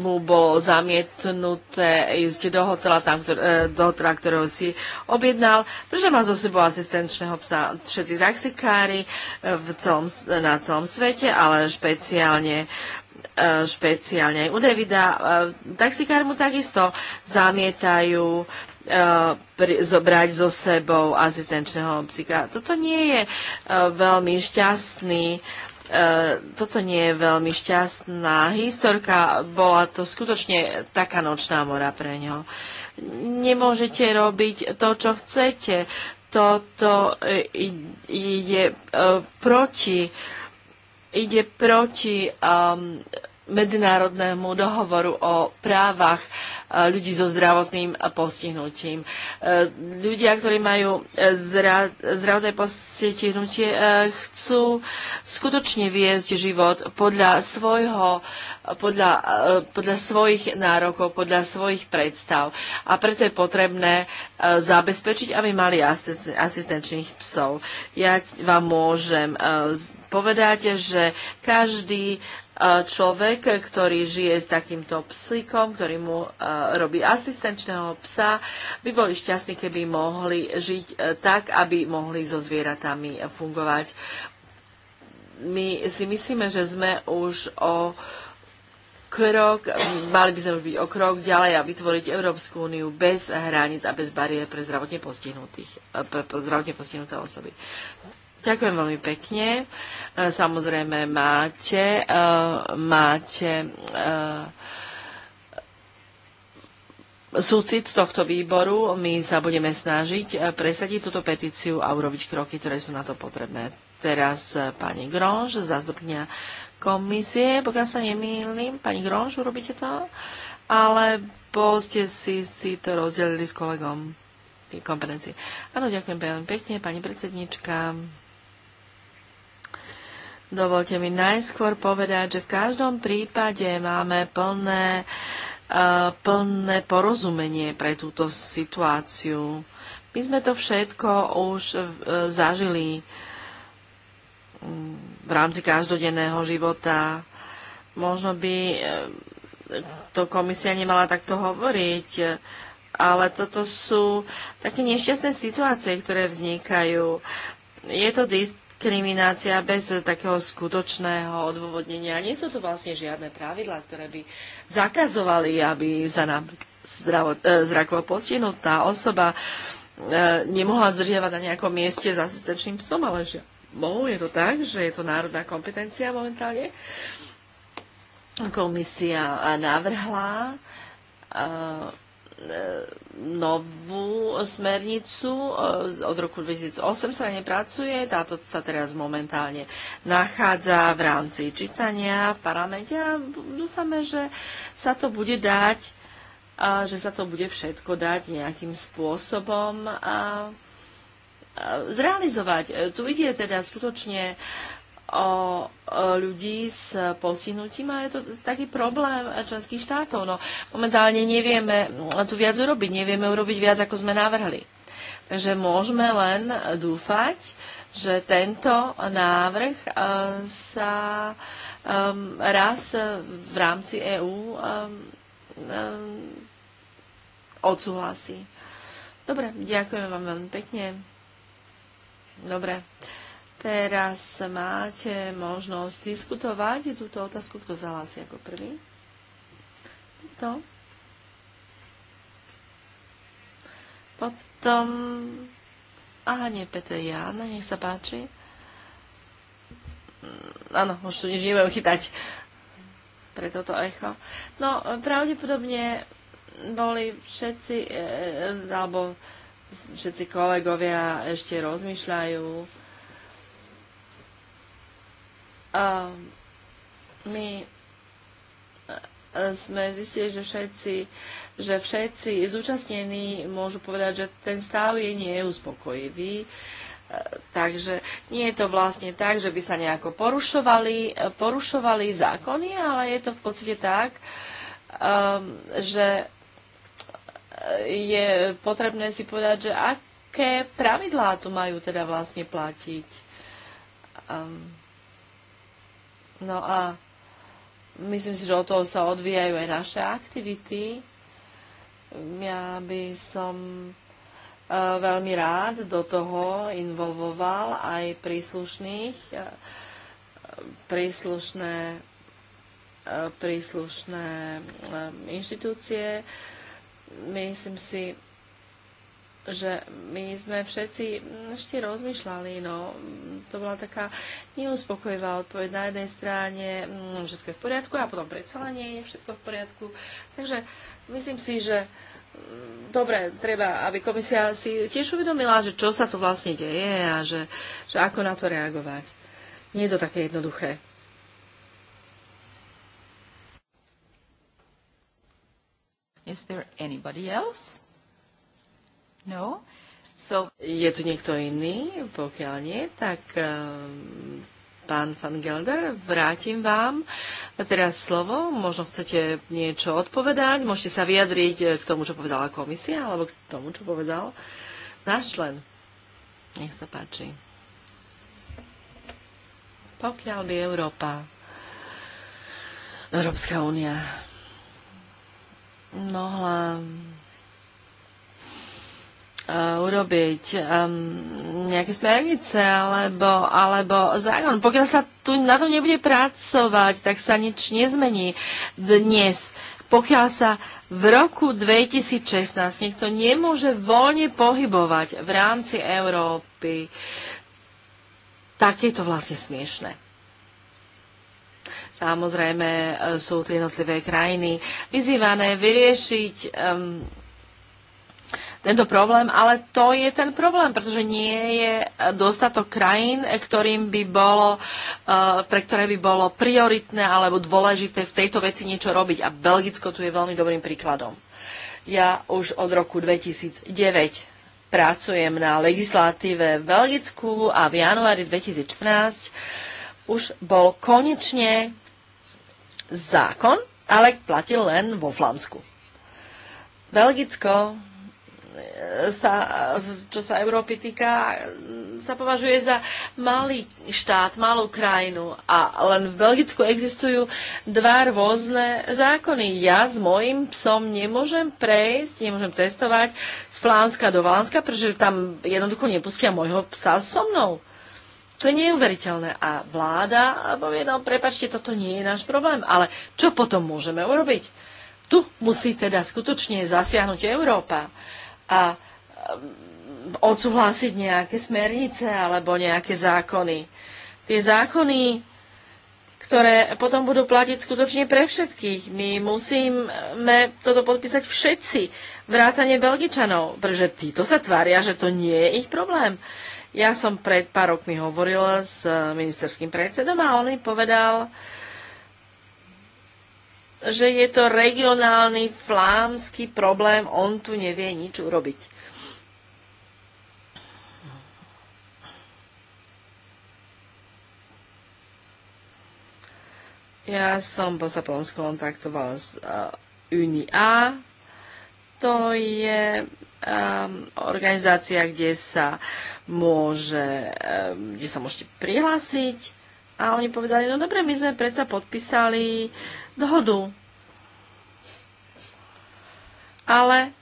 mu bolo zamietnuté ísť do hotela, tam, e, do hotela, ktorého si objednal, pretože má zo sebou asistenčného psa všetci taxikári e, v celom, na celom svete, ale špeciálne e, špeciálne aj u Davida. Taxikár mu takisto zamietajú zobrať so sebou asistenčného psika. Toto nie je veľmi šťastný E, toto nie je veľmi šťastná historka, bola to skutočne taká nočná mora pre ňo. Nemôžete robiť to, čo chcete. Toto e, ide e, proti ide proti um, medzinárodnému dohovoru o právach e, ľudí so zdravotným postihnutím. E, ľudia, ktorí majú e, zdravotné postihnutie, chcú skutočne viesť život podľa svojho, podľa, podľa svojich nárokov, podľa svojich predstav. A preto je potrebné zabezpečiť, aby mali asistenčných psov. Ja vám môžem povedať, že každý človek, ktorý žije s takýmto psíkom, ktorý mu e, robí asistenčného psa, by boli šťastní, keby mohli žiť e, tak, aby mohli so zvieratami fungovať. My si myslíme, že sme už o krok, mali by sme byť o krok ďalej a vytvoriť Európsku úniu bez hraníc a bez bariér pre zdravotne, postihnuté e, osoby. Ďakujem veľmi pekne. E, samozrejme máte, e, máte e, súcit tohto výboru. My sa budeme snažiť presadiť túto petíciu a urobiť kroky, ktoré sú na to potrebné. Teraz pani Gronž, zástupňa komisie, pokiaľ sa nemýlim, pani Gronš, urobíte to? Alebo ste si, si to rozdelili s kolegom? kompetencie. Áno, ďakujem veľmi pekne, pani predsednička. Dovolte mi najskôr povedať, že v každom prípade máme plné, plné porozumenie pre túto situáciu. My sme to všetko už e, zažili mm, v rámci každodenného života. Možno by e, to komisia nemala takto hovoriť, ale toto sú také nešťastné situácie, ktoré vznikajú. Je to dis- diskriminácia bez takého skutočného odôvodnenia. Nie sú tu vlastne žiadne pravidlá, ktoré by zakazovali, aby za nám zdravo, e, zrakovo postihnutá osoba e, nemohla zdržiavať na nejakom mieste s asistenčným psom, ale že mohol, je to tak, že je to národná kompetencia momentálne. Komisia navrhla e, novú smernicu. E, od roku 2008 sa na pracuje. Táto sa teraz momentálne nachádza v rámci čítania v parlamente a dúfame, že sa to bude dať a že sa to bude všetko dať nejakým spôsobom a zrealizovať. E, tu ide teda skutočne o ľudí s postihnutím a je to taký problém členských štátov. No, momentálne nevieme tu viac urobiť, nevieme urobiť viac, ako sme navrhli. Takže môžeme len dúfať, že tento návrh e, sa raz v rámci EÚ odsúhlasí. Dobre, ďakujem vám veľmi pekne. Dobre. Teraz máte možnosť diskutovať túto otázku. Kto zahlási ako prvý? To. Potom... Aha, nie, Petr Ján, nech sa páči. Mm, áno, už tu nič nebudem chytať pre toto echo. No, pravdepodobne boli všetci, e, e alebo všetci kolegovia ešte rozmýšľajú, Ehm, my e, sme zistili, že všetci, že všetci zúčastnení môžu povedať, že ten stav je neuspokojivý, e, Takže nie je to vlastne tak, že by sa nejako porušovali, e, porušovali zákony, ale je to v podstate tak, ehm, že je potrebné si povedať, že aké pravidlá tu majú teda vlastne platiť. Um, No a myslím si, že od toho sa odvíjajú aj naše aktivity. Ja by som e, veľmi rád do toho involvoval aj príslušných, e, príslušné, e, príslušné inštitúcie. Myslím si, že my sme všetci ešte rozmýšľali, no to bola taká neuspokojivá odpoveď na jednej strane, mm, všetko je v poriadku a potom predsa len nie je všetko v poriadku. Takže myslím si, že mm, dobre, treba, aby komisia si tiež uvedomila, že čo sa tu vlastne deje a že, že ako na to reagovať. Nie je to také jednoduché. Is there anybody else? No. So... Je tu niekto iný? Pokiaľ nie, tak um, pán Van Gelder, vrátim vám teraz slovo. Možno chcete niečo odpovedať, môžete sa vyjadriť eh, k tomu, čo povedala komisia, alebo k tomu, čo povedal náš člen. Nech sa páči. Pokiaľ by Európa, Európska únia mohla E, urobiť um, nejaké smernice alebo, alebo zákon. Pokiaľ sa tu na tom nebude pracovať, tak sa nič nezmení dnes. Pokiaľ sa v roku 2016 niekto nemôže voľne pohybovať v rámci Európy, tak je to vlastne smiešne. Samozrejme e, sú tie jednotlivé krajiny vyzývané vyriešiť um, tento problém, ale to je ten problém, pretože nie je e, dostatok krajín, e, ktorým by bolo, e, pre ktoré by bolo prioritné alebo dôležité v tejto veci niečo robiť. A Belgicko tu je veľmi dobrým príkladom. Ja už od roku 2009 pracujem na legislatíve v Belgicku a v januári 2014 už bol konečne zákon, ale platil len vo Flámsku. Belgicko sa, čo sa Európy týka, sa považuje za malý štát, malú krajinu. A len v Belgicku existujú dva rôzne zákony. Ja s mojim psom nemôžem prejsť, nemôžem cestovať z Flánska do Valánska, pretože tam jednoducho nepustia môjho psa so mnou. To je neuveriteľné. A vláda povie, no prepačte, toto nie je náš problém. Ale čo potom môžeme urobiť? Tu musí teda skutočne zasiahnuť Európa a um, odsúhlasiť nejaké smernice alebo nejaké zákony. Tie zákony, ktoré potom budú platiť skutočne pre všetkých. My musíme toto podpísať všetci, vrátane Belgičanov, pretože títo sa tvária, že to nie je ich problém. Ja som pred pár rokmi hovorila s ministerským predsedom a on mi povedal, že je to regionálny flámsky problém, on tu nevie nič urobiť. Ja som po sapom skontaktovala s uh, UNIA. To je um, organizácia, kde sa môže, um, kde sa môžete prihlásiť a oni povedali, no dobre, my sme predsa podpísali dohodu. Ale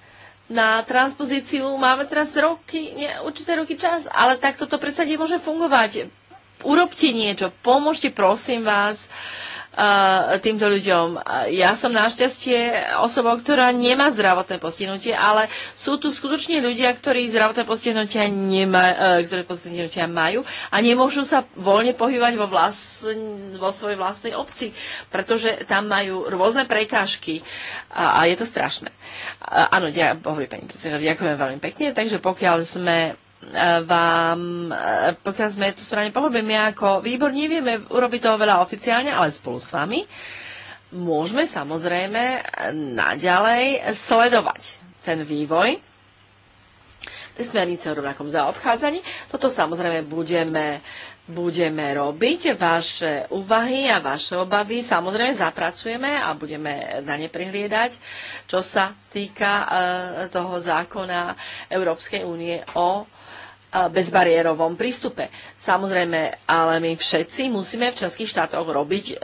na transpozíciu máme teraz roky, nie, určité roky čas, ale takto to predsa nemôže fungovať. Urobte niečo, pomôžte prosím vás. Uh, týmto ľuďom. Ja som našťastie osobou, ktorá nemá zdravotné postihnutie, ale sú tu skutočne ľudia, ktorí zdravotné postihnutia, nemá, e, ktoré postihnutia majú a nemôžu sa voľne pohybovať vo, vlastn- vo svojej vlastnej obci, pretože tam majú rôzne prekážky a, a je to strašné. A, áno, pani predseda, ďakujem veľmi pekne, takže pokiaľ sme vám, eh, pokiaľ sme tu správne pochopili, my ako výbor nevieme urobiť toho veľa oficiálne, ale spolu s vami môžeme samozrejme naďalej sledovať ten vývoj smernice o rovnakom zaobchádzaní. Toto samozrejme budeme, budeme robiť. Vaše úvahy a vaše obavy samozrejme zapracujeme a budeme na ne prihliedať, čo sa týka e, toho zákona Európskej únie o bezbariérovom prístupe. Samozrejme, ale my všetci musíme v členských štátoch robiť, e,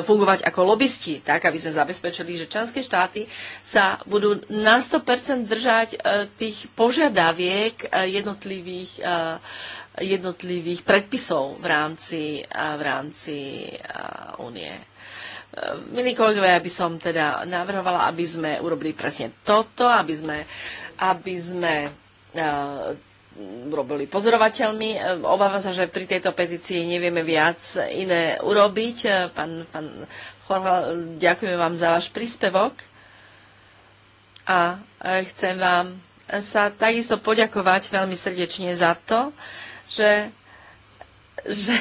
fungovať ako lobbysti, tak aby sme zabezpečili, že členské štáty sa budú na 100% držať e, tých požiadaviek e, jednotlivých, jednotlivých predpisov v rámci, v rámci únie. Milí kolegovia, ja by som teda navrhovala, aby sme urobili presne toto, aby sme, aby sme robili pozorovateľmi. E, obávam sa, že pri tejto petícii nevieme viac iné urobiť. E, pán, pán Juan, ďakujem vám za váš príspevok a e, chcem vám sa takisto poďakovať veľmi srdečne za to, že že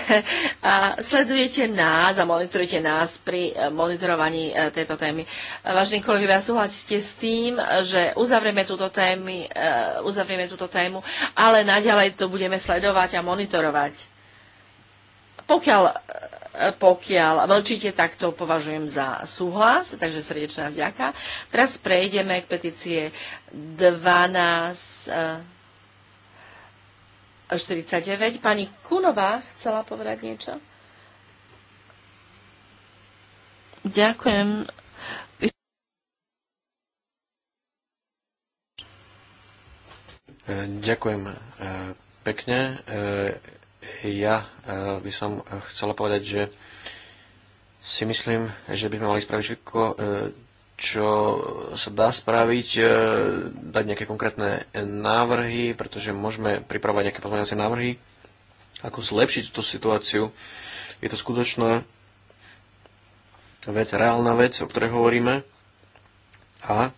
sledujete nás a monitorujete nás pri e, monitorovaní e, tejto témy. Vážení kolegovia, súhlasíte s tým, že uzavrieme túto, témy, e, uzavrieme túto tému, ale naďalej to budeme sledovať a monitorovať. Pokiaľ, pokiaľ mlčíte, tak to považujem za súhlas, takže srdečná vďaka. Teraz prejdeme k petície 12 49. Pani Kunová chcela povedať niečo? Ďakujem. Ďakujem e, pekne. E, ja e, by som chcela povedať, že si myslím, že by sme mali spraviť všetko, čo sa dá spraviť, e, dať nejaké konkrétne návrhy, pretože môžeme pripravať nejaké pozmeňovacie návrhy, ako zlepšiť túto situáciu. Je to skutočná vec, reálna vec, o ktorej hovoríme. A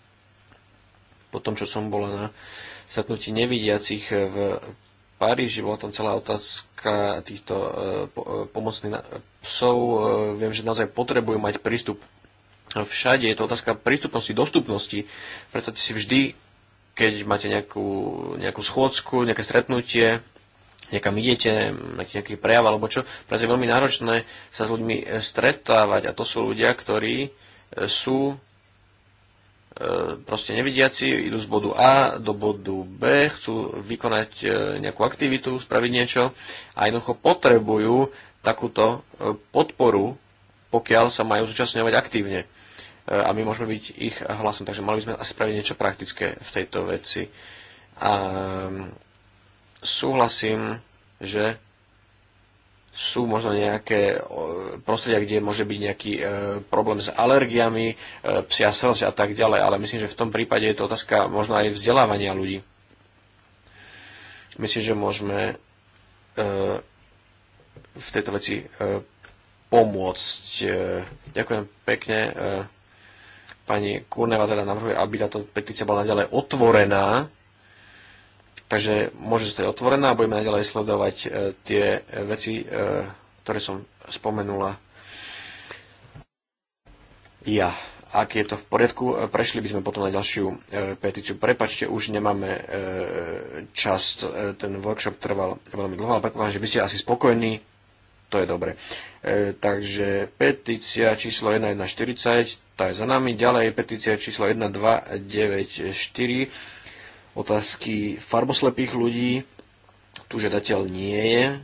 po tom, čo som bola na stretnutí nevidiacich v Paríži, bola tam celá otázka týchto e, e, pomocných psov. Viem, že naozaj potrebujú mať prístup všade. Je to otázka prístupnosti, dostupnosti. Predstavte si vždy, keď máte nejakú, nejakú schôdzku, nejaké stretnutie, niekam idete, máte nejaký prejav alebo čo, pretože je veľmi náročné sa s ľuďmi stretávať a to sú ľudia, ktorí e, sú e, proste nevidiaci, idú z bodu A do bodu B, chcú vykonať e, nejakú aktivitu, spraviť niečo a jednoducho potrebujú takúto podporu, pokiaľ sa majú zúčastňovať aktívne a my môžeme byť ich hlasom. Takže mali by sme asi spraviť niečo praktické v tejto veci. A mm, súhlasím, že sú možno nejaké e, prostredia, kde môže byť nejaký e, problém s alergiami, e, psia srdce a tak ďalej, ale myslím, že v tom prípade je to otázka možno aj vzdelávania ľudí. Myslím, že môžeme e, v tejto veci e, pomôcť. E, ďakujem pekne. E, Pani Kurneva teda navrhuje, aby táto petícia bola naďalej otvorená, takže môže zostať otvorená a budeme naďalej sledovať e, tie e, veci, e, ktoré som spomenula ja. Ak je to v poriadku, e, prešli by sme potom na ďalšiu e, petíciu. Prepačte, už nemáme e, čas. E, ten workshop trval veľmi dlho, ale predpokladám, že by ste asi spokojní. To je dobre. E, takže petícia číslo 1140, tá je za nami. Ďalej petícia číslo 1294, otázky farboslepých ľudí. Tu žiadateľ nie je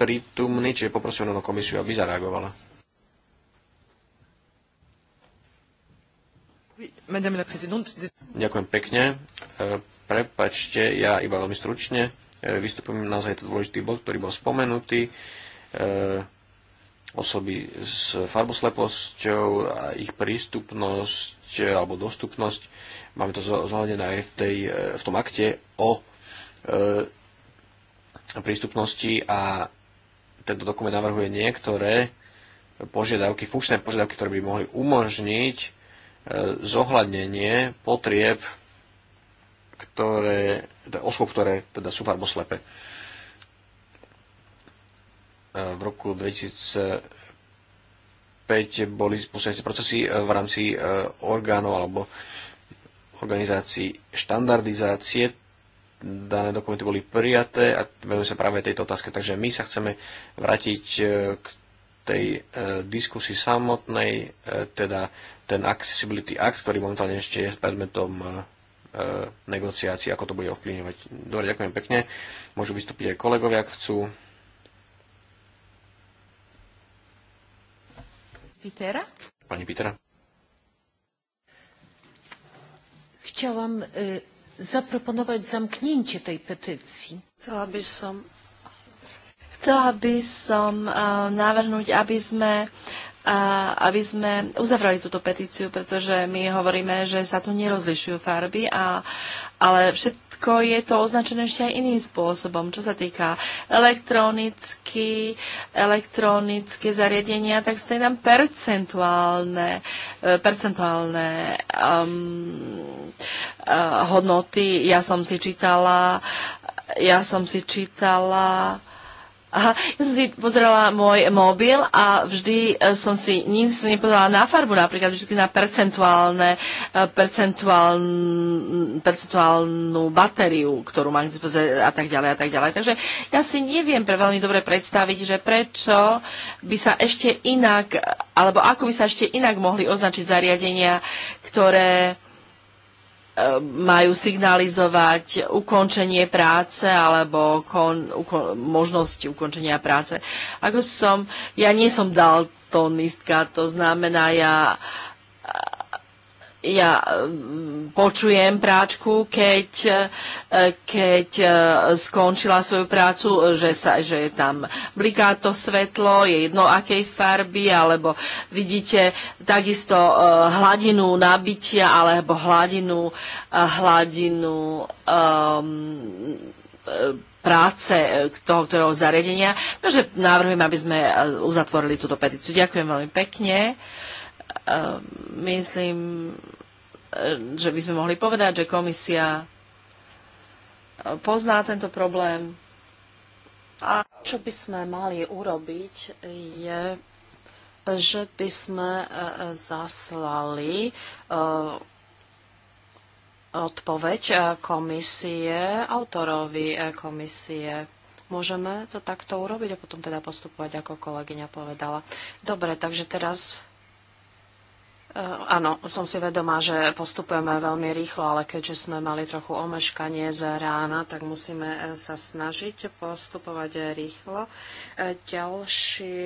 prítomný, čiže poprosím na komisiu, aby zareagovala. Ďakujem pekne. E, prepačte, ja iba veľmi stručne e, vystupujem, naozaj je to dôležitý bod, ktorý bol spomenutý. E, osoby s farbosleposťou a ich prístupnosť eh, alebo dostupnosť. Máme to zohľadené aj v, tej, eh, v tom akte o e, prístupnosti a tento dokument navrhuje niektoré požiadavky, funkčné požiadavky, ktoré by mohli umožniť e, zohľadnenie potrieb ktoré, teda osôb, ktoré teda sú farboslepe. slepe v roku 2005 boli spustené procesy eh, v rámci eh, orgánov alebo organizácií štandardizácie. Dané dokumenty boli prijaté a venujú sa práve tejto otázke. Takže my sa chceme vrátiť eh, k tej diskusii samotnej, teda ten Accessibility Act, ktorý momentálne ešte je predmetom negociácií, ako to bude ovplyvňovať. Dobre, ďakujem pekne. Môžu vystúpiť aj kolegovia, ak chcú. Pitera. Pani Pitera. Chciałam y, zaproponować zamknięcie tej petycji. Chciałaby by som, chcela by som uh, navrhnúť, aby sme a e, aby sme uzavrali túto petíciu, pretože my hovoríme, že sa tu nerozlišujú farby, a, ale všet, všetko je to označené ešte aj iným spôsobom, čo sa týka elektronicky, elektronické zariadenia, tak ste tam percentuálne, e, percentuálne um, uh, hodnoty. Ja som si čítala, ja som si čítala Aha, ja som si pozerala môj mobil a vždy e, som si, nikdy som nepozerala na farbu, napríklad vždy na percentuálne, e, percentuál, percentuálnu batériu, ktorú mám a tak ďalej a tak ďalej. Takže ja si neviem pre veľmi dobre predstaviť, že prečo by sa ešte inak, alebo ako by sa ešte inak mohli označiť zariadenia, ktoré majú signalizovať ukončenie práce alebo kon, uko, možnosť ukončenia práce. Ako som, ja nie som daltonistka, to znamená, ja uh, ja eh, počujem práčku, keď, eh, keď eh, skončila svoju prácu, že, sa, že je tam bliká to svetlo, je jedno akej farby, alebo vidíte takisto hladinu nabitia, alebo hladinu, hladinu um, práce toho, ktorého zariadenia. Takže navrhujem, aby sme uzatvorili túto petíciu. Ďakujem veľmi pekne. Ehm, myslím, eh, že by sme mohli povedať, že komisia eh, pozná tento problém. A čo by sme mali urobiť je že by sme eh, zaslali odpoveď komisie autorovi komisie. Môžeme to takto urobiť a potom teda postupovať, ako kolegyňa povedala. Dobre, takže teraz Eh, áno, som si vedomá, že postupujeme veľmi rýchlo, ale keďže sme mali trochu omeškanie z rána, tak musíme eh, sa snažiť postupovať rýchlo. Eh, ďalšie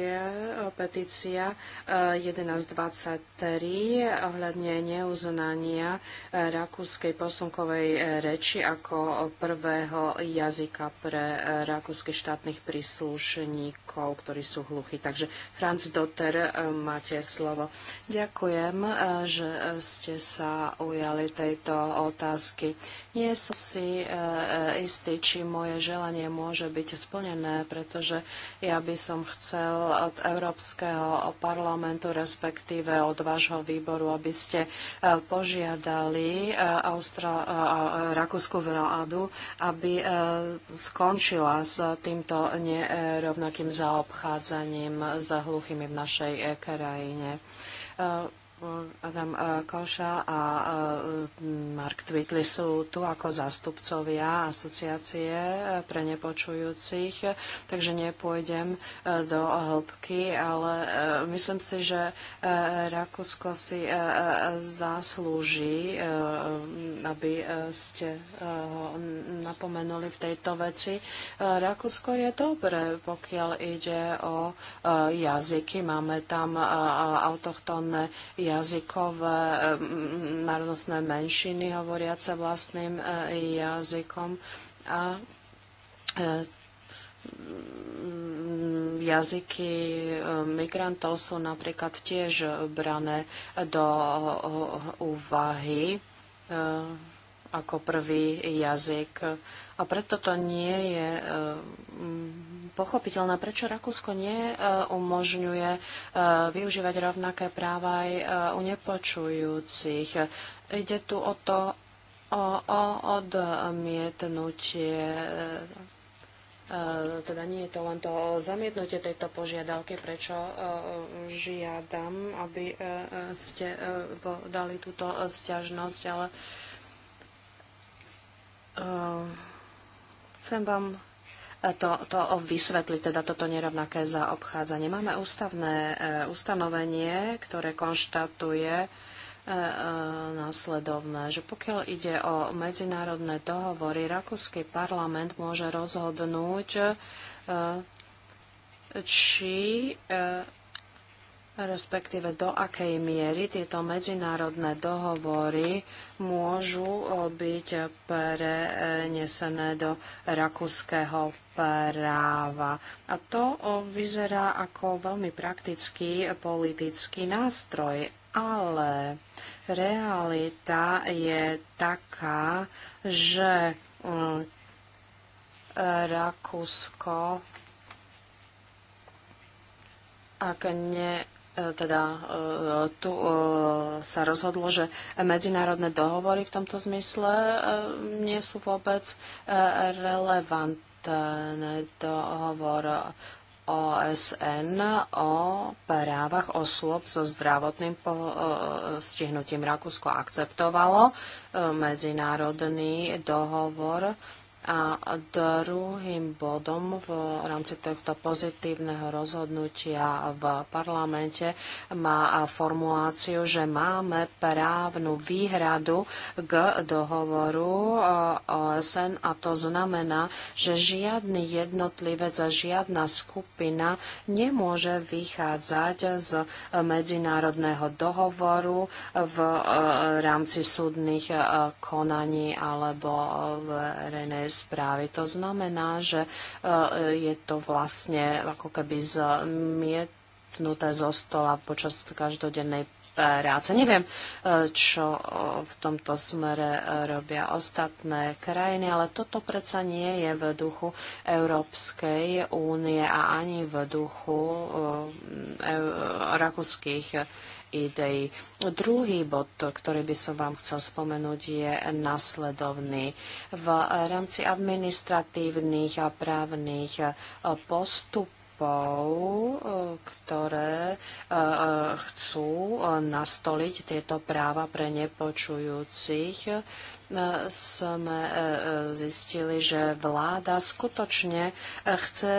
petícia 1123 ohľadne neuznania rakúskej posunkovej reči ako prvého jazyka pre rakúskych štátnych príslušníkov, ktorí sú hluchí. Takže Franz Dotter, máte slovo. Ďakujem. Ďakujem, e, že ste sa ujali tejto otázky. Nie som si e, e, istý, či moje želanie môže byť splnené, pretože ja by som chcel od Európskeho parlamentu, respektíve od vášho výboru, aby ste požiadali Austra- Rakúsku vládu, aby skončila s týmto nerovnakým zaobchádzaním za hluchými v našej krajine. Adam eh, Koša a eh, Mark Twitley sú tu ako zástupcovia asociácie eh, pre nepočujúcich, takže nepôjdem do hĺbky, ale myslím si, že Rakúsko si zaslúži, aby ste ho napomenuli v tejto veci. Rakúsko je dobré, pokiaľ ide o jazyky. Máme tam autochtónne jazyky jazykové e, národnostné menšiny hovoriace vlastným e, jazykom a e, jazyky migrantov sú napríklad tiež brané do úvahy ako prvý jazyk. A preto to nie je e, pochopiteľné, prečo Rakúsko neumožňuje e, e, využívať rovnaké práva aj u nepočujúcich. Ide tu o to, o, o odmietnutie teda nie je to len to zamietnutie tejto požiadavky, prečo žiadam, aby ste podali túto sťažnosť, ale Ehm, chcem vám e, to, to vysvetliť, teda toto nerovnaké zaobchádzanie. Máme ústavné e, ustanovenie, ktoré konštatuje e, následovné, že pokiaľ ide o medzinárodné dohovory, Rakúsky parlament môže rozhodnúť, či respektíve do akej miery tieto medzinárodné dohovory môžu eh, byť prenesené do rakúskeho práva. A to eh, vyzerá ako veľmi praktický politický nástroj, ale realita je taká, že eh, Rakúsko ak ne E, teda e, tu e, sa rozhodlo, že medzinárodné dohovory v tomto zmysle nie sú vôbec relevantné dohovor OSN o právach osôb so zdravotným stihnutím Rakúsko akceptovalo medzinárodný dohovor a druhým bodom v rámci tohto pozitívneho rozhodnutia v parlamente má formuláciu, že máme právnu výhradu k dohovoru e, OSN a to znamená, že žiadny jednotlivec a žiadna skupina nemôže vychádzať z medzinárodného dohovoru v e, rámci súdnych e, konaní alebo v RNS správy. To znamená, že e, je to vlastne ako keby zmietnuté zo stola počas každodennej práce. Neviem, e, čo e, v tomto smere robia ostatné krajiny, ale toto predsa nie je v duchu Európskej únie a ani v duchu rakúskych ideí. Druhý bod, ktorý by som vám chcel spomenúť, je nasledovný. V rámci administratívnych a právnych postupov ktoré e, e, chcú nastoliť tieto práva pre nepočujúcich sme e, e, zistili, že vláda skutočne e, chce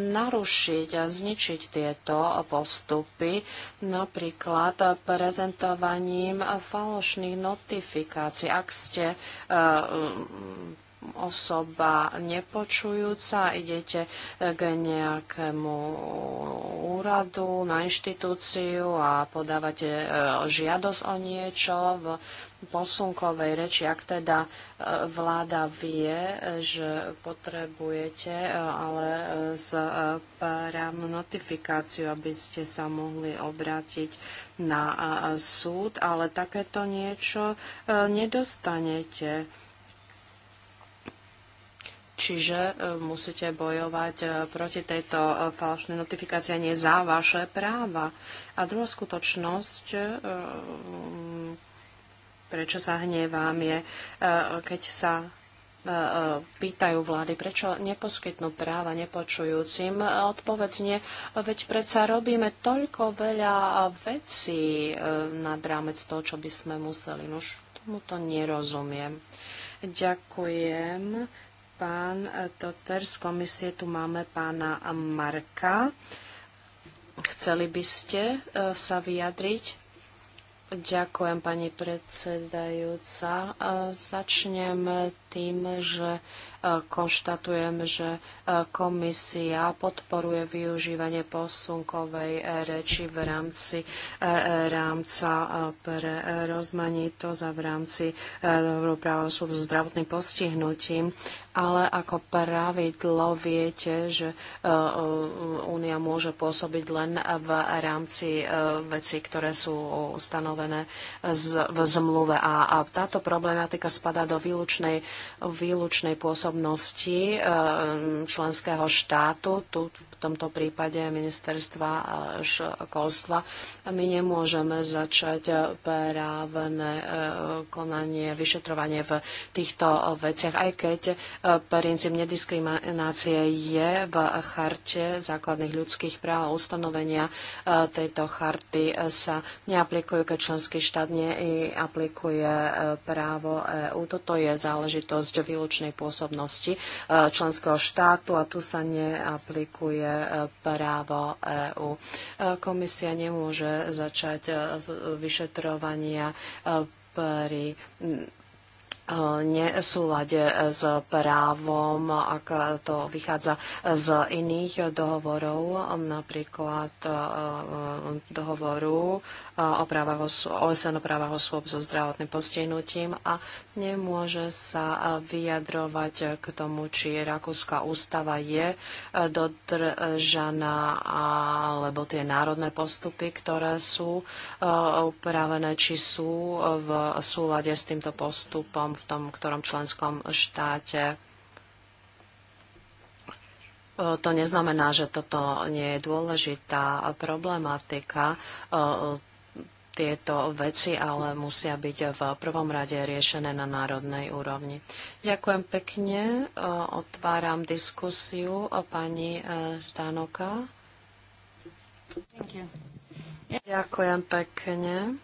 narušiť a zničiť tieto postupy, napríklad prezentovaním falošných notifikácií. Ak ste osoba nepočujúca, idete k nejakému úradu, na inštitúciu a podávate žiadosť o niečo v posunkovej reči, ak teda e, vláda vie, že potrebujete e, ale e, právnu notifikáciu, aby ste sa mohli obrátiť na súd, ale takéto niečo nedostanete. Čiže musíte bojovať proti tejto falšnej notifikácii nie za vaše práva. A druhá skutočnosť, prečo sa hnevám, je, e, keď sa e, e, pýtajú vlády, prečo neposkytnú práva nepočujúcim. Odpovedzne, veď predsa robíme toľko veľa vecí nad rámec toho, čo by sme museli. No už tomu to nerozumiem. Ďakujem. Pán Toter z komisie, tu máme pána Marka. Chceli by ste sa vyjadriť? Ďakujem, pani predsedajúca. Začnem tým, že konštatujem, že e, komisia podporuje využívanie posunkovej reči v rámci e, rámca e, pre rozmanitosť a v rámci práva sú s zdravotným postihnutím, ale ako pravidlo viete, že Únia môže pôsobiť len v rámci vecí, ktoré sú stanovené v zmluve. A táto problematika spadá do výlučnej, výlučnej pôsobnosti osobnosti eh, členského štátu. Tu tomto prípade ministerstva školstva. My nemôžeme začať eh, právne eh, konanie, vyšetrovanie v týchto eh, veciach, aj keď princíp nediskriminácie je v charte základných ľudských práv a ustanovenia tejto charty sa neaplikujú, keď členský štát neaplikuje právo EU. Toto je záležitosť výlučnej pôsobnosti členského štátu a tu sa neaplikuje právo EÚ. Komisia nemôže začať vyšetrovania pri nesúlade s právom, ak to vychádza z iných dohovorov, napríklad dohovoru o právach, OSN o právach osôb so zdravotným postihnutím a nemôže vlastne sa vyjadrovať k tomu, či Rakúska ústava je e, dodržaná, alebo tie národné postupy, ktoré sú e, upravené, či sú v súlade s týmto postupom v tom ktorom členskom štáte. E, to neznamená, že toto nie je dôležitá problematika tieto veci, ale musia byť v prvom rade riešené na národnej úrovni. Ďakujem pekne. Otváram diskusiu o pani e, Ždanoka. Ďakujem pekne.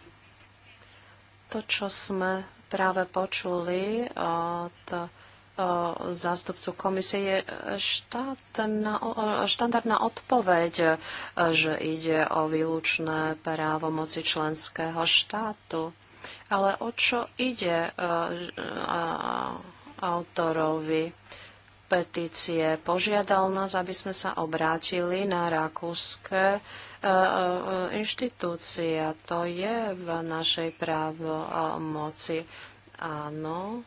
To, čo sme práve počuli od E, zástupcu komisie je štátna, e, štandardná odpoveď, e, že ide o výlučné právomoci členského štátu. Ale o čo ide autorovi petície? Požiadal nás, aby sme sa obrátili na rakúske inštitúcie. To je v našej právomoci. Áno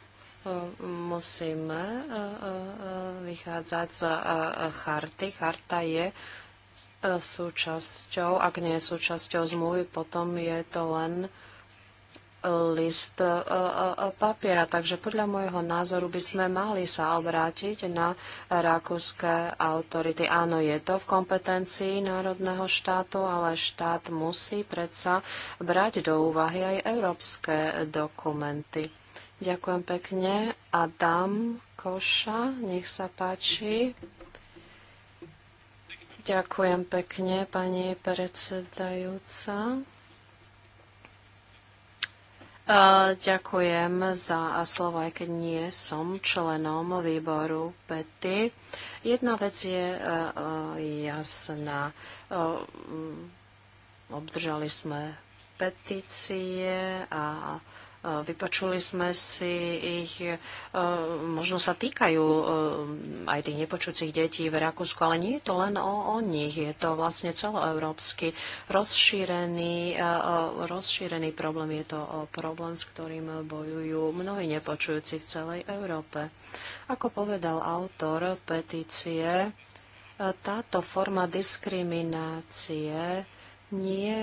musíme e, e, e, vychádzať z charty. Charta je súčasťou, ak nie je súčasťou zmluvy, potom je to len list papiera. Takže podľa môjho názoru by sme mali sa obrátiť na rakúske autority. Áno, je to v kompetencii národného štátu, ale štát musí predsa brať do úvahy aj európske dokumenty. Ďakujem pekne. Adam Koša, nech sa páči. Ďakujem pekne, pani predsedajúca. Ďakujem za slovo, aj keď nie som členom výboru PETY. Jedna vec je e, e, jasná. E, obdržali sme petície a Vypočuli sme si ich, e, možno sa týkajú e, aj tých nepočúcich detí v Rakúsku, ale nie je to len o, o nich, je to vlastne celoeurópsky rozšírený, e, rozšírený problém. Je to problém, s ktorým bojujú mnohí nepočujúci v celej Európe. Ako povedal autor petície, táto forma diskriminácie nie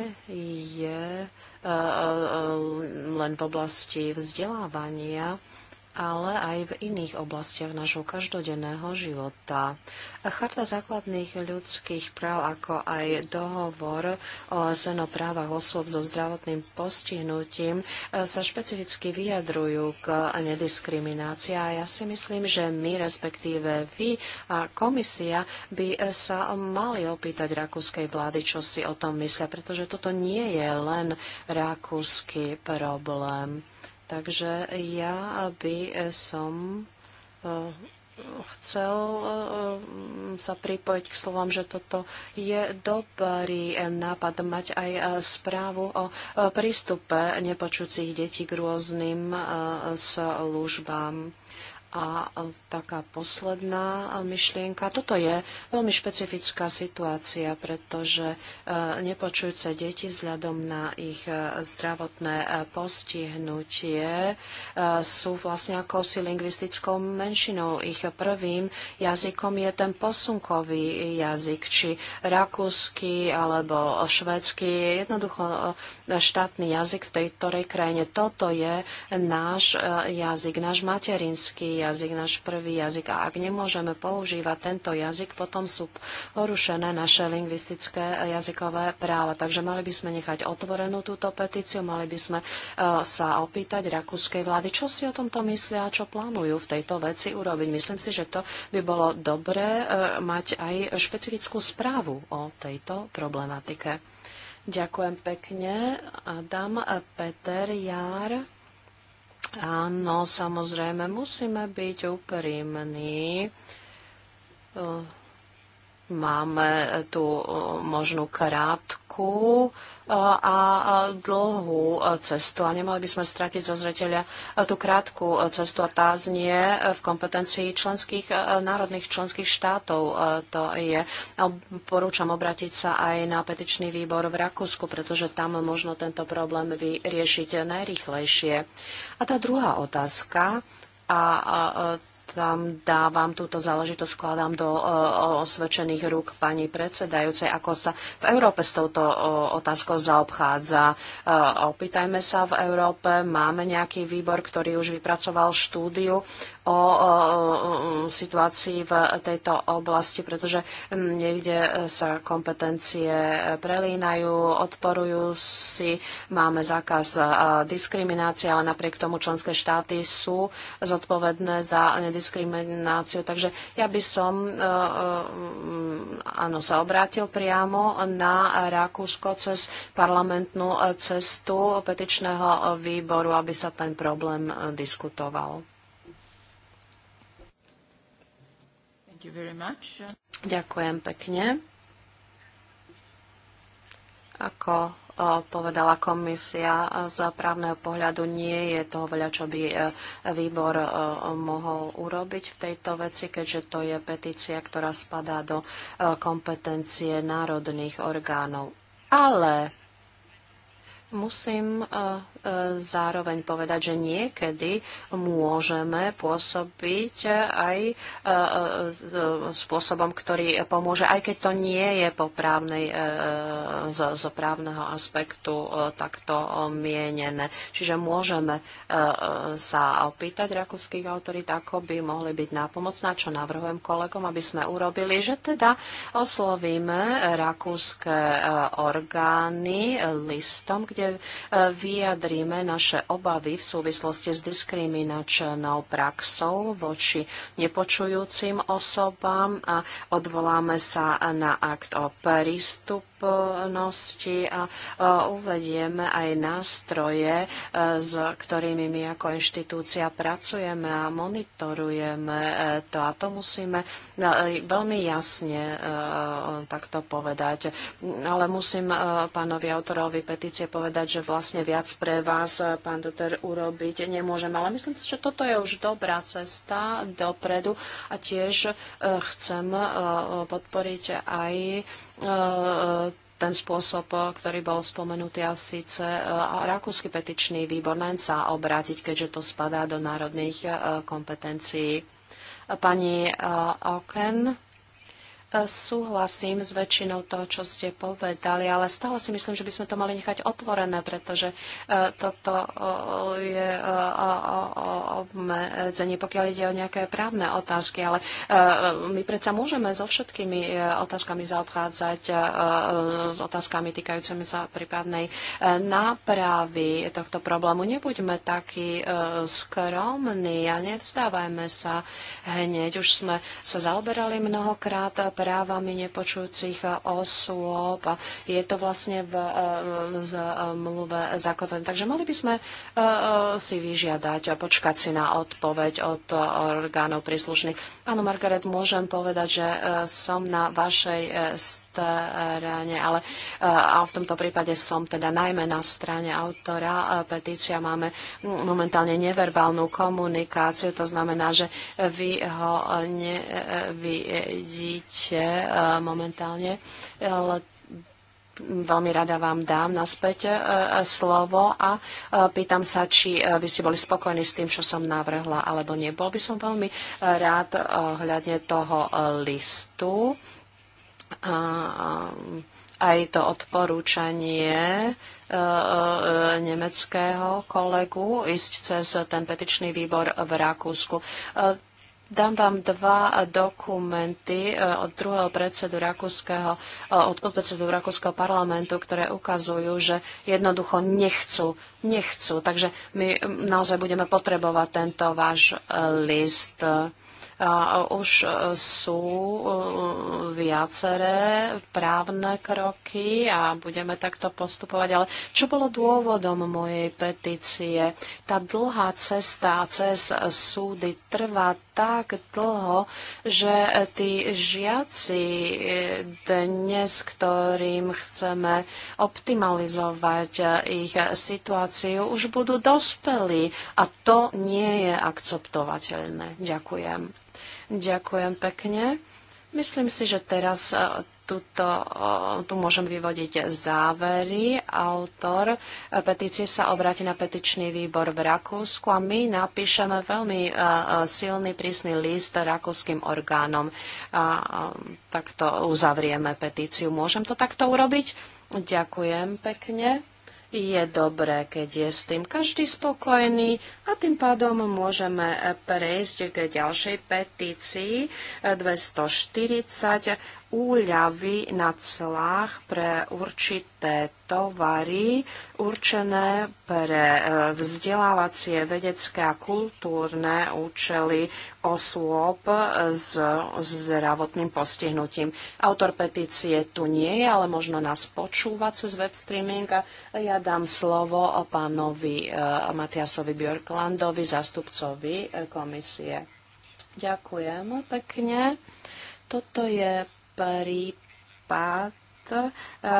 je len v oblasti vzdelávania ale aj v iných oblastiach nášho každodenného života. Charta základných ľudských práv, ako aj dohovor o senoprávach osôb so zdravotným postihnutím, e, sa špecificky vyjadrujú k nediskriminácii. A ja si myslím, že my, respektíve vy a komisia by sa mali opýtať rakúskej vlády, čo si o tom myslia, pretože toto nie je len rakúsky problém. Takže ja by som e, chcel e, sa pripojiť k slovám, že toto je dobrý nápad mať aj e, správu o prístupe nepočúcich detí k rôznym službám. A taká posledná myšlienka. Toto je veľmi špecifická situácia, pretože e, nepočujúce deti vzhľadom na ich e, zdravotné e, postihnutie sú vlastne ako si lingvistickou menšinou. Ich prvým jazykom je ten posunkový jazyk, či rakúsky alebo švedský, jednoducho štátny jazyk v tej ktorej krajine. Toto je náš jazyk, náš materinský jazyk jazyk, náš prvý jazyk. A ak nemôžeme používať tento jazyk, potom sú porušené naše lingvistické e, jazykové práva. Takže mali by sme nechať otvorenú túto petíciu, mali by sme e, sa opýtať rakúskej vlády, čo si o tomto myslia a čo plánujú v tejto veci urobiť. Myslím si, že to by bolo dobré e, mať aj špecifickú správu o tejto problematike. Ďakujem pekne. Adam, Peter, Jár. Áno, samozrejme, musíme byť úprimní. Máme tu e, možnú krátku e, a dlhú e, cestu a nemali by sme stratiť zo zreteľa tú krátku cestu a tá znie v kompetencii členských, národných členských štátov. To je. Porúčam obrátiť sa aj na petičný výbor v Rakúsku, pretože tam možno tento problém vyriešiť najrýchlejšie. A tá druhá otázka, a, a tam dávam túto záležitosť, skladám do e, osvedčených rúk pani predsedajúcej, ako sa v Európe s touto e, otázkou zaobchádza. E, opýtajme sa v Európe, máme nejaký výbor, ktorý už vypracoval štúdiu o situácii v tejto oblasti, pretože niekde sa kompetencie prelínajú, odporujú si, máme zákaz diskriminácie, ale napriek tomu členské štáty sú zodpovedné za nediskriminácie diskrimináciu. Takže ja by som e, e, mm, áno, sa obrátil priamo na Rakúsko cez parlamentnú e, cestu petičného výboru, aby sa ten problém diskutoval. Ďakujem pekne. Ako povedala komisia, z právneho pohľadu nie je toho veľa, čo by e, výbor e, mohol urobiť v tejto veci, keďže to je petícia, ktorá spadá do e, kompetencie národných orgánov. Ale Musím e, e, zároveň povedať, že niekedy môžeme pôsobiť aj e, spôsobom, ktorý pomôže, aj keď to nie je po právnej, z, z právneho aspektu takto mienené. Čiže môžeme sa opýtať rakúskych autorít, ako by mohli byť nápomocná, čo navrhujem kolegom, aby sme urobili, že teda oslovíme rakúske orgány listom, kde kde vyjadríme naše obavy v súvislosti s diskriminačnou praxou voči nepočujúcim osobám a odvoláme sa na akt o prístupu schopnosti a uvedieme aj nástroje, e, s ktorými my ako inštitúcia pracujeme a monitorujeme e, to. A to musíme e, veľmi jasne takto povedať. Ale musím pánovi autorovi petície povedať, že vlastne viac pre vás, pán Duter, urobiť nemôžeme. Ale myslím si, že toto je už dobrá cesta dopredu a tiež chcem podporiť aj Eh, ten spôsob, eh, ktorý bol spomenutý a síce eh, Rakúsky petičný výbor len sa obrátiť, keďže to spadá do národných kompetencií. Pani Oken Súhlasím s väčšinou toho, čo ste povedali, ale stále si myslím, že by sme to mali nechať otvorené, pretože e, toto e, je e, obmedzenie, pokiaľ ide o nejaké právne otázky, ale my predsa môžeme so všetkými otázkami zaobchádzať, s otázkami týkajúcimi sa prípadnej nápravy tohto problému. Nebuďme takí skromní a nevzdávajme sa hneď. Už sme sa zaoberali mnohokrát správami nepočujúcich eh, osôb. Je to vlastne v eh, zmluve eh, zakotvené. Takže mali by sme si vyžiadať a počkať si na odpoveď od orgánov príslušných. Áno, Margaret, môžem povedať, že som na vašej strane teréne, ale a v tomto prípade som teda najmä na strane autora. Petícia máme momentálne neverbálnu komunikáciu, to znamená, že vy ho nevidíte e, momentálne, ale veľmi rada vám dám naspäť e, slovo a e, pýtam sa, či by ste boli spokojní s tým, čo som navrhla, alebo nie. Bol by som veľmi rád hľadne toho listu aj to odporúčanie e, e, nemeckého kolegu ísť cez ten petičný výbor v Rakúsku. E, dám vám dva dokumenty od druhého predsedu Rakúskeho, od podpredsedu Rakúskeho parlamentu, ktoré ukazujú, že jednoducho nechcú, nechcú. Takže my naozaj budeme potrebovať tento váš list. A už e, sú e, viaceré právne kroky a budeme takto postupovať. Ale čo bolo dôvodom mojej petície? Tá dlhá cesta cez súdy trvá tak dlho, že tí žiaci e, dnes, ktorým chceme optimalizovať e, ich situáciu, už budú dospelí a to nie je akceptovateľné. Ďakujem. Ďakujem pekne. Myslím si, že teraz e, tuto, tu môžem vyvodiť závery. Autor petície sa obráti na petičný výbor v Rakúsku a my napíšeme veľmi e, e, silný, prísny list rakúskym orgánom. A takto uzavrieme petíciu. Môžem to takto urobiť? Ďakujem pekne. Je dobré, keď je s tým každý spokojný a tým pádom môžeme prejsť k ďalšej petícii 240 úľavy na clách pre určité tovary určené pre e, vzdelávacie, vedecké a kultúrne účely osôb s zdravotným postihnutím. Autor petície tu nie je, ale možno nás počúva cez web streaming a ja dám slovo pánovi e, Matiasovi Björklandovi, zástupcovi e, komisie. Ďakujem pekne. Toto je prípad, e, e,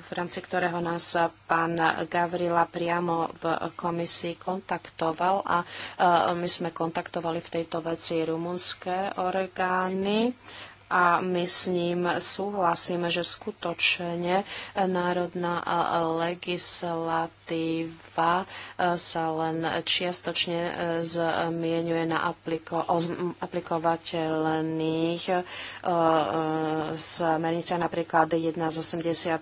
v rámci ktorého nás pán Gavrila priamo v komisii kontaktoval a e, my sme kontaktovali v tejto veci rumunské orgány a my s ním súhlasíme, že skutočne národná legislatíva e, sa len čiastočne e, zmienuje na apliko- aplikovateľných e, smernice, napríklad 1 z 86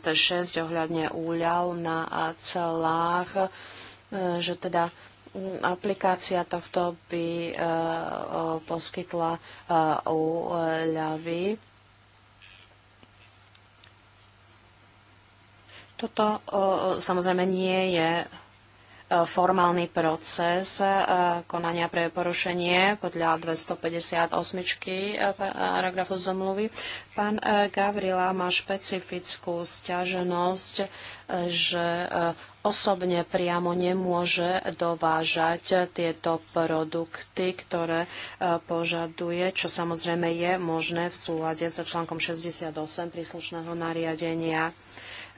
ohľadne úľav na celách, že teda Mm, aplikácia tohto by eh, poskytla úľavy. Eh, eh, Toto samozrejme nie je E, formálny proces e, konania pre porušenie podľa 258 e, paragrafu zomluvy. Pán Gavrila má špecifickú stiaženosť, že osobne priamo nemôže dovážať tieto produkty, ktoré požaduje, čo samozrejme je možné v súlade so článkom 68 príslušného nariadenia.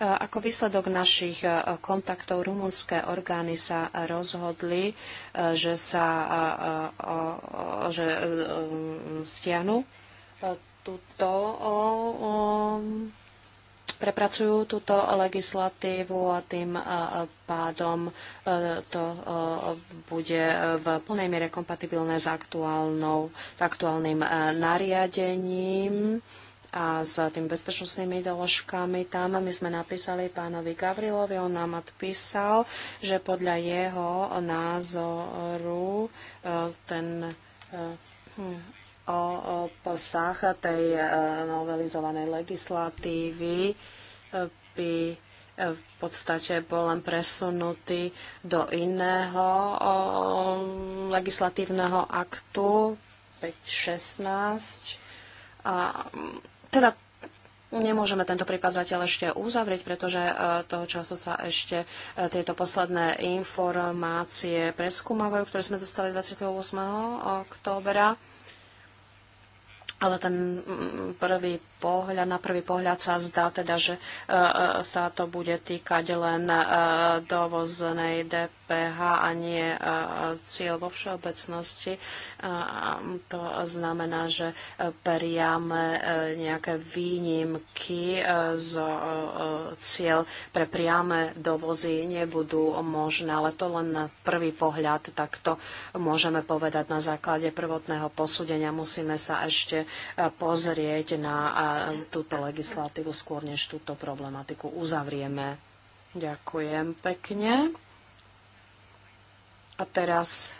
E, ako výsledok našich e, kontaktov rumunské orgány sa rozhodli, e, že sa že stiahnu túto prepracujú túto legislatívu a tým pádom to bude v plnej miere kompatibilné s, aktuálnou, s aktuálnym nariadením a s tými bezpečnostnými doložkami tam. My sme napísali pánovi Gavrilovi, on nám odpísal, že podľa jeho názoru e, ten e, hm, o tej e, novelizovanej legislatívy by v podstate bol len presunutý do iného legislatívneho aktu 516 a hm, teda Nemôžeme tento prípad zatiaľ ešte uzavrieť, pretože e, toho času sa ešte e, tieto posledné informácie preskúmavajú, ktoré sme dostali 28. októbra. Ale ten prvý pohľad, na prvý pohľad sa zdá teda, že e, e, sa to bude týkať len e, dovoznej DPH a nie cieľ vo všeobecnosti. To znamená, že priame nejaké výnimky z cieľ pre priame dovozy nebudú možné, ale to len na prvý pohľad tak to môžeme povedať na základe prvotného posúdenia. Musíme sa ešte pozrieť na túto legislatívu skôr, než túto problematiku uzavrieme. Ďakujem pekne. A teraz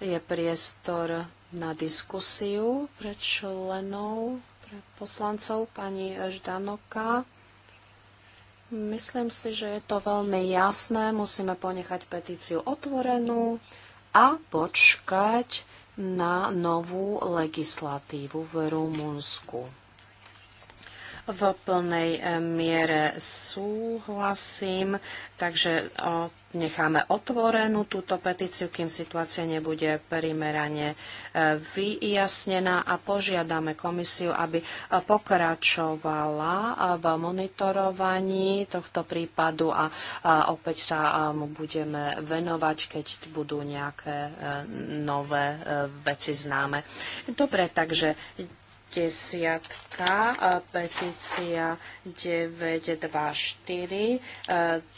je priestor na diskusiu pre členov, pre poslancov pani Ždanoka. Myslím si, že je to veľmi jasné. Musíme ponechať petíciu otvorenú a počkať na novú legislatívu v Rumunsku. V plnej e, miere súhlasím, takže necháme otvorenú túto petíciu, kým situácia nebude primerane e, vyjasnená a požiadame komisiu, aby e, pokračovala v monitorovaní tohto prípadu a opäť sa mu budeme venovať, keď budú nejaké nové veci známe. Dobre, takže desiatka, petícia 924, e,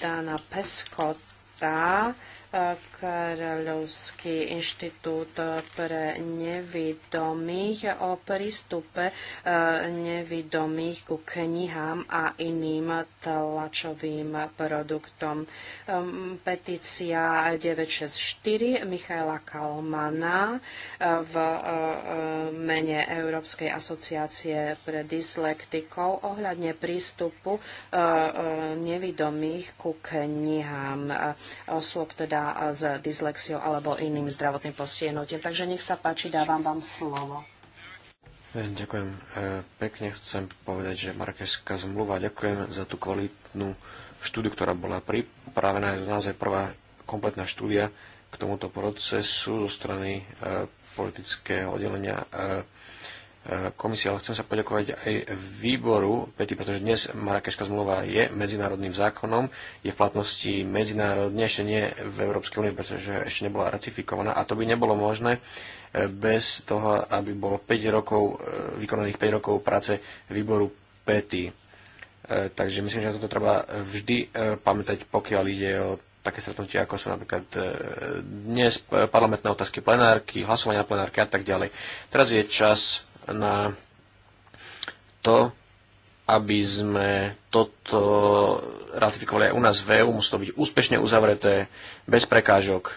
Dana Peskota, Kráľovský inštitút pre nevidomých o prístupe e, nevidomých ku knihám a iným tlačovým produktom. Petícia 964 Michaela Kalmana e, v e, mene Európskej asociácie pre dyslektikov ohľadne prístupu nevidomých ku knihám osôb teda s dyslexiou alebo iným zdravotným postihnutím. Takže nech sa páči, dávam vám slovo. Eh, ďakujem eh, pekne. Chcem povedať, že Markešská zmluva, ďakujem za tú kvalitnú štúdiu, ktorá bola pripravená. Je to naozaj prvá kompletná štúdia k tomuto procesu zo strany eh, politického oddelenia komisie, ale chcem sa poďakovať aj výboru PETI, pretože dnes Marrakešská zmluva je medzinárodným zákonom, je v platnosti medzinárodne, ešte nie v Európskej únii, pretože ešte nebola ratifikovaná a to by nebolo možné e, bez toho, aby bolo 5 rokov, e, vykonaných 5 rokov práce výboru PETI. E, takže myslím, že na toto treba vždy pamätať, pokiaľ ide o také stretnutia, ako sú napríklad dnes parlamentné otázky plenárky, hlasovania na plenárky a tak ďalej. Teraz je čas na to, aby sme toto ratifikovali aj u nás v EU. Musí to byť úspešne uzavreté, bez prekážok,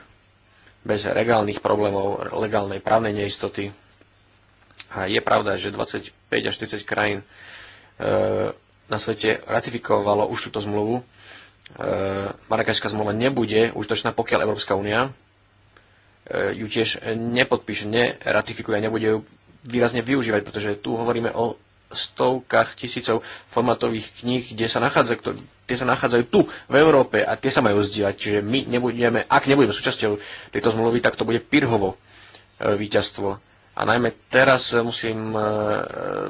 bez regálnych problémov, legálnej právnej neistoty. A je pravda, že 25 až 40 krajín e, na svete ratifikovalo už túto zmluvu. E, Marrakešská zmluva nebude užitočná, pokiaľ Európska únia e, ju tiež nepodpíše, neratifikuje, nebude ju výrazne využívať, pretože tu hovoríme o stovkách tisícov formatových kníh, kde sa nachádza, ktoré, tie sa nachádzajú tu, v Európe a tie sa majú zdieľať. Čiže my nebudeme, ak nebudeme súčasťou tejto zmluvy, tak to bude pirhovo e, víťazstvo. A najmä teraz musím e,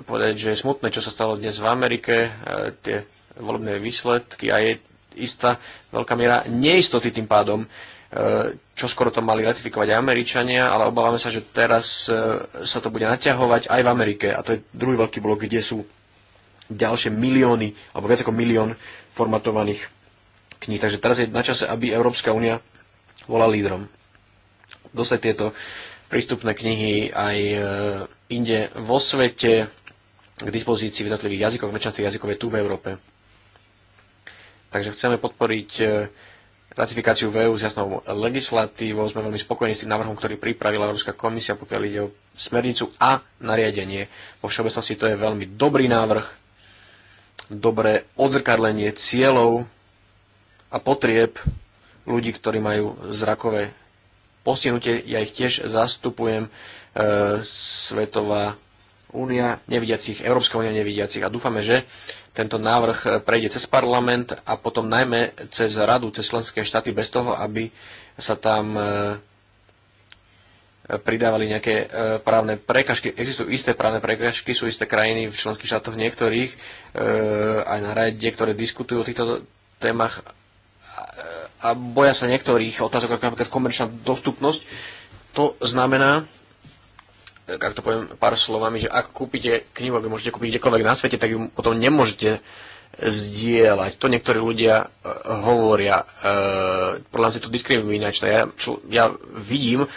povedať, že je smutné, čo sa stalo dnes v Amerike, e, tie volebné výsledky a je istá veľká miera neistoty tým pádom. E, E, čo skoro to mali ratifikovať aj Američania, ale obávame sa, že teraz e, sa to bude naťahovať aj v Amerike a to je druhý veľký blok, kde sú ďalšie milióny, alebo viac ako milión formatovaných kníh. Takže teraz je na čase, aby Európska únia bola lídrom. Dostať tieto prístupné knihy aj e, inde vo svete, k dispozícii v jednotlivých jazykoch, väčšina tých jazykov je tu v Európe. Takže chceme podporiť ratifikáciu v EU s jasnou legislatívou. Sme veľmi spokojní s tým návrhom, ktorý pripravila Európska komisia, pokiaľ ide o smernicu a nariadenie. Vo všeobecnosti to je veľmi dobrý návrh, dobré odzrkadlenie cieľov a potrieb ľudí, ktorí majú zrakové postihnutie. Ja ich tiež zastupujem. E, Svetová únia nevidiacich, Európska únia nevidiacich a dúfame, že tento návrh eh, prejde cez parlament a potom najmä cez radu, cez členské štáty bez toho, aby sa tam eh, pridávali nejaké eh, právne prekažky. Existujú isté právne prekažky, sú isté krajiny v členských štátoch niektorých, aj na rade, ktoré diskutujú o týchto témach a boja sa niektorých otázok, ako napríklad komerčná dostupnosť. To znamená, E, ak to poviem pár slovami, že ak kúpite knihu, ak ju môžete kúpiť kdekoľvek na svete, tak ju potom nemôžete zdieľať. To niektorí ľudia e, hovoria. E, podľa nás je to diskriminačné. Ja, čo, ja vidím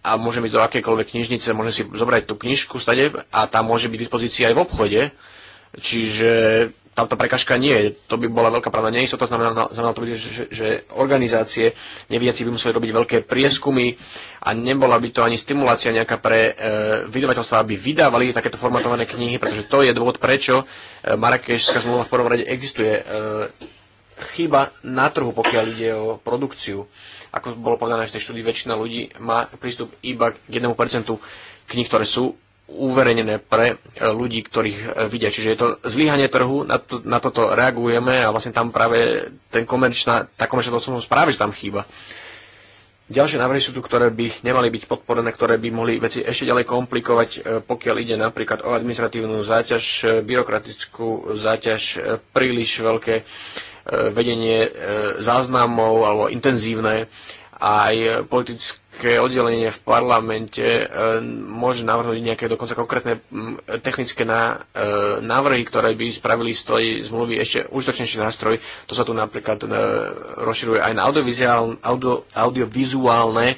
a môžem ísť do akékoľvek knižnice, môžem si zobrať tú knižku stade a tá môže byť dispozícia aj v obchode. Čiže tam tá prekažka nie je. To by bola veľká pravda to znamená, znamená to, že, že organizácie neviaci by museli robiť veľké prieskumy a nebola by to ani stimulácia nejaká pre e, vydavateľstva, aby vydávali takéto formatované knihy, pretože to je dôvod, prečo e, Marrakešská zmluva v prvom rade existuje. E, chyba na trhu, pokiaľ ide o produkciu. Ako bolo povedané v tej štúdii, väčšina ľudí má prístup iba k 1% kníh, ktoré sú uverejnené pre e, ľudí, ktorých e, vidia. Čiže je to zlyhanie trhu, na, to, na toto reagujeme a vlastne tam práve ten komerčná, tá komerčná dostupnosť práve, že tam chýba. Ďalšie návrhy sú tu, ktoré by nemali byť podporené, ktoré by mohli veci ešte ďalej komplikovať, e, pokiaľ ide napríklad o administratívnu záťaž, byrokratickú záťaž, príliš veľké vedenie záznamov alebo intenzívne aj politické nejaké oddelenie v parlamente e, môže navrhnúť nejaké dokonca konkrétne technické e, návrhy, ktoré by spravili z tej zmluvy ešte užitočnejší nástroj. To sa tu napríklad e, rozširuje aj na audio, audiovizuálne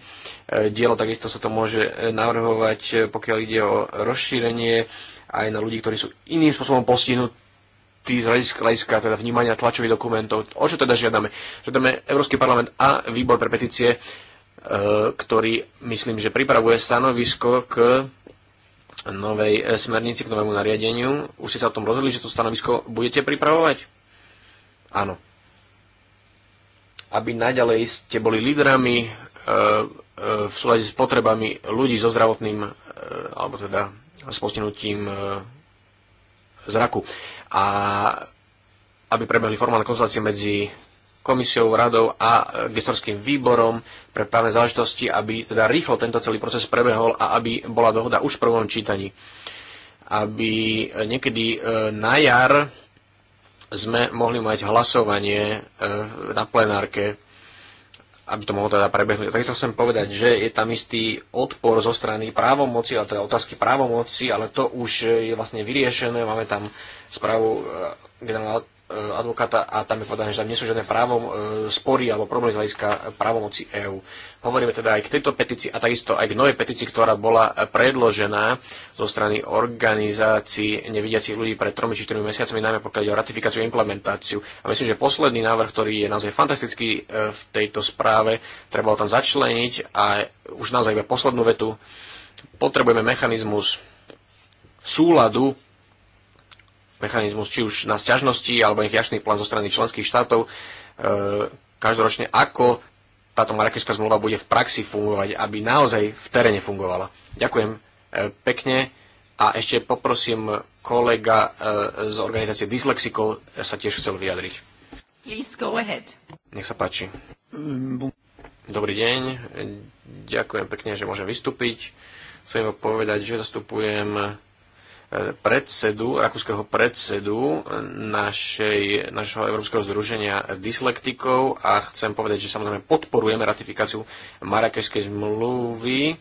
dielo, takisto sa to môže navrhovať, pokiaľ ide o rozšírenie aj na ľudí, ktorí sú iným spôsobom postihnutí tí z hľadiska, teda vnímania tlačových dokumentov. O čo teda žiadame? Žiadame Európsky parlament a výbor pre petície Eh, ktorý, myslím, že pripravuje stanovisko k novej smernici, k novému nariadeniu. Už ste sa o tom rozhodli, že to stanovisko budete pripravovať? Áno. Aby naďalej ste boli lídrami eh, eh, v súlade s potrebami ľudí so zdravotným, alebo teda s postihnutím zraku. A aby prebehli formálne konzultácie medzi komisiou, radou a e, gestorským výborom pre právne záležitosti, aby teda rýchlo tento celý proces prebehol a aby bola dohoda už v prvom čítaní. Aby e, niekedy e, na jar sme mohli mať hlasovanie na plenárke, aby to mohlo teda prebehnúť. Tak chcem povedať, že je tam istý odpor zo strany právomoci, ale teda otázky právomoci, ale to už je vlastne vyriešené. Máme tam správu generálneho E, advokáta a tam je povedané, že tam nie sú žiadne e, spory alebo problémy z hľadiska právomoci EÚ. Hovoríme teda aj k tejto petícii a takisto aj k novej petícii, ktorá bola predložená zo strany organizácií nevidiacich ľudí pred 3 či 4 mesiacmi, najmä pokiaľ ide o ratifikáciu a implementáciu. A myslím, že posledný návrh, ktorý je naozaj fantastický e, v tejto správe, treba ho tam začleniť a už naozaj iba poslednú vetu. Potrebujeme mechanizmus súladu mechanizmus či už na sťažnosti alebo nejaký akčný plán zo strany členských štátov e, každoročne, ako táto marakešská zmluva bude v praxi fungovať, aby naozaj v teréne fungovala. Ďakujem e, pekne a ešte poprosím kolega e, z organizácie Dyslexikov e, sa tiež chcel vyjadriť. Please go ahead. Nech sa páči. Mm, Dobrý deň, ďakujem pekne, že môžem vystúpiť. Chcem povedať, že zastupujem predsedu, rakúskeho predsedu našej, našho Európskeho združenia dyslektikov a chcem povedať, že samozrejme podporujeme ratifikáciu Marrakešskej zmluvy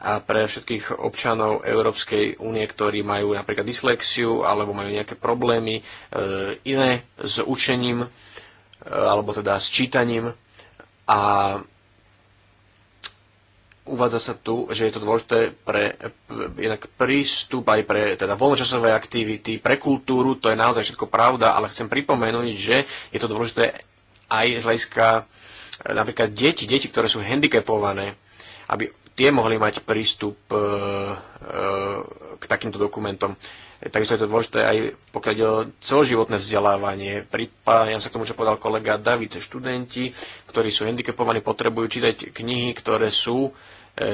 a pre všetkých občanov Európskej únie, ktorí majú napríklad dyslexiu alebo majú nejaké problémy e, iné s učením e, alebo teda s čítaním a uvádza sa tu, že je to dôležité pre jednak prístup aj pre teda voľnočasové aktivity, pre kultúru, to je naozaj všetko pravda, ale chcem pripomenúť, že je to dôležité aj z hľadiska e, napríklad deti, deti, ktoré sú handicapované, aby tie mohli mať prístup e, e, k takýmto dokumentom. Takisto je to dôležité aj pokiaľ ide o celoživotné vzdelávanie. Pripájam sa k tomu, čo povedal kolega David. Študenti, ktorí sú handicapovaní, potrebujú čítať knihy, ktoré sú e,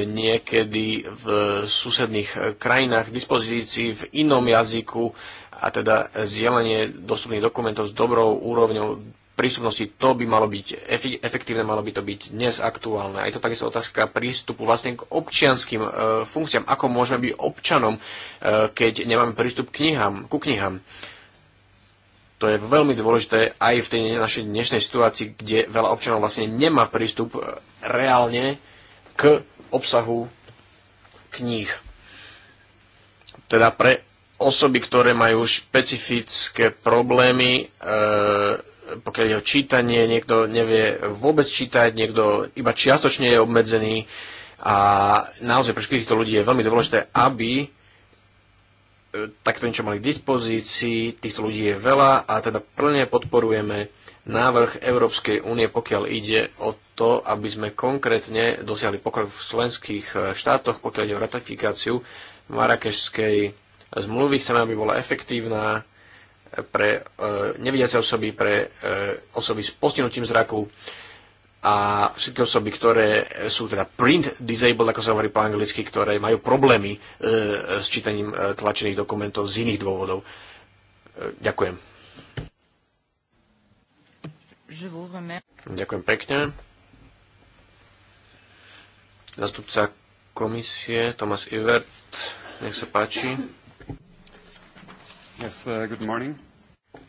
niekedy v susedných eh, krajinách k dispozícii v inom jazyku a teda zdieľanie dostupných dokumentov s dobrou úrovňou prístupnosti, to by malo byť efektívne, malo by to byť dnes aktuálne. A je to takisto otázka prístupu vlastne k občianským e, funkciám. Ako môžeme byť občanom, e, keď nemáme prístup k knihám, ku knihám? To je veľmi dôležité aj v tej našej dnešnej situácii, kde veľa občanov vlastne nemá prístup reálne k obsahu kníh. Teda pre osoby, ktoré majú špecifické problémy, e, pokiaľ je o čítanie, niekto nevie vôbec čítať, niekto iba čiastočne je obmedzený a naozaj pre všetkých týchto ľudí je veľmi dôležité, aby e, takto niečo mali k dispozícii, týchto ľudí je veľa a teda plne podporujeme návrh Európskej únie, pokiaľ ide o to, aby sme konkrétne dosiahli pokrok v členských eh, štátoch, pokiaľ ide o ratifikáciu marakešskej zmluvy. Chceme, aby bola efektívna eh, pre e, nevidiace osoby, pre e, osoby s postihnutím zraku a všetky osoby, ktoré sú teda print disabled, ako sa hovorí po anglicky, ktoré majú problémy e, s čítaním e, tlačených dokumentov z iných dôvodov. E, ďakujem. Ďakujem pekne. Zastupca komisie Tomas Ivert, nech sa páči. Yes, uh, good morning.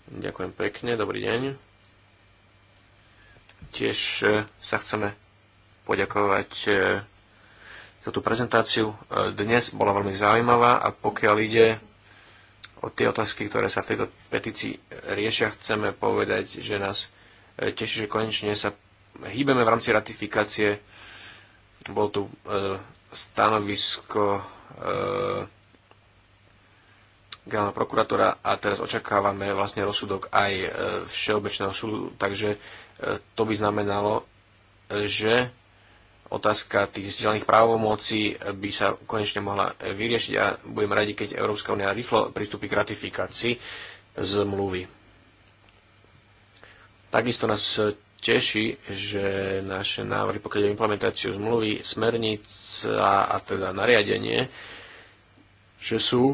Ďakujem pekne, dobrý deň. Tiež uh, sa chceme poďakovať uh, za tú prezentáciu. Uh, dnes bola veľmi zaujímavá a pokiaľ ide o tie otázky, ktoré sa v tejto petícii riešia, chceme povedať, že nás teší, že konečne sa hýbeme v rámci ratifikácie bolo tu e, stanovisko e, generálna prokurátora a teraz očakávame vlastne rozsudok aj e, Všeobecného súdu, takže to by znamenalo, že otázka tých vzdialených právomocí by sa konečne mohla vyriešiť a budem radi, keď Európska únia rýchlo pristúpi k ratifikácii zmluvy. Takisto nás teší, že naše návrhy, pokiaľ je implementáciu zmluvy, smerníc a teda nariadenie, že sú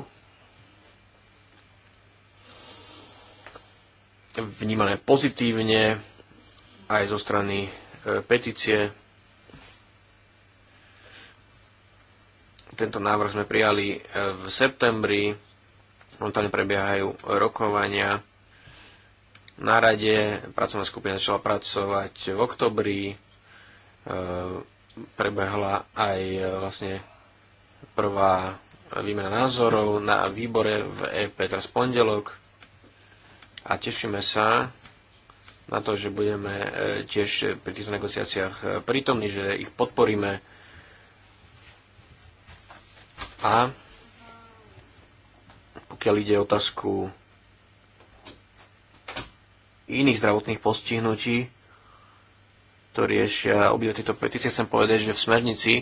vnímané pozitívne aj zo strany e, petície. Tento návrh sme prijali e, v septembri. Momentálne prebiehajú rokovania na rade, pracovná skupina začala pracovať v oktobri, e, prebehla aj e, vlastne prvá výmena názorov na výbore v EP teraz pondelok a tešíme sa na to, že budeme e, tiež pri týchto negociáciách e, prítomní, že ich podporíme a pokiaľ ide otázku iných zdravotných postihnutí, ktorí riešia obidve tieto petície. Chcem povedať, že v smernici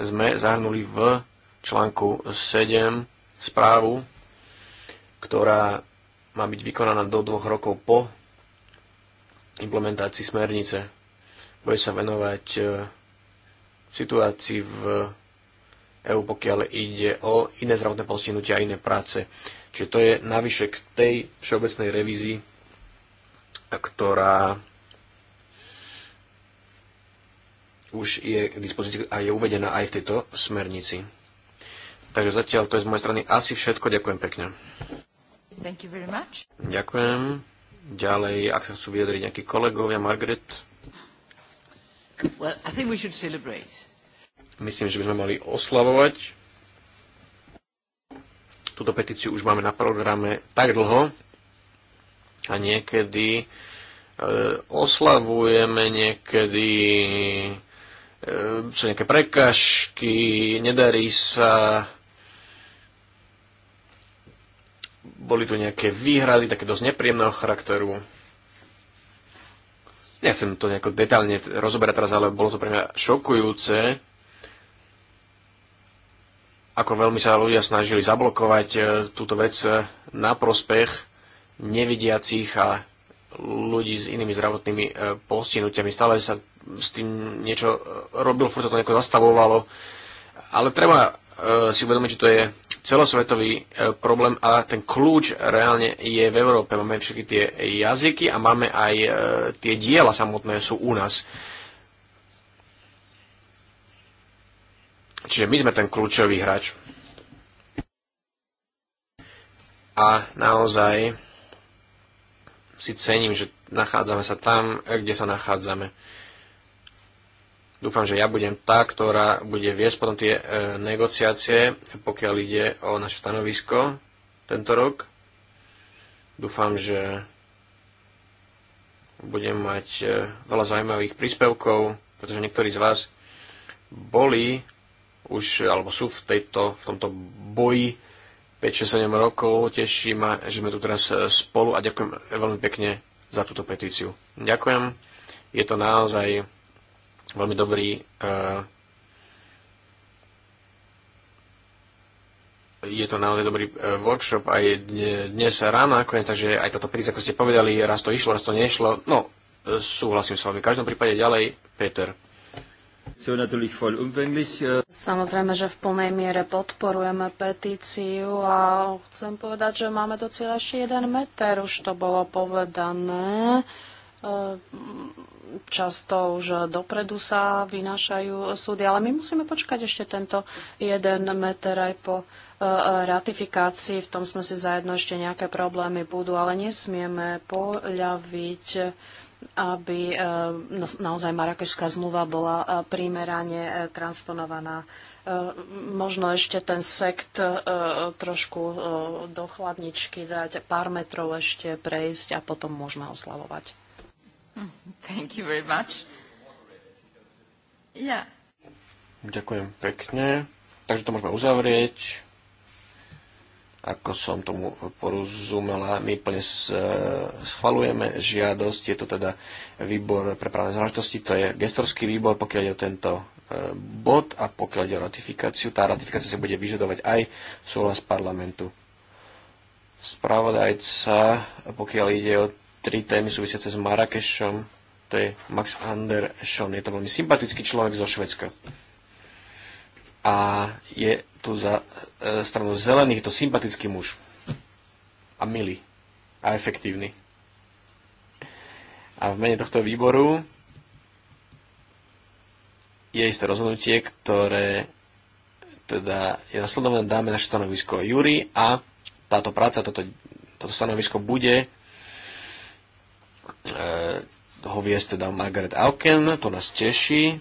sme zahrnuli v článku 7 správu, ktorá má byť vykonaná do dvoch rokov po implementácii smernice. Bude sa venovať e, situácii v EU, pokiaľ ide o iné zdravotné postihnutia a iné práce. Čiže to je navyše k tej všeobecnej revízii ktorá už je k dispozícii a je uvedená aj v tejto smernici. Takže zatiaľ to je z mojej strany asi všetko. Ďakujem pekne. Thank you very much. Ďakujem. Ďalej, ak sa chcú vyjadriť nejakí kolegovia, Margaret. Well, I think we should celebrate. Myslím, že by sme mali oslavovať. Túto petíciu už máme na programe tak dlho, a niekedy e, oslavujeme, niekedy e, sú nejaké prekažky, nedarí sa, boli tu nejaké výhrady, také dosť nepríjemného charakteru. Nechcem to nejako detálne rozoberať teraz, ale bolo to pre mňa šokujúce, ako veľmi sa ľudia snažili zablokovať e, túto vec e, na prospech nevidiacich a ľudí s inými zdravotnými e, postihnutiami. Stále sa s tým niečo e, robil, furt to nejako zastavovalo. Ale treba e, si uvedomiť, že to je celosvetový problém a ten kľúč reálne je v Európe. Máme všetky tie jazyky a máme aj tie diela samotné sú u nás. Čiže my sme ten kľúčový hráč. A naozaj si cením, že nachádzame sa tam, kde sa nachádzame. Dúfam, že ja budem tá, ktorá bude viesť potom tie e, negociácie, pokiaľ ide o naše stanovisko tento rok. Dúfam, že budem mať e, veľa zaujímavých príspevkov, pretože niektorí z vás boli už, alebo sú v, tejto, v tomto boji 5-7 rokov. Teší ma, že sme tu teraz e, spolu a ďakujem veľmi pekne za túto petíciu. Ďakujem. Je to naozaj veľmi dobrý e, je to naozaj dobrý e, workshop aj dnes ráno nakoniec, takže aj táto petícia, ako ste povedali, raz to išlo, raz to nešlo. No, súhlasím s vami. V každom prípade ďalej, Peter. Äh, Samozrejme, že v plnej miere podporujeme petíciu a chcem povedať, že máme do cieľa ešte jeden meter, už to bolo povedané. Ehm, často už dopredu sa vynášajú súdy, ale my musíme počkať ešte tento jeden meter aj po e, ratifikácii. V tom sme si zajedno ešte nejaké problémy budú, ale nesmieme poľaviť aby e, no, naozaj Marakešská zmluva bola e, primerane e, transponovaná. Možno ešte ten sekt trošku do chladničky dať, pár metrov ešte prejsť a potom môžeme oslavovať. Mm, thank you very much. Yeah. Ďakujem pekne. Takže to môžeme uzavrieť ako som tomu porozumela, my plne e, schvalujeme žiadosť, je to teda výbor pre právne záležitosti, to je gestorský výbor, pokiaľ je o tento e, bod a pokiaľ ide o ratifikáciu, tá ratifikácia si bude vyžadovať aj súhlas parlamentu. Spravodajca, pokiaľ ide o tri témy súvisiace s Marrakešom, to je Max Andersson, je to veľmi sympatický človek zo Švedska. A je tu za e, stranu zelených je to sympatický muž. A milý. A efektívny. A v mene tohto výboru je isté rozhodnutie, ktoré teda je nasledovné, dáme naše stanovisko Júri a táto práca, toto, toto stanovisko bude e, ho viesť teda Margaret Auken, to nás teší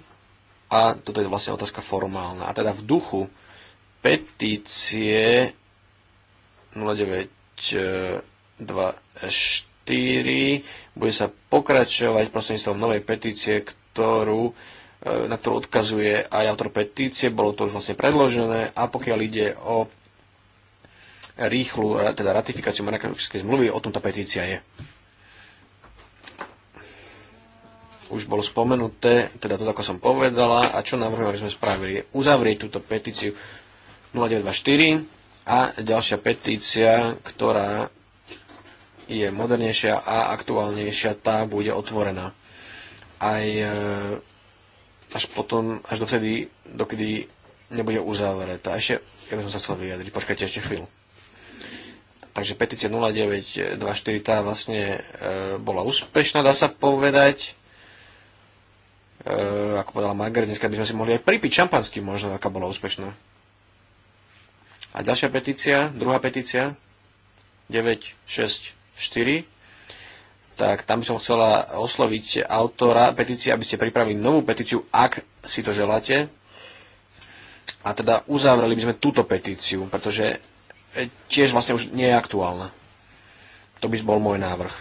a toto je vlastne otázka formálna. A teda v duchu petície 0924 e, bude sa pokračovať prostredníctvom novej petície, ktorú, e, na ktorú odkazuje aj autor petície, bolo to už vlastne predložené a pokiaľ ide o rýchlu teda ratifikáciu Marrakešskej zmluvy, o tom tá petícia je. Už bolo spomenuté, teda to, ako som povedala, a čo navrhujem, aby sme spravili, uzavrieť túto petíciu 0924 a ďalšia petícia, ktorá je modernejšia a aktuálnejšia, tá bude otvorená. Aj e, až potom, až dovtedy, dokedy nebude uzavretá. Ešte, ja by som sa chcel vyjadriť, počkajte ešte chvíľu. Takže petícia 0924 tá vlastne e, bola úspešná, dá sa povedať. E, ako povedala Margaret, dneska by sme si mohli aj pripiť šampanský možno, aká bola úspešná. A ďalšia petícia, druhá petícia, 964, tak tam som chcela osloviť autora petície, aby ste pripravili novú petíciu, ak si to želáte. A teda uzavreli by sme túto petíciu, pretože e, tiež vlastne už nie je aktuálna. To by bol môj návrh.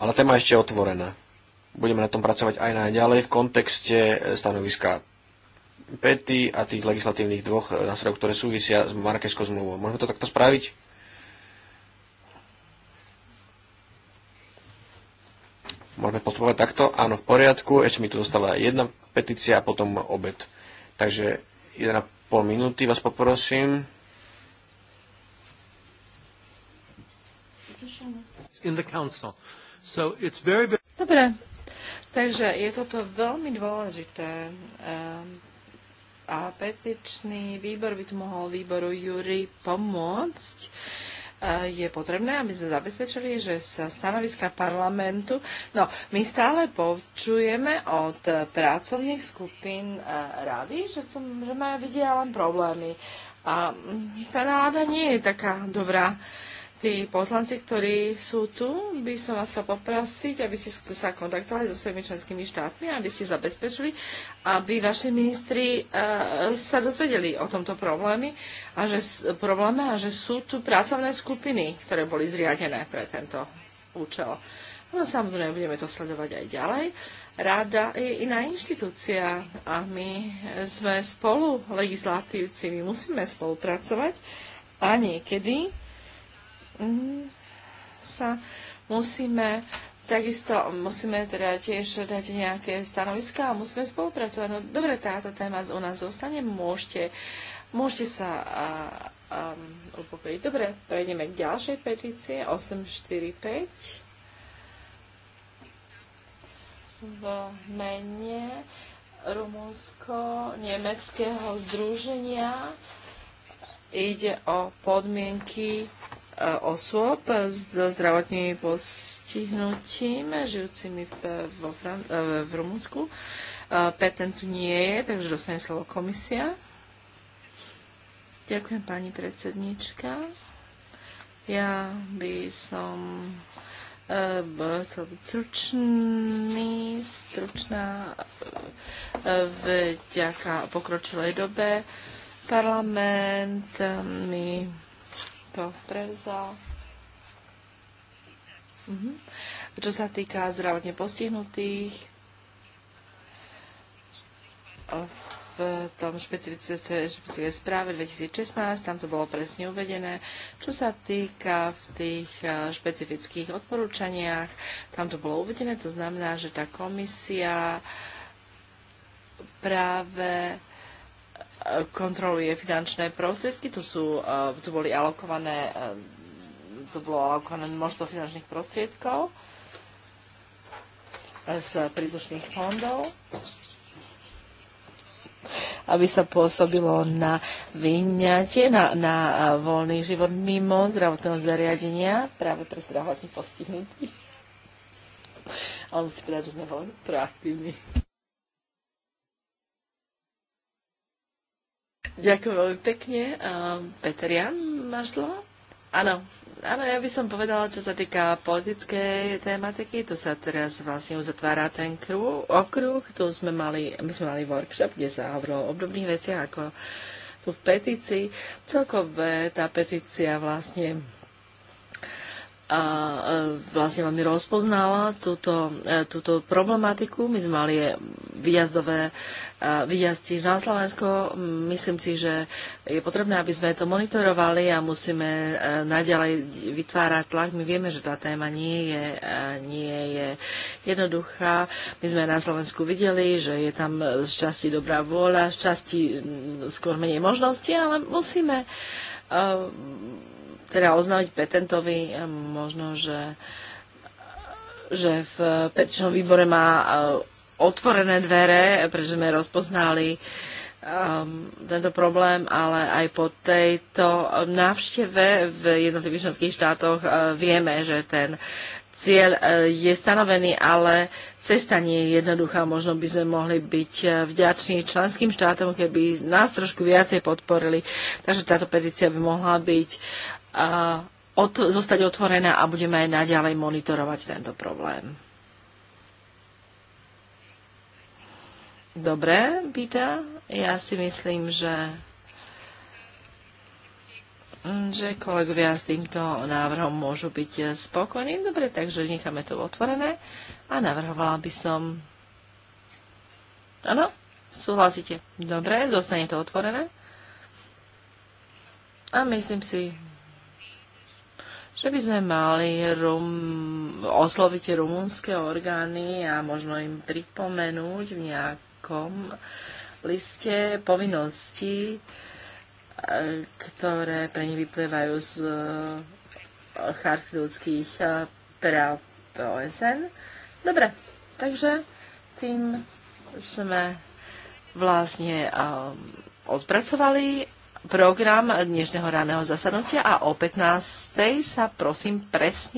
Ale téma je ešte otvorená. Budeme na tom pracovať aj naďalej v kontexte e, stanoviska pety a tých legislatívnych dvoch eh, nástrojov, ktoré súvisia s Markeskou zmluvou. Môžeme to takto spraviť? Môžeme postupovať takto? Áno, v poriadku. Ešte mi tu zostáva jedna petícia a potom obed. Takže 1,5 minúty vás poprosím. Dobre, Takže je toto veľmi dôležité. Eh, a petičný výbor by tu mohol výboru Jury pomôcť. E, je potrebné, aby sme zabezpečili, že sa stanoviska parlamentu... No, my stále počujeme od pracovných skupín e, rady, že, to, že majú vidia len problémy. A tá nálada nie je taká dobrá. Uh, tí poslanci, ktorí sú tu, by som vás chcel poprosiť, aby ste sa kontaktovali so svojimi členskými štátmi, aby ste zabezpečili, aby vaši ministri uh, sa dozvedeli o tomto probléme a, že, probléme a že sú tu pracovné skupiny, ktoré boli zriadené pre tento účel. No samozrejme, budeme to sledovať aj ďalej. Rada je iná inštitúcia a my sme spolu legislatívci, my musíme spolupracovať a niekedy Mhm. sa musíme Takisto musíme teda tiež dať nejaké stanoviská a musíme spolupracovať. No dobre, táto téma z u nás zostane, môžete, môžete sa um, upokojiť. Dobre, prejdeme k ďalšej petície, 845. V mene Rumunsko-Nemeckého združenia ide o podmienky osôb so zdravotným postihnutím žijúcimi vo Fran- e, v Rumunsku. E, Petent tu nie je, takže dostane slovo komisia. Ďakujem pani predsednička. Ja by som e, chcel byť stručný, stručná vďaka pokročilej dobe. Parlament mi to prevzal. Mhm. Čo sa týka zdravotne postihnutých, v tom špecifické správe 2016, tam to bolo presne uvedené. Čo sa týka v tých e, špecifických odporúčaniach, tam to bolo uvedené, to znamená, že tá komisia práve kontroluje finančné prostriedky. Tu, sú, e, tu boli alokované e, to bolo alokované množstvo finančných prostriedkov z príslušných fondov aby sa pôsobilo na vyňatie, na, na e, voľný život mimo zdravotného zariadenia, práve pre zdravotných postihnutých. Ale musím povedať, že sme veľmi proaktívni. Ďakujem veľmi pekne. Um, Peter Jan, máš slovo? Áno, áno, ja by som povedala, čo sa týka politickej tematiky, tu sa teraz vlastne uzatvára ten kruh, okruh, tu sme mali, my sme mali workshop, kde sa hovorilo o obdobných veciach ako tu v petícii. Celkové tá petícia vlastne a vlastne veľmi rozpoznala túto, e, túto problematiku. My sme mali e, výjazdové e, výjazdci na Slovensko. Myslím si, že je potrebné, aby sme to monitorovali a musíme naďalej vytvárať tlak. My vieme, že tá téma nie je, nie je jednoduchá. My sme na Slovensku videli, že je tam z časti dobrá vôľa, z časti skôr menej možnosti, ale musíme teda oznámiť petentovi, eh, možno, že, že v petičnom výbore má eh, otvorené dvere, pretože sme rozpoznali um, tento problém, ale aj po tejto návšteve v jednotlivých členských štátoch uh, vieme, že ten cieľ uh, je stanovený, ale cesta nie je jednoduchá. Možno by sme mohli byť vďační členským štátom, keby nás trošku viacej podporili. Takže táto petícia by mohla byť od, zostať otvorená a budeme aj naďalej monitorovať tento problém. Dobre, Bita, ja si myslím, že že kolegovia s týmto návrhom môžu byť spokojní. Dobre, takže necháme to otvorené a navrhovala by som... Áno, súhlasíte. Dobre, zostane to otvorené. A myslím si, že by sme mali rum, osloviť rumúnske orgány a možno im pripomenúť v nejakom liste povinnosti, e, ktoré pre nich vyplývajú z e, charty ľudských e, práv OSN. Dobre, takže tým sme vlastne um, odpracovali program dnešného raného zasadnutia a o 15. sa prosím presne